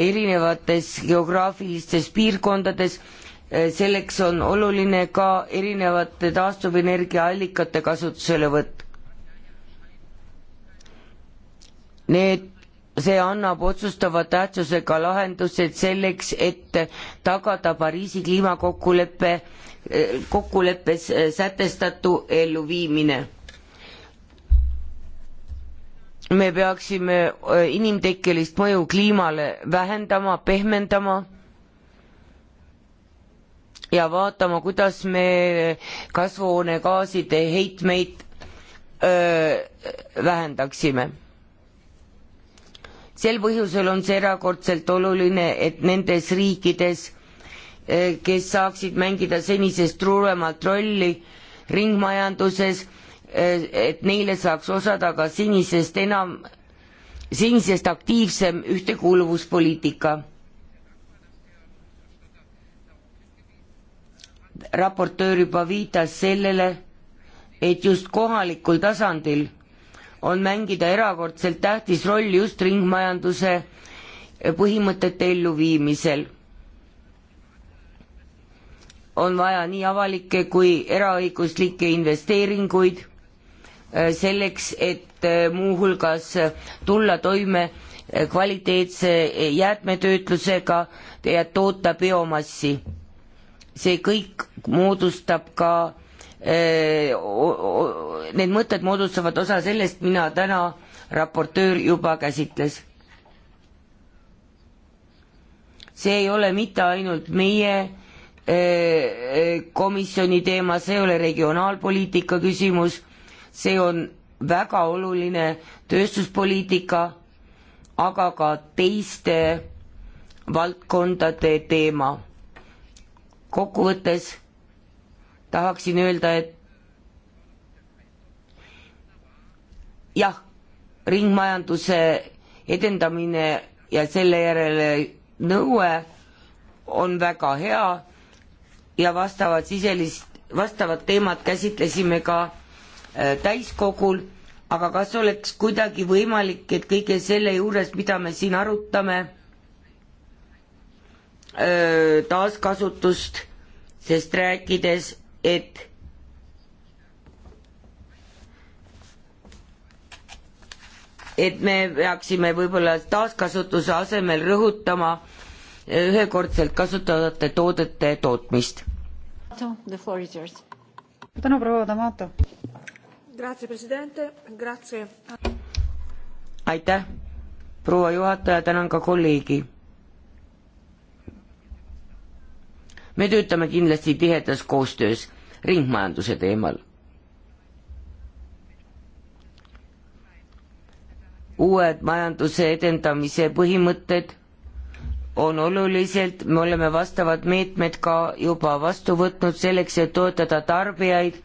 erinevates geograafilistes piirkondades Eh, selleks on oluline ka erinevate taastuvenergiaallikate kasutuselevõtt. Need, see annab otsustava tähtsusega lahendused selleks, et tagada Pariisi kliimakokkulepe, eh, kokkuleppes eh, sätestatu elluviimine. me peaksime inimtekkelist mõju kliimale vähendama, pehmendama ja vaatama, kuidas me kasvuhoonegaaside heitmeid öö, vähendaksime. sel põhjusel on see erakordselt oluline, et nendes riikides, kes saaksid mängida senisest suuremat rolli ringmajanduses, et neile saaks osada ka senisest enam, senisest aktiivsem ühtekuuluvuspoliitika raportöör juba viitas sellele, et just kohalikul tasandil on mängida erakordselt tähtis roll just ringmajanduse põhimõtete elluviimisel. on vaja nii avalikke kui eraõiguslikke investeeringuid äh, selleks, et äh, muuhulgas tulla toime äh, kvaliteetse jäätmetöötlusega ja toota biomassi see kõik moodustab ka eh, need mõtted moodustavad osa sellest, mina täna raportöör juba käsitles. see ei ole mitte ainult meie eh, eh, komisjoni teema, see ei ole regionaalpoliitika küsimus, see on väga oluline tööstuspoliitika, aga ka teiste valdkondade teema kokkuvõttes tahaksin öelda, et jah, ringmajanduse edendamine ja selle järele nõue on väga hea ja vastavat siselist, vastavat teemat käsitlesime ka äh, täiskogul, aga kas oleks kuidagi võimalik, et kõige selle juures, mida me siin arutame, Äh, taaskasutust, sest rääkides, et et me peaksime võib-olla taaskasutuse asemel rõhutama äh, ühekordselt kasutatavate toodete tootmist. tänu, proua D'Amato. aitäh, proua juhataja, tänan ka kolleegi me töötame kindlasti tihedas koostöös ringmajanduse teemal. uued majanduse edendamise põhimõtted on oluliselt, me oleme vastavad meetmed ka juba vastu võtnud selleks, et toetada tarbijaid,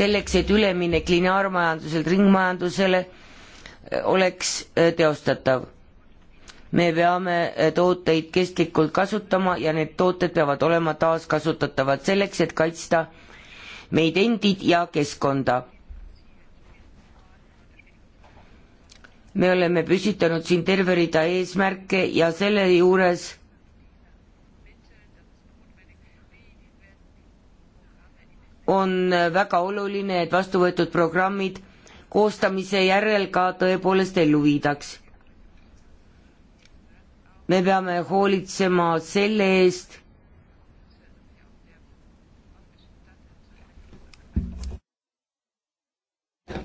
selleks, et üleminek lineaarmajanduselt ringmajandusele oleks äh, teostatav me peame eh, tooteid kestlikult kasutama ja need tooted peavad olema taaskasutatavad selleks, et kaitsta meid endid ja keskkonda. me oleme püsitanud siin terve rida eesmärke ja selle juures on eh, väga oluline, et vastuvõetud programmid koostamise järel ka tõepoolest ellu viidaks me peame hoolitsema selle eest,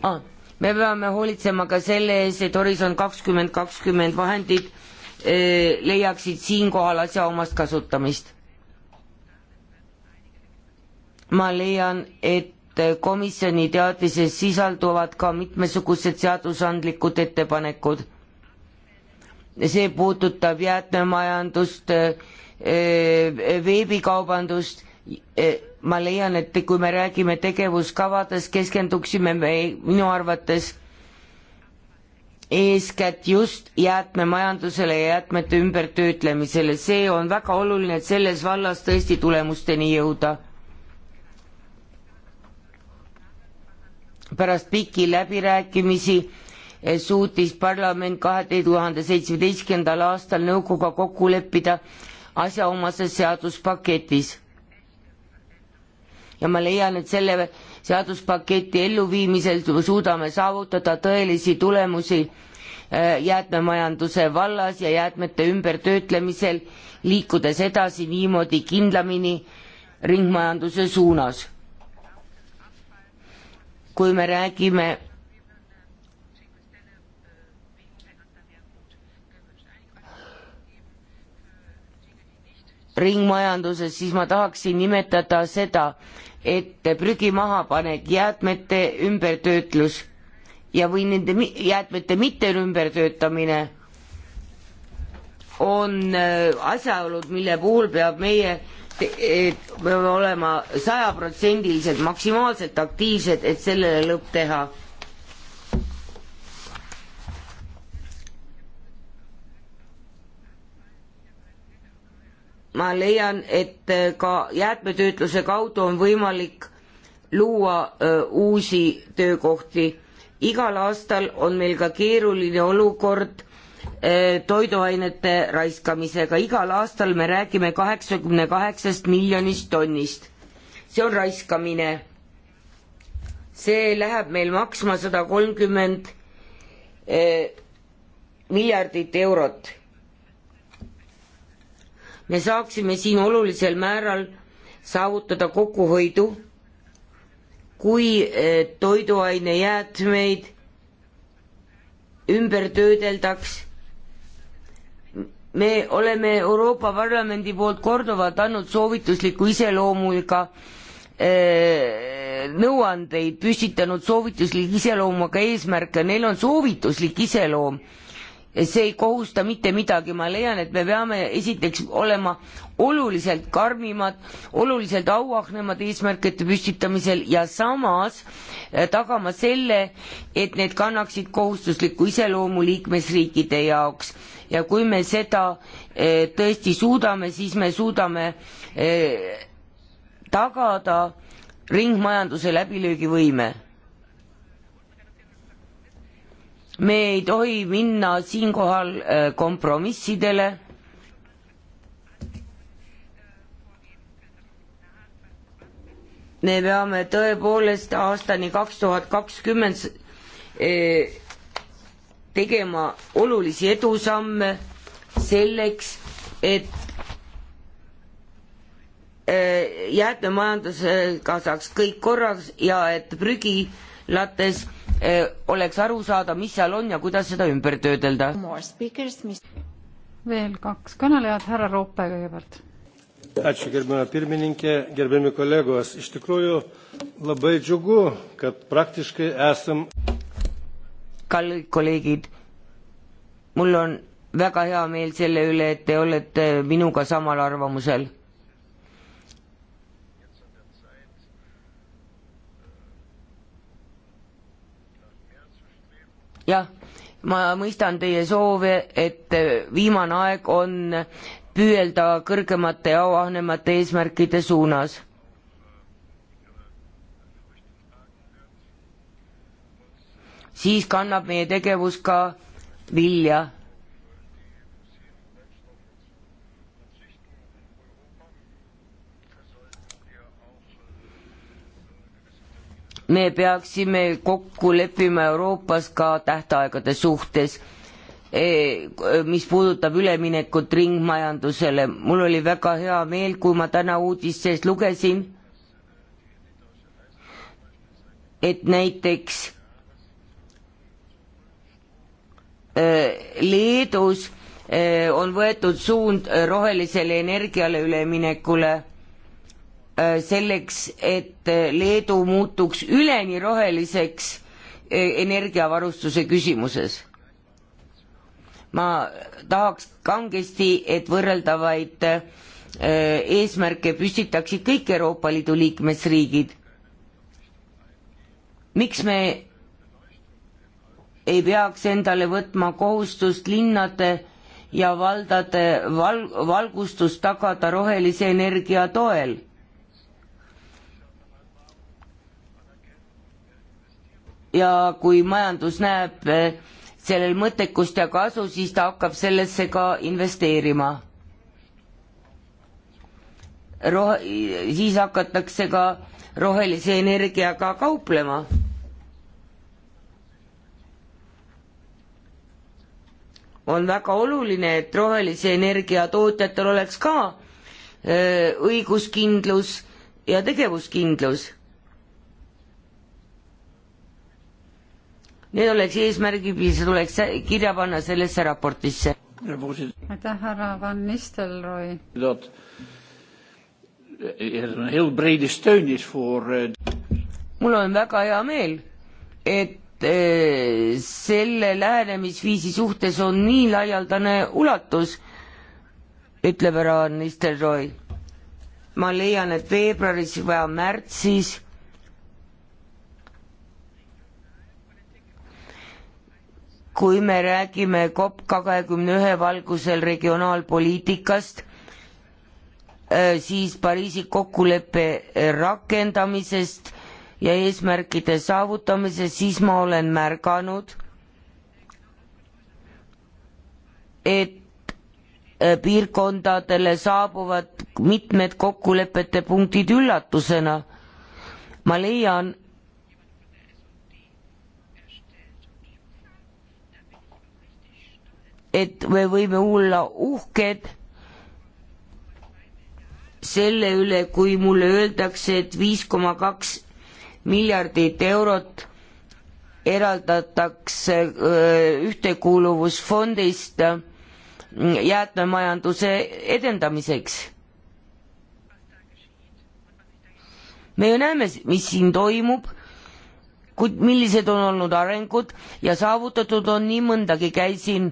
ah, me peame hoolitsema ka selle eest, et Horisont kakskümmend kakskümmend vahendid eh, leiaksid siinkohal asjaomast kasutamist. ma leian, et komisjoni teadmises sisalduvad ka mitmesugused seadusandlikud ettepanekud see puudutab jäätmemajandust, eh, veebikaubandust, eh, ma leian, et kui me räägime tegevuskavades, keskenduksime me minu arvates eeskätt just jäätmemajandusele ja jäätmete ümbertöötlemisele, see on väga oluline, et selles vallas tõesti tulemusteni jõuda. pärast pikki läbirääkimisi suutis parlament kahe tuhande seitsmeteistkümnendal aastal nõukoguga kokku leppida asjaomases seaduspaketis. ja ma leian, et selle seaduspaketi elluviimisel suudame saavutada tõelisi tulemusi äh, jäätmemajanduse vallas ja jäätmete ümbertöötlemisel, liikudes edasi niimoodi kindlamini ringmajanduse suunas. kui me räägime ringmajanduses, siis ma tahaksin nimetada seda, et prügi mahapanek, jäätmete ümbertöötlus ja, või nende jäätmete mitte ümbertöötamine on äh, asjaolud, mille puhul peab meie peame olema sajaprotsendiliselt maksimaalselt aktiivsed, et sellele lõpp teha ma leian, et äh, ka jäätmetöötluse kaudu on võimalik luua öö, äh, uusi töökohti. igal aastal on meil ka keeruline olukord öö, äh, toiduainete raiskamisega, igal aastal me räägime kaheksakümne kaheksast miljonist tonnist. see on raiskamine. see läheb meil maksma sada kolmkümmend miljardit eurot me saaksime siin olulisel määral saavutada kokkuhoidu, kui eh, toiduainejäätmeid ümber töödeldaks me oleme Euroopa Parlamendi poolt korduvalt andnud soovitusliku iseloomuga eh, nõuandeid, püstitanud soovitusliku iseloomuga eesmärke, neil on soovituslik iseloom see ei kohusta mitte midagi, ma leian, et me peame esiteks olema oluliselt karmimad, oluliselt auahnemad eesmärkide püstitamisel ja samas eh, tagama selle, et need kannaksid kohustuslikku iseloomu liikmesriikide jaoks. ja kui me seda eh, tõesti suudame, siis me suudame eh, tagada ringmajanduse läbilöögivõime me ei tohi minna siinkohal äh, kompromissidele. me peame tõepoolest aastani kaks tuhat kakskümmend eh, tegema olulisi edusamme selleks, et eh, jäätmemajandusega saaks kõik korras ja et prügilates Eh, oleks aru saada, mis seal on ja kuidas seda ümber töödelda. veel kaks kõnelejat, härra Roope kõigepealt. Ačiū gerbiamą pirmininkę, gerbiami kolegos. Iš tikrųjų labai džiugu, kad praktiškai esam. Kallid kolleegid, mul on väga hea meel selle üle, et te olete minuga samal arvamusel jah, ma mõistan teie soove, et viimane aeg on püüelda kõrgemate ja auahnemate eesmärkide suunas. siis kannab meie tegevus ka vilja me peaksime kokku leppima Euroopas ka tähtaegade suhtes, eh, mis puudutab üleminekut ringmajandusele. mul oli väga hea meel, kui ma täna uudistest lugesin, et näiteks eh, Leedus eh, on võetud suund rohelisele energiale üleminekule Äh, selleks, et äh, Leedu muutuks üleni roheliseks äh, energiavarustuse küsimuses. ma tahaks kangesti, et võrreldavaid eesmärke püstitaksid kõik Euroopa Liidu liikmesriigid. miks me ei peaks endale võtma kohustust linnade ja valdade val-, valgustust tagada rohelise energia toel ja kui majandus näeb eh, sellel mõttekust ja kasu, siis ta hakkab sellesse ka investeerima. Roh-, siis hakatakse ka rohelise energiaga kauplema. on väga oluline, et rohelise energia tootjatel oleks ka öö, eh, õiguskindlus ja tegevuskindlus Need oleks eesmärgid, mis tuleks kirja panna sellesse raportisse. aitäh, härra Van Nistelrooy. Er eh, mul on väga hea meel, et eh, selle lähenemisviisi suhtes on nii laialdane ulatus, ütleb härra Van Nistelrooy. ma leian, et veebruaris või märtsis kui me räägime COP kahekümne ühe valgusel regionaalpoliitikast, äh, siis Pariisi kokkuleppe rakendamisest ja eesmärkide saavutamisest, siis ma olen märganud, et äh, piirkondadele saabuvad mitmed kokkulepete punktid üllatusena. ma leian, et me võime olla uhked selle üle, kui mulle öeldakse, et viis koma kaks miljardit eurot eraldatakse ühtekuuluvusfondist mm, jäätmemajanduse edendamiseks. me ju näeme, mis siin toimub kuid millised on olnud arengud ja saavutatud on nii mõndagi, käisin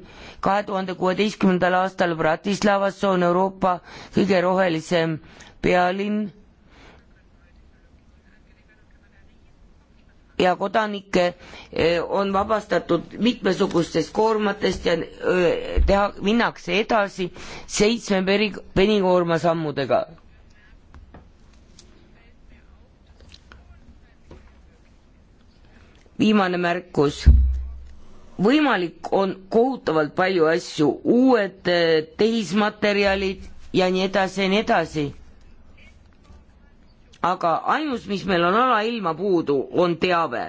kahe tuhande kuueteistkümnendal aastal Bratislavas, see on Euroopa kõige rohelisem pealinn. ja kodanikke eh, on vabastatud mitmesugustest koormatest ja eh, teha, minnakse edasi seitsme peri-, penikoorma sammudega viimane märkus. võimalik on kohutavalt palju asju, uued äh, tehismaterjalid ja nii edasi ja nii edasi. aga ainus, mis meil on alailma puudu, on teave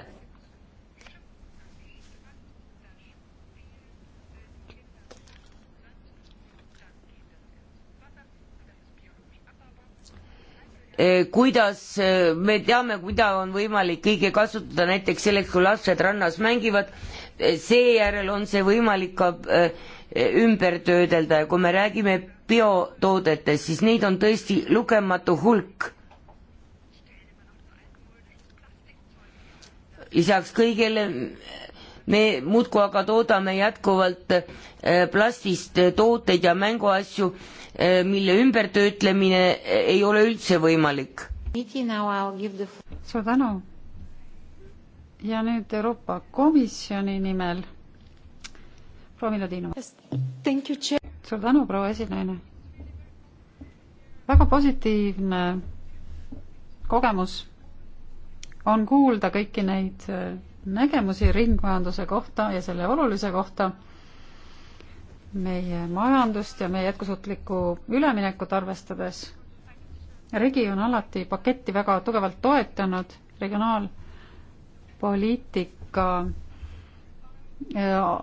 Eh, kuidas eh, me teame, kuida on võimalik kõike kasutada, näiteks selleks, kui lapsed rannas mängivad, eh, seejärel on see võimalik ka ümber töödelda ja kui me räägime biotoodetest, siis neid on tõesti lugematu hulk. lisaks kõigele me muudkui aga toodame jätkuvalt plastist tooteid ja mänguasju Eh, mille ümbertöötlemine eh, ei ole üldse võimalik. suur tänu. ja nüüd Euroopa Komisjoni nimel proua Milodinova. suur tänu, proua esinaine. väga positiivne kogemus on kuulda kõiki neid eh, nägemusi ringmajanduse kohta ja selle olulise kohta meie majandust ja meie jätkusuutlikku üleminekut arvestades. regi on alati paketti väga tugevalt toetanud, regionaalpoliitika äh,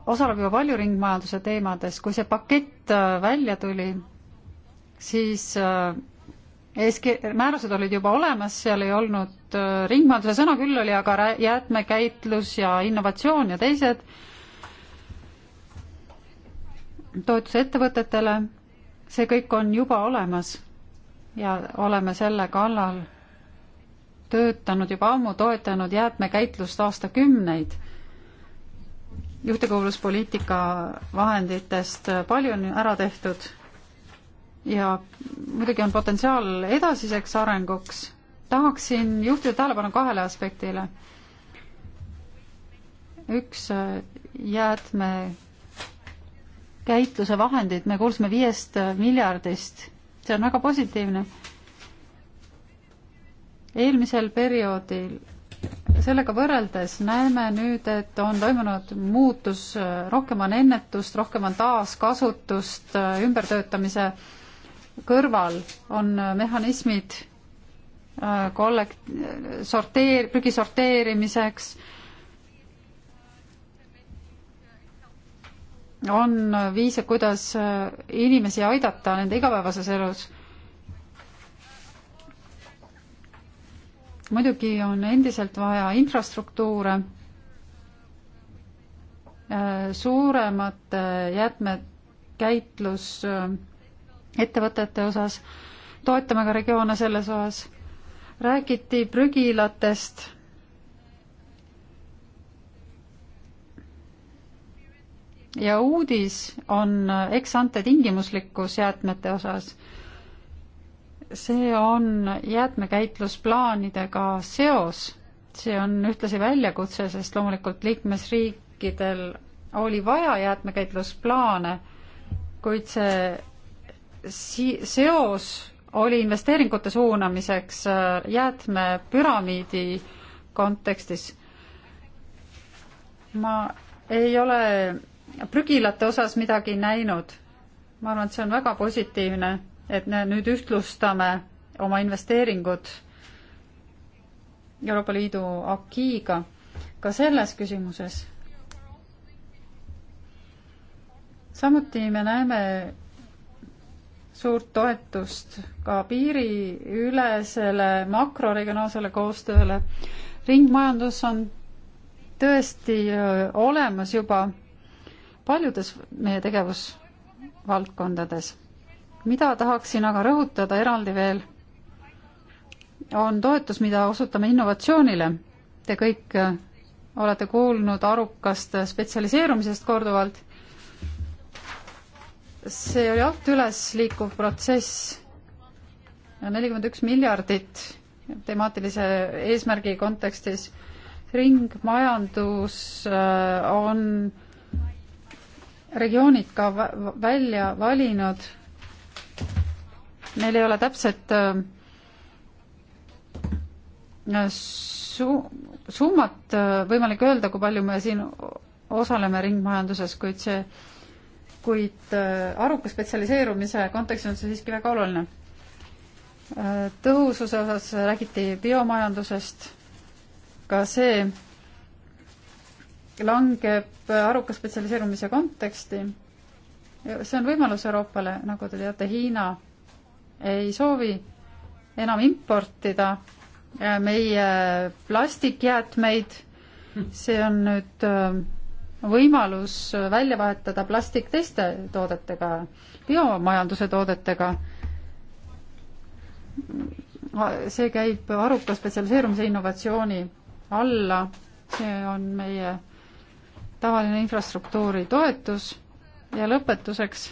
osaleb juba palju ringmajanduse teemades, kui see pakett äh, välja tuli, siis äh, eeski-, määrused olid juba olemas, seal ei olnud ringmajanduse sõna küll oli, aga jäätmekäitlus ja innovatsioon ja teised toetuse ettevõtetele, see kõik on juba olemas ja oleme selle kallal töötanud juba ammu, toetanud jäätmekäitlust aastakümneid. juhtekuuluvuspoliitika vahenditest palju on ära tehtud ja muidugi on potentsiaal edasiseks arenguks. tahaksin juhtida tähelepanu kahele aspektile. üks jäätme käitluse vahendeid, me kuulsime viiest miljardist, see on väga positiivne. eelmisel perioodil sellega võrreldes näeme nüüd, et on toimunud muutus, rohkem on ennetust, rohkem on taaskasutust, äh, ümbertöötamise kõrval on äh, mehhanismid äh, kollekt-, sorteer-, prügi sorteerimiseks äh,, on viise, kuidas äh, inimesi aidata nende igapäevases elus. muidugi on endiselt vaja infrastruktuure, äh, suuremate äh, jäätmekäitlusettevõtete osas, toetame ka regioone selles osas. räägiti prügilatest ja uudis on ex-ante tingimuslikkus jäätmete osas. see on jäätmekäitlusplaanidega seos, see on ühtlasi väljakutse, sest loomulikult liikmesriikidel oli vaja jäätmekäitlusplaane, kuid see si-, seos oli investeeringute suunamiseks äh, jäätmepüramiidi kontekstis. ma ei ole prügilate osas midagi näinud. ma arvan, et see on väga positiivne, et me nüüd ühtlustame oma investeeringud Euroopa Liidu akiiga ka selles küsimuses. samuti me näeme suurt toetust ka piiriülesele makroregionaalsele koostööle. ringmajandus on tõesti olemas juba paljudes meie tegevusvaldkondades. mida tahaksin aga rõhutada eraldi veel, on toetus, mida osutame innovatsioonile. Te kõik äh, olete kuulnud arukast spetsialiseerumisest korduvalt. see oli alt üles liikuv protsess. nelikümmend üks miljardit temaatilise eesmärgi kontekstis. ringmajandus äh, on äh, regioonid ka välja valinud. Neil ei ole täpset äh, äh, su-, summat äh, võimalik öelda, kui palju me siin osaleme ringmajanduses, kuid see, kuid aruka spetsialiseerumise kontekstis on see siiski väga oluline. tõhususe osas räägiti biomajandusest, ka see langeb aruka spetsialiseerumise konteksti. see on võimalus Euroopale, nagu te teate, Hiina ei soovi enam importida äh, meie plastikjäätmeid, see on nüüd äh, võimalus välja vahetada plastik teiste toodetega, biomajanduse toodetega. see käib aruka spetsialiseerumise innovatsiooni alla, see on meie tavaline infrastruktuuri toetus ja lõpetuseks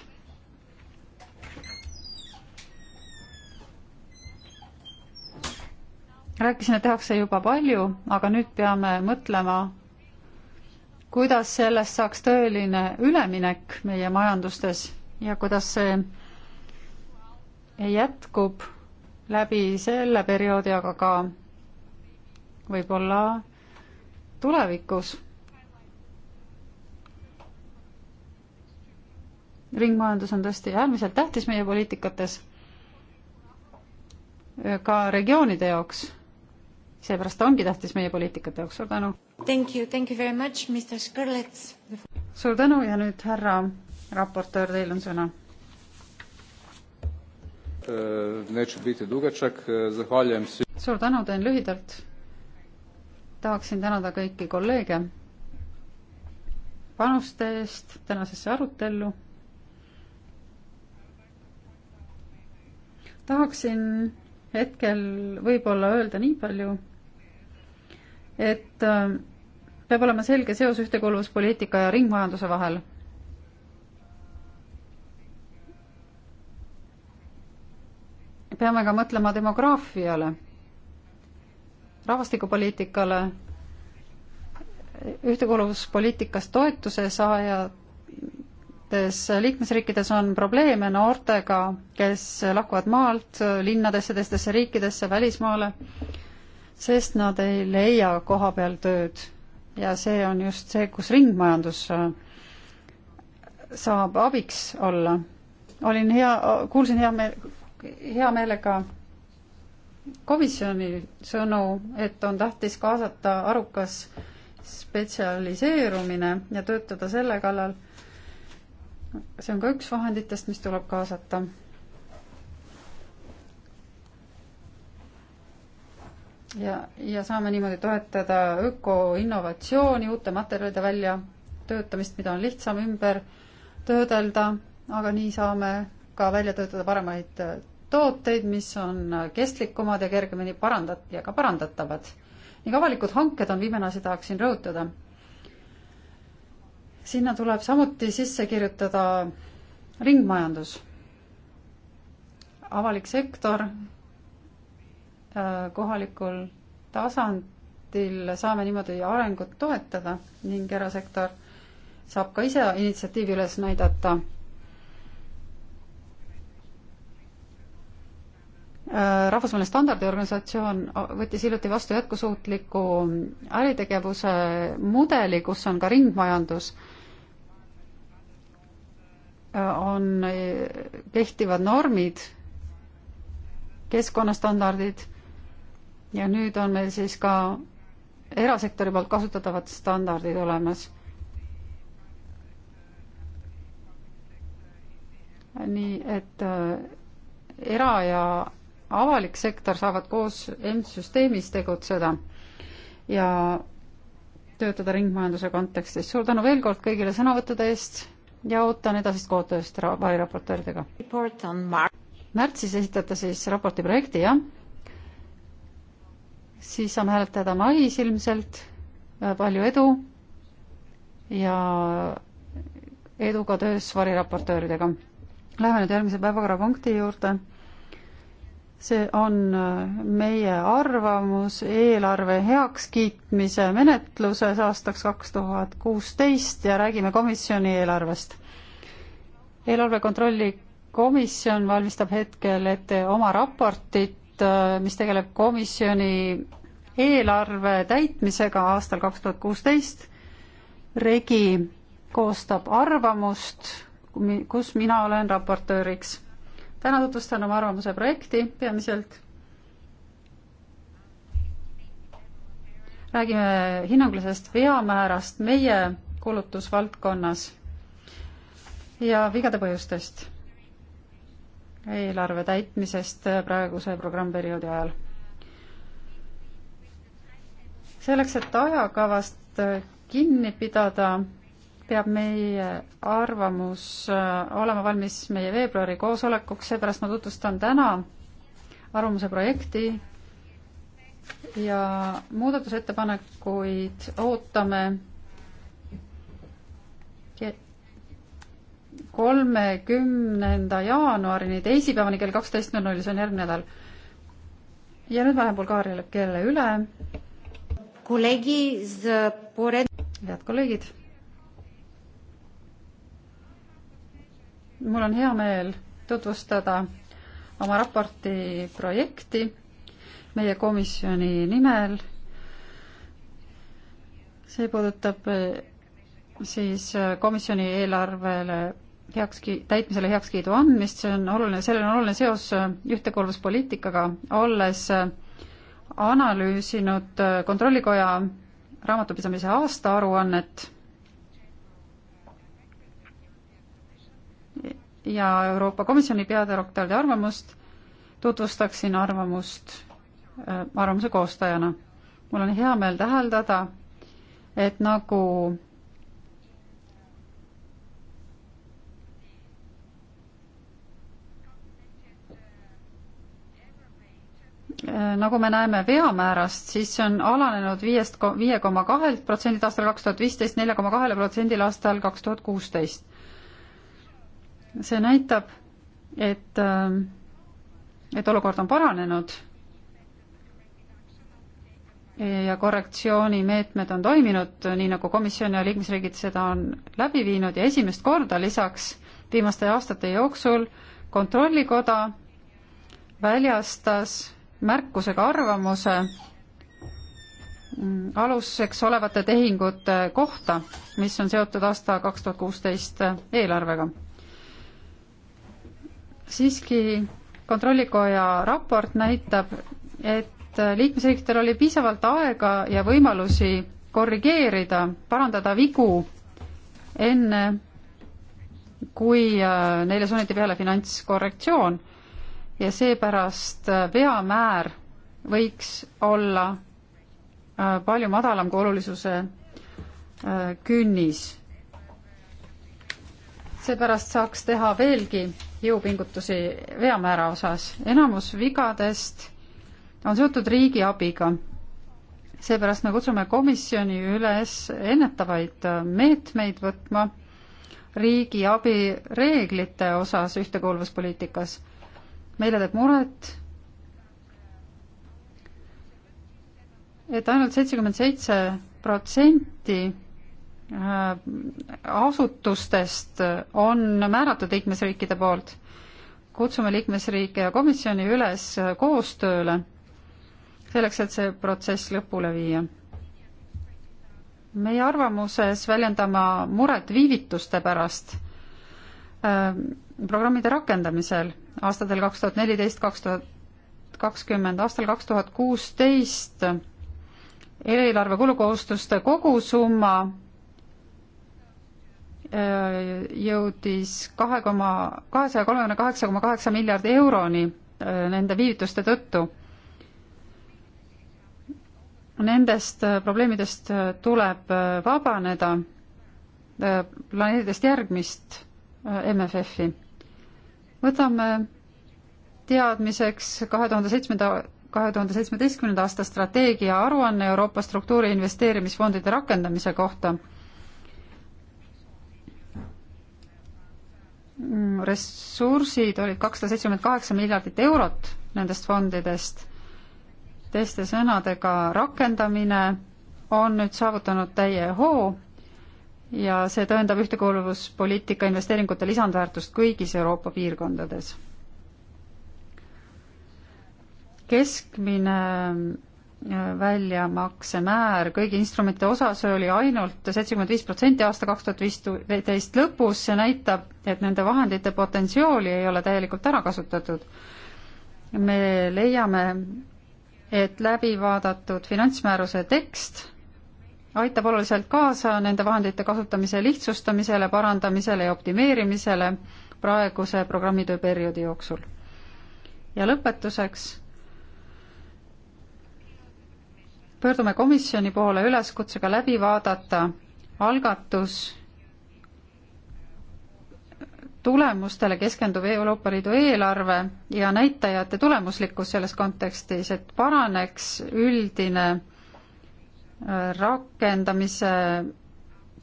rääkisin, et tehakse juba palju, aga nüüd peame mõtlema, kuidas sellest saaks tõeline üleminek meie majandustes ja kuidas see jätkub läbi selle perioodi, aga ka võib-olla tulevikus ringmajandus on tõesti äärmiselt tähtis meie poliitikates, ka regioonide jaoks. seepärast ta ongi tähtis meie poliitikate jaoks, suur tänu! Thank you, thank you very much, Mr Skrlets! suur tänu ja nüüd härra raportöör, teil on sõna. Äh, äh, suur tänu, teen lühidalt. tahaksin tänada kõiki kolleege panuste eest tänasesse arutellu tahaksin hetkel võib-olla öelda nii palju, et äh, peab olema selge seos ühtekuuluvuspoliitika ja ringmajanduse vahel. peame ka mõtlema demograafiale, rahvastikupoliitikale, ühtekuuluvuspoliitikas toetuse saaja mõnedes liikmesriikides on probleeme noortega, kes lahkuvad maalt linnadesse, teistesse riikidesse, välismaale, sest nad ei leia koha peal tööd. ja see on just see, kus ringmajandus äh, saab abiks olla. olin hea, kuulsin hea meel, hea meelega komisjoni sõnu, et on tähtis kaasata arukas spetsialiseerumine ja töötada selle kallal see on ka üks vahenditest, mis tuleb kaasata. ja, ja saame niimoodi toetada ökoinnovatsiooni, uute materjalide väljatöötamist, mida on lihtsam ümber töödelda, aga nii saame ka välja töötada paremaid tooteid, mis on kestlikumad ja kergemini parandat- ja ka parandatavad ning avalikud hanked on viimane asi, tahaksin rõhutada sinna tuleb samuti sisse kirjutada ringmajandus, avalik sektor, äh, kohalikul tasandil saame niimoodi arengut toetada ning erasektor saab ka ise initsiatiivi üles näidata. Äh, rahvusvaheline standardiorganisatsioon võttis hiljuti vastu jätkusuutliku äritegevuse mudeli, kus on ka ringmajandus äh, on kehtivad normid, keskkonnastandardid ja nüüd on meil siis ka erasektori poolt kasutatavad standardid olemas. nii et äh, era- ja avalik sektor saavad koos M-süsteemis tegutseda ja töötada ringmajanduse kontekstis. suur tänu veel kord kõigile sõnavõttude eest ja ootan edasist koostööst variraportööridega. märtsis esitate siis raporti projekti, jah? siis saame hääletada mais ilmselt, äh, palju edu ja edu ka töös variraportööridega. Läheme nüüd järgmise päevakorrapunkti juurde see on äh, meie arvamus eelarve heakskiitmise menetluses aastaks kaks tuhat kuusteist ja räägime komisjoni eelarvest. eelarve kontrolli komisjon valmistab hetkel ette oma raportit, äh, mis tegeleb komisjoni eelarve täitmisega aastal kaks tuhat kuusteist. Regi koostab arvamust, kus mina olen raportööriks täna tutvustan oma arvamuse projekti peamiselt. räägime hinnangulisest veamäärast meie kulutusvaldkonnas ja vigade põhjustest, eelarve täitmisest praeguse programmperioodi ajal. selleks, et ajakavast kinni pidada, peab meie arvamus äh, olema valmis meie veebruari koosolekuks, seepärast ma tutvustan täna arvamuse projekti ja muudatusettepanekuid ootame kolmekümnenda jaanuarini, teisipäevani kell kaksteist null null, see on järgmine nädal. ja nüüd ma lähen Bulgaariale keele üle. head kolleegid mul on hea meel tutvustada oma raporti projekti meie komisjoni nimel. see puudutab eh, siis eh, komisjoni eelarvele heakski-, täitmisele heakskiidu andmist, see on oluline, sellel on oluline seos eh, ühtekuuluvuspoliitikaga, olles analüüsinud Kontrollikoja raamatupidamise aastaaruannet ja Euroopa Komisjoni peadirektori arvamust tutvustaksin arvamust äh, arvamuse koostajana. mul on hea meel täheldada, et nagu nagu me näeme veamäärast, siis see on alanenud viiest, viie koma kahelt protsendilt aastal kaks tuhat viisteist, nelja koma kahele protsendile aastal kaks tuhat kuusteist see näitab, et, äh, et olukord on paranenud ja korrektsioonimeetmed on toiminud, nii nagu komisjon ja liikmesriigid seda on läbi viinud ja esimest korda lisaks viimaste aastate jooksul Kontrollikoda väljastas märkusega arvamuse mm, aluseks olevate tehingute kohta, mis on seotud aasta kaks tuhat kuusteist eelarvega siiski kontrollikoja raport näitab, et liikmesriikidel oli piisavalt aega ja võimalusi korrigeerida, parandada vigu enne, kui äh, neile sunniti peale finantskorrektsioon ja seepärast äh, veamäär võiks olla äh, palju madalam kui olulisuse künnis. seepärast saaks teha veelgi jõupingutusi veamäära osas. enamus vigadest on seotud riigi abiga. seepärast me kutsume komisjoni üles ennetavaid meetmeid võtma riigi abireeglite osas ühtekuuluvuspoliitikas. meile teeb muret, et ainult seitsekümmend seitse protsenti Äh, asutustest on määratud liikmesriikide poolt. kutsume liikmesriike ja komisjoni üles koostööle selleks, et see protsess lõpule viia. meie arvamuses väljendama muret viivituste pärast äh, programmide rakendamisel aastatel kaks tuhat neliteist, kaks tuhat kakskümmend, aastal kaks tuhat kuusteist eelarve kulukohustuste kogusumma jõudis kahe koma, kahesaja kolmekümne kaheksa koma kaheksa miljardi euroni äh, nende viivituste tõttu. Nendest äh, probleemidest äh, tuleb vabaneda, planeerides järgmist MFF-i. võtame teadmiseks kahe tuhande seitsmenda kahe tuhande seitsmeteistkümnenda aasta strateegia aruanne Euroopa struktuuri investeerimisfondide rakendamise kohta Mm, ressursid olid kakssada seitsekümmend kaheksa miljardit eurot nendest fondidest. teiste sõnadega, rakendamine on nüüd saavutanud täie hoo ja see tõendab ühtekuuluvuspoliitika investeeringute lisandväärtust kõigis Euroopa piirkondades. keskmine väljamaksemäär kõigi instrumente osas oli ainult seitsekümmend viis protsenti aasta kaks tuhat viisteist lõpus, see näitab, et nende vahendite potentsiaali ei ole täielikult ära kasutatud. me leiame, et läbivaadatud finantsmääruse tekst aitab oluliselt kaasa nende vahendite kasutamise lihtsustamisele, parandamisele ja optimeerimisele praeguse programmitööperioodi jooksul. ja lõpetuseks pöördume komisjoni poole üleskutsega läbi vaadata algatus tulemustele keskenduv Euroopa Liidu eelarve ja näitajate tulemuslikkus selles kontekstis, et paraneks üldine äh, rakendamise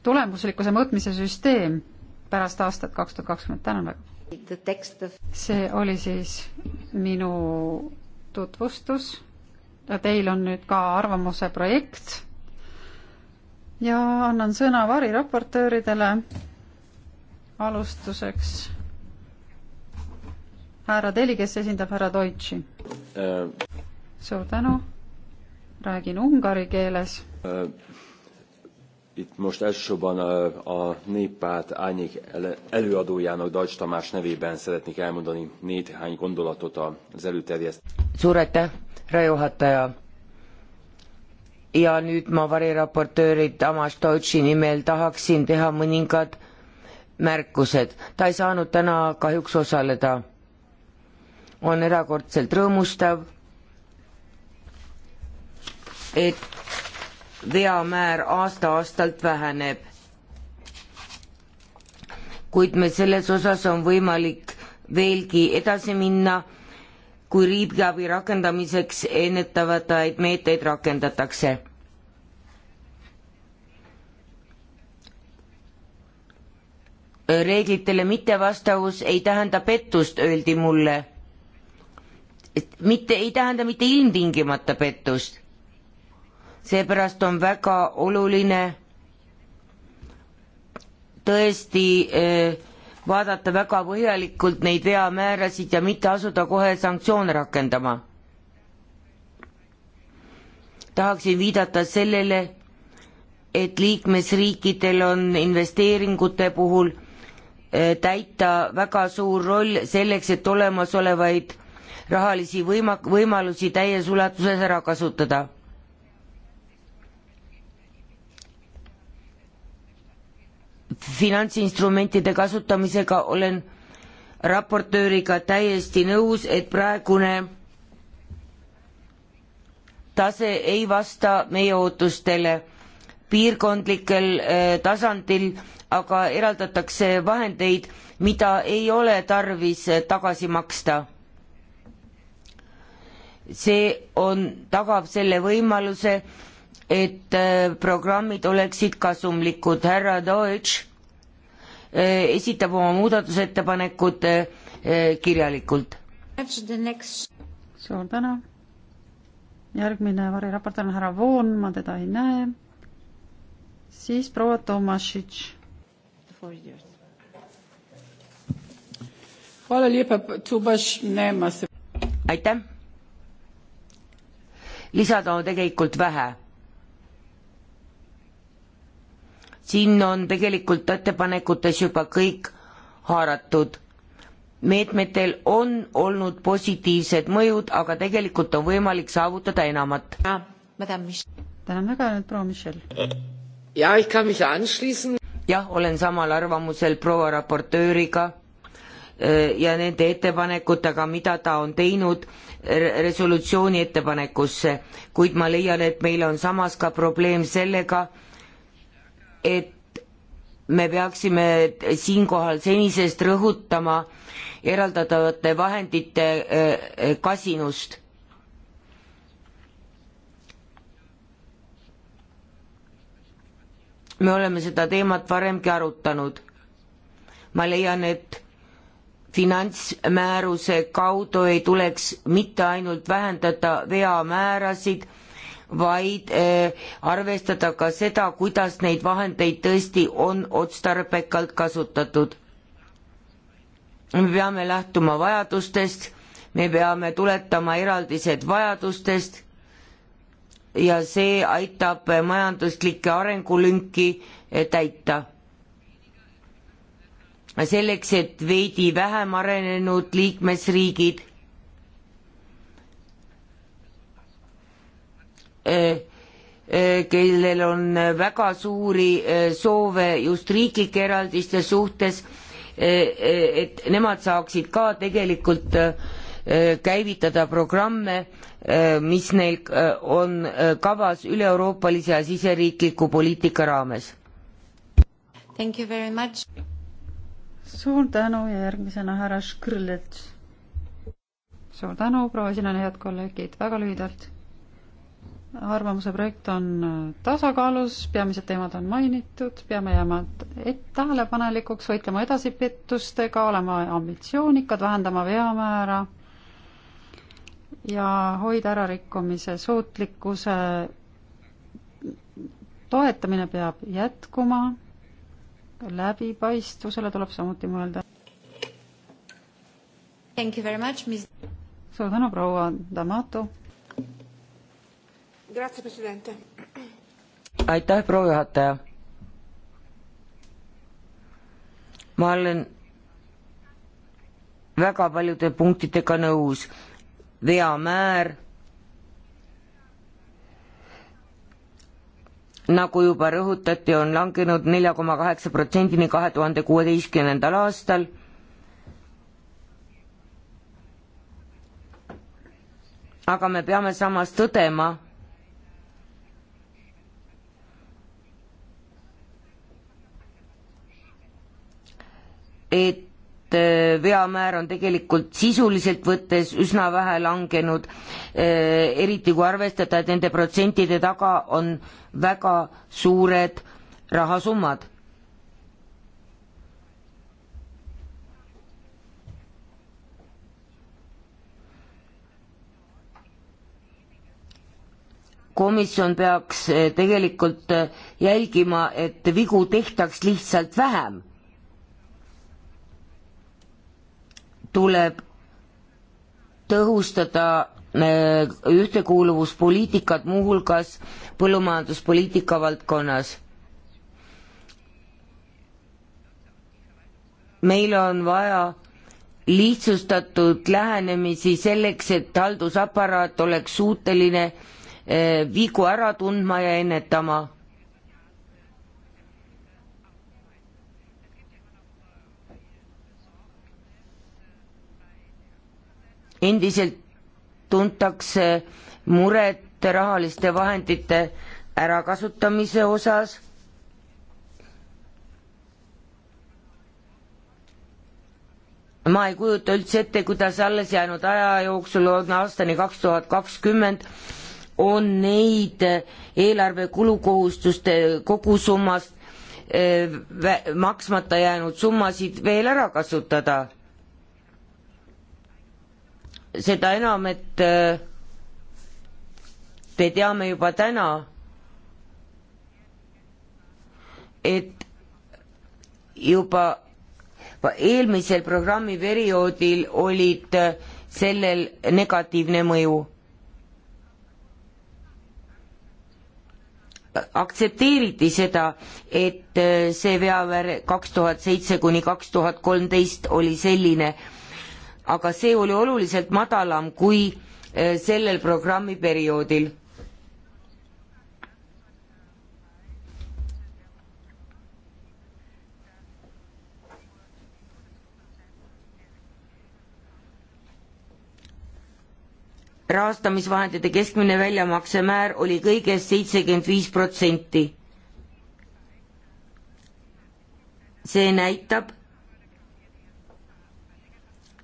tulemuslikkuse mõõtmise süsteem pärast aastat kaks tuhat kakskümmend, tänan väga. see oli siis minu tutvustus teil on nüüd ka arvamuse projekt ja annan sõna variraportööridele. alustuseks härra Teli, kes esindab härra Deutschi äh.. suur tänu, räägin ungari keeles äh.. Itt most elsősorban a, äh, a néppárt árnyék előadójának Dajcs Tamás nevében szeretnék elmondani néhány gondolatot az előterjesztésről. Suur aitäh härra juhataja. ja nüüd ma variraportööri Tamas Deutschi nimel tahaksin teha mõningad märkused. ta ei saanud täna kahjuks osaleda. on erakordselt rõõmustav, et veamäär aasta-aastalt väheneb. kuid meil selles osas on võimalik veelgi edasi minna kui riigiabi rakendamiseks ennetavaid meetmeid rakendatakse. reeglitele mittevastavus ei tähenda pettust, öeldi mulle. mitte, ei tähenda mitte ilmtingimata pettust. seepärast on väga oluline tõesti öö, äh, vaadata väga põhjalikult neid veamäärasid ja mitte asuda kohe sanktsioone rakendama. tahaksin viidata sellele, et liikmesriikidel on investeeringute puhul eh, täita väga suur roll selleks, et olemasolevaid rahalisi võima-, võimalusi täies ulatuses ära kasutada finantsinstrumentide kasutamisega olen raportööriga täiesti nõus, et praegune tase ei vasta meie ootustele. piirkondlikel äh, tasandil aga eraldatakse vahendeid, mida ei ole tarvis äh, tagasi maksta. see on, tagab selle võimaluse, et äh, programmid oleksid kasumlikud. härra Deutsch äh, esitab oma muudatusettepanekud äh, kirjalikult. suur tänu. järgmine variraportor on härra Voon, ma teda ei näe. siis proua Tomašitš. aitäh. lisada on tegelikult vähe siin on tegelikult ettepanekutes juba kõik haaratud. meetmetel on olnud positiivsed mõjud, aga tegelikult on võimalik saavutada enamat. tänan väga, nüüd proua Michel. jah, olen samal arvamusel proua raportööriga äh, ja nende ettepanekutega, mida ta on teinud resolutsiooni ettepanekusse, kuid ma leian, et meil on samas ka probleem sellega, et me peaksime siinkohal senisest rõhutama eraldatavate vahendite äh, kasinust. me oleme seda teemat varemgi arutanud. ma leian, et finantsmääruse kaudu ei tuleks mitte ainult vähendada veamäärasid, vaid eh, arvestada ka seda, kuidas neid vahendeid tõesti on otstarbekalt kasutatud. me peame lähtuma vajadustest, me peame tuletama eraldised vajadustest ja see aitab majanduslikke arengulünki eh, täita selleks, et veidi vähem arenenud liikmesriigid Eh, eh, kellel on väga suuri eh, soove just riiklike eraldiste suhtes, et nemad saaksid ka tegelikult käivitada programme, mis neil on kavas üle-euroopalise ja siseriikliku poliitika raames. suur tänu ja järgmisena härra Škrlets. suur tänu, proua Sinan, head kolleegid, väga lühidalt arvamuse projekt on tasakaalus, peamised teemad on mainitud, peame jääma tähelepanelikuks, võitlema edasi pettustega, olema ambitsioonikad, vähendama veamäära ja hoida ära rikkumise suutlikkuse toetamine peab jätkuma, läbipaistvusele tuleb samuti mõelda. suur tänu, proua D'Amato! aitäh, proua juhataja. ma olen väga paljude punktidega nõus, veamäär nagu juba rõhutati, on langenud nelja koma kaheksa protsendini kahe tuhande kuueteistkümnendal aastal. aga me peame samas tõdema, et äh, veamäär on tegelikult sisuliselt võttes üsna vähe langenud, äh, eriti kui arvestada, et nende protsentide taga on väga suured rahasummad. komisjon peaks äh, tegelikult jälgima, et vigu tehtaks lihtsalt vähem tuleb tõhustada äh, ühtekuuluvuspoliitikat, muuhulgas põllumajanduspoliitika valdkonnas. meil on vaja lihtsustatud lähenemisi selleks, et haldusaparaat oleks suuteline äh, vigu ära tundma ja ennetama endiselt tuntakse muret rahaliste vahendite ärakasutamise osas. ma ei kujuta üldse ette, kuidas alles jäänud aja jooksul on aastani kaks tuhat kakskümmend on neid eelarve kulukohustuste kogusummast eh, maksmata jäänud summasid veel ära kasutada seda enam, et äh, te teame juba täna, et juba eelmisel programmiperioodil olid äh, sellel negatiivne mõju. aktsepteeriti seda, et äh, see veamäär kaks tuhat seitse kuni kaks tuhat kolmteist oli selline, aga see oli oluliselt madalam kui eh, sellel programmiperioodil. rahastamisvahendite keskmine väljamaksemäär oli kõigest seitsekümmend viis protsenti. see näitab,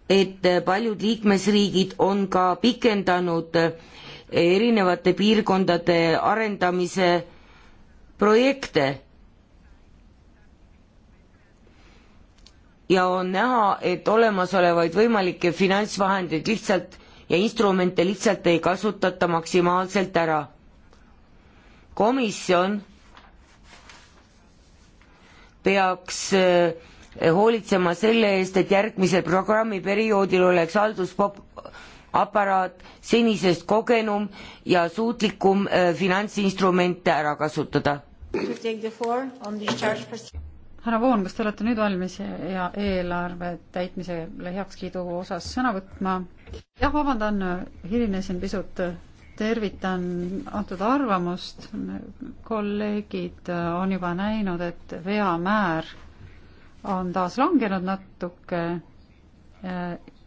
et paljud liikmesriigid on ka pikendanud erinevate piirkondade arendamise projekte. ja on näha, et olemasolevaid võimalikke finantsvahendeid lihtsalt ja instrumente lihtsalt ei kasutata maksimaalselt ära. komisjon peaks äh, hoolitsema selle eest, et järgmisel programmiperioodil oleks haldusaparaat senisest kogenum ja suutlikum äh, finantsinstrumente ära kasutada. härra Voon, kas te olete nüüd valmis ja eelarve täitmisele heakskiidu osas sõna võtma? jah, vabandan, hilinesin pisut tervitan antud arvamust. kolleegid on juba näinud, et veamäär on taas langenud natuke,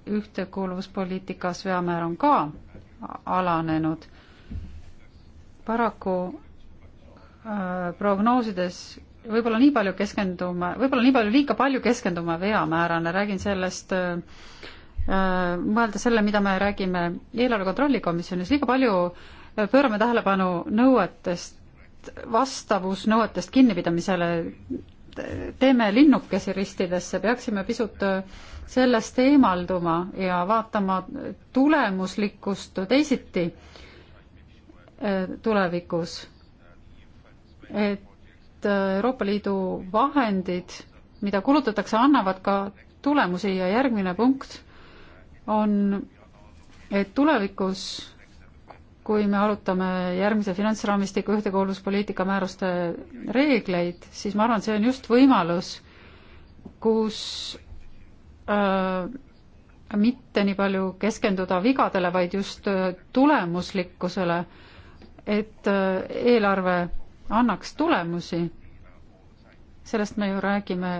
ühtekuuluvuspoliitikas veamäär on ka alanenud. paraku äh, prognoosides võib-olla nii palju keskendume, võib-olla nii palju, liiga palju keskendume veamäärale, räägin sellest äh, mõelda selle, mida me räägime eelarve kontrolli komisjonis, liiga palju äh, pöörame tähelepanu nõuetest, vastavusnõuetest kinnipidamisele, teeme linnukesi ristidesse, peaksime pisut sellest eemalduma ja vaatama tulemuslikkust teisiti e, tulevikus. et Euroopa Liidu vahendid, mida kulutatakse, annavad ka tulemusi ja järgmine punkt on, et tulevikus kui me arutame järgmise finantsraamistiku ühtekuuluvuspoliitika määruste reegleid, siis ma arvan, see on just võimalus, kus äh, mitte nii palju keskenduda vigadele, vaid just äh, tulemuslikkusele, et äh, eelarve annaks tulemusi. sellest me ju räägime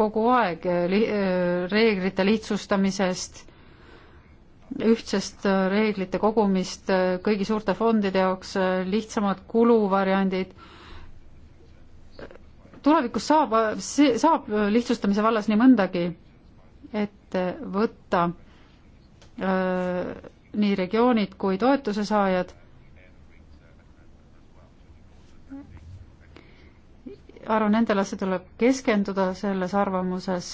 kogu aeg äh, li-, äh, reeglite lihtsustamisest ühtsest äh, reeglite kogumist äh, kõigi suurte fondide jaoks, äh, lihtsamad kuluvariandid. tulevikus saab, see saab lihtsustamise vallas nii mõndagi, et võtta öö, nii regioonid kui toetuse saajad. arvan, nendele asja tuleb keskenduda selles arvamuses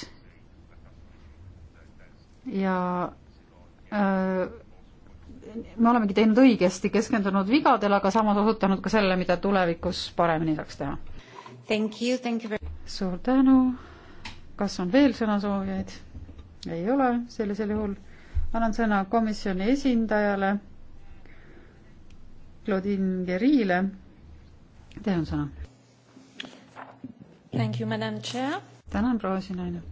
ja Äh, me olemegi teinud õigesti, keskendunud vigadele, aga samas osutanud ka sellele, mida tulevikus paremini saaks teha. suur tänu. kas on veel sõnasoovijaid? ei ole, sellisel juhul annan sõna komisjoni esindajale Claudine Gerile. Teil on sõna. tänan, proua Sinaine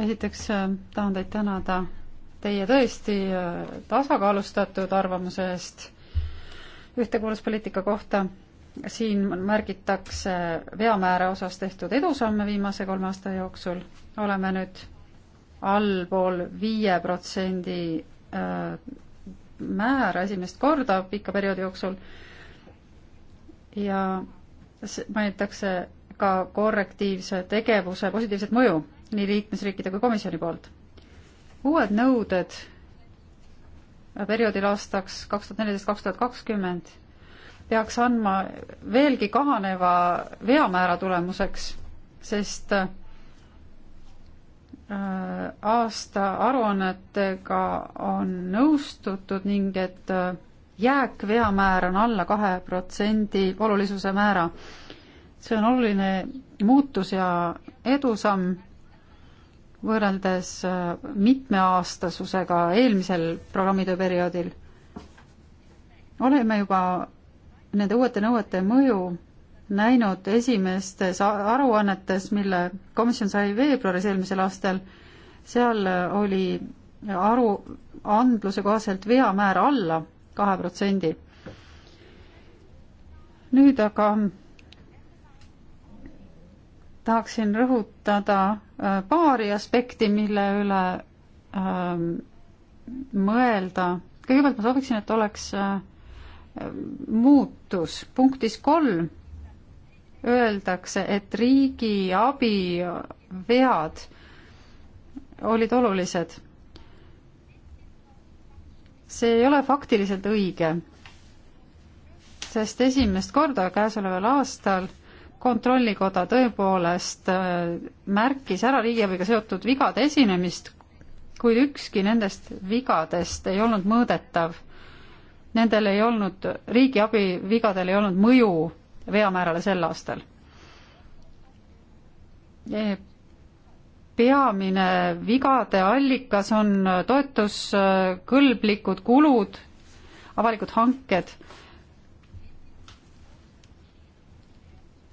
esiteks äh, tahan teid tänada teie tõesti äh, tasakaalustatud arvamuse eest ühtekuuluvuspoliitika kohta. siin märgitakse veamäära osas tehtud edusamme viimase kolme aasta jooksul. oleme nüüd allpool viie protsendi äh, määra esimest korda pika perioodi jooksul ja mainitakse ka korrektiivse tegevuse positiivset mõju nii liikmesriikide kui komisjoni poolt. uued nõuded perioodil aastaks kaks tuhat neliteist, kaks tuhat kakskümmend peaks andma veelgi kahaneva veamäära tulemuseks, sest äh, aasta aruannetega on nõustutud ning et äh, jääkveamäär on alla kahe protsendi olulisuse määra. see on oluline muutus ja edusamm võrreldes äh, mitmeaastasusega eelmisel programmitööperioodil oleme juba nende uute nõuete mõju näinud esimestes aruannetes, mille komisjon sai veebruaris eelmisel aastal, seal oli aruandluse kohaselt veamäär alla kahe protsendi. nüüd aga tahaksin rõhutada äh, paari aspekti, mille üle ähm, mõelda. kõigepealt ma sooviksin, et oleks äh, muutus. punktis kolm öeldakse, et riigi abivead olid olulised. see ei ole faktiliselt õige, sest esimest korda käesoleval aastal kontrollikoda tõepoolest äh, märkis ära riigiabiga seotud vigade esinemist, kuid ükski nendest vigadest ei olnud mõõdetav. Nendel ei olnud, riigiabi vigadel ei olnud mõju veamäärale sel aastal. E, peamine vigade allikas on toetuskõlblikud kulud, avalikud hanked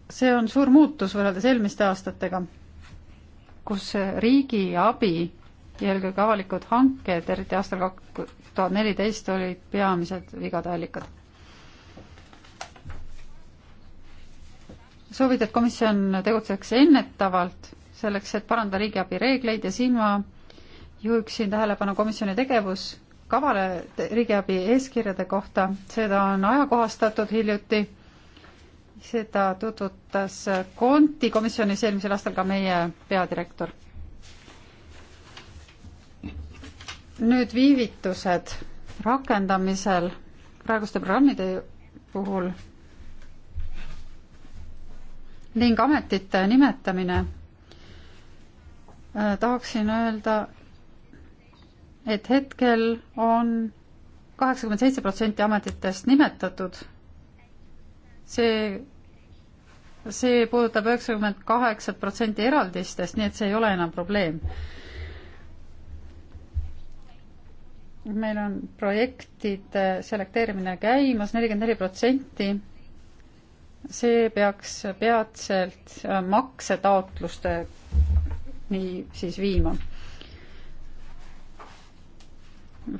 see on suur muutus võrreldes eelmiste aastatega, kus riigi abi ja eelkõige avalikud hanked, eriti aastal kaks tuhat neliteist, olid peamised vigade allikad. sooviti, et komisjon tegutseks ennetavalt, selleks et parandada riigiabi reegleid ja siin ma juhiksin tähelepanu komisjoni tegevuskavale riigiabi eeskirjade kohta, seda on ajakohastatud hiljuti seda tutvutas Konti komisjonis eelmisel aastal ka meie peadirektor. nüüd viivitused rakendamisel praeguste programmide puhul ning ametite nimetamine. Äh, tahaksin öelda, et hetkel on kaheksakümmend seitse protsenti ametitest nimetatud see, see puudutab üheksakümmend kaheksat protsenti eraldistest, nii et see ei ole enam probleem. meil on projektide selekteerimine käimas, nelikümmend neli protsenti. see peaks peatselt äh, maksetaotlusteni siis viima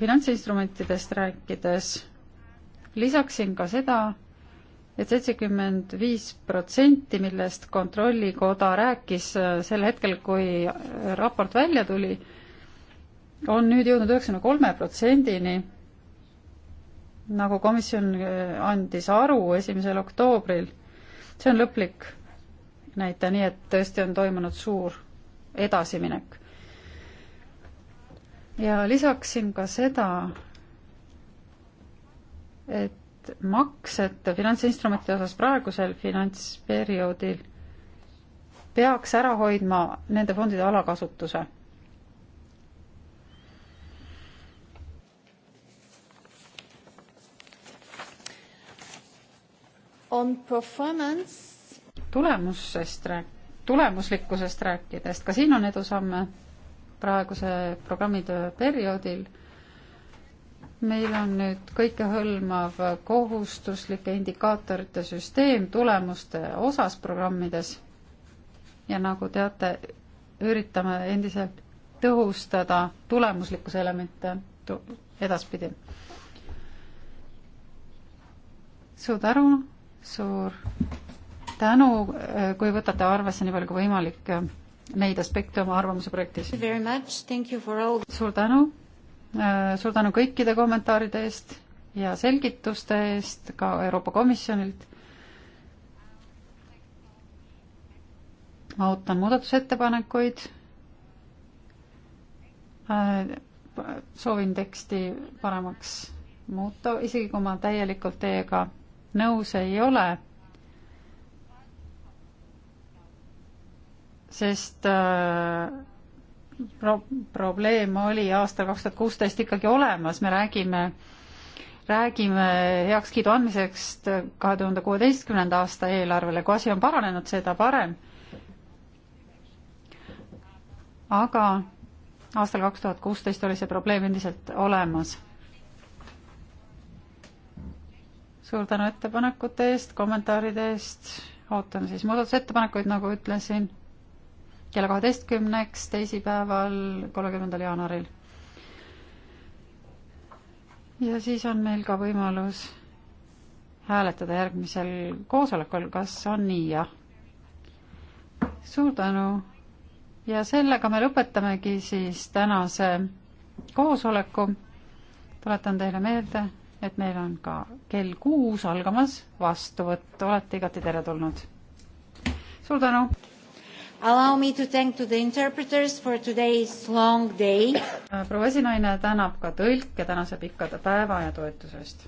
finantsinstrumentidest rääkides lisaksin ka seda, et seitsekümmend viis protsenti, millest Kontrollikoda rääkis äh, sel hetkel, kui äh, raport välja tuli, on nüüd jõudnud üheksakümne kolme protsendini, nagu komisjon äh, andis aru esimesel oktoobril. see on lõplik näitaja, nii et tõesti on toimunud suur edasiminek. ja lisaksin ka seda, et et maksed finantsinstrumentide osas praegusel finantsperioodil peaks ära hoidma nende fondide alakasutuse on performance tulemusest rääk-, tulemuslikkusest rääkides, ka siin on edusamme praeguse programmitöö perioodil, meil on nüüd kõikehõlmav kohustuslike indikaatorite süsteem tulemuste osas programmides ja nagu teate, üritame endiselt tõhustada tulemuslikkuse elemente edaspidi. suur tänu, suur tänu, kui võtate arvesse nii palju kui võimalik neid aspekte oma arvamuse projektis. suur tänu Äh, suur tänu kõikide kommentaaride eest ja selgituste eest ka Euroopa Komisjonilt. ma ootan muudatusettepanekuid. Äh, soovin teksti paremaks muuta, isegi kui ma täielikult teiega nõus ei ole sest äh, pro-, probleem oli aastal kaks tuhat kuusteist ikkagi olemas, me räägime, räägime heakskiidu andmiseks kahe tuhande kuueteistkümnenda aasta eelarvele, kui asi on paranenud, seda parem. aga aastal kaks tuhat kuusteist oli see probleem endiselt olemas. suur tänu ettepanekute eest, kommentaaride eest, ootan siis muudatusettepanekuid, nagu ütlesin kella kaheteistkümneks teisipäeval, kolmekümnendal jaanuaril. ja siis on meil ka võimalus hääletada järgmisel koosolekul, kas on nii, jah? suur tänu ja sellega me lõpetamegi siis tänase koosoleku. tuletan teile meelde, et meil on ka kell kuus algamas vastuvõtt, olete igati teretulnud. suur tänu! Allow me to thank to the interpreters for today's long day. proua esinaine tänab ka tõlke tänase pika päeva ja toetuse eest.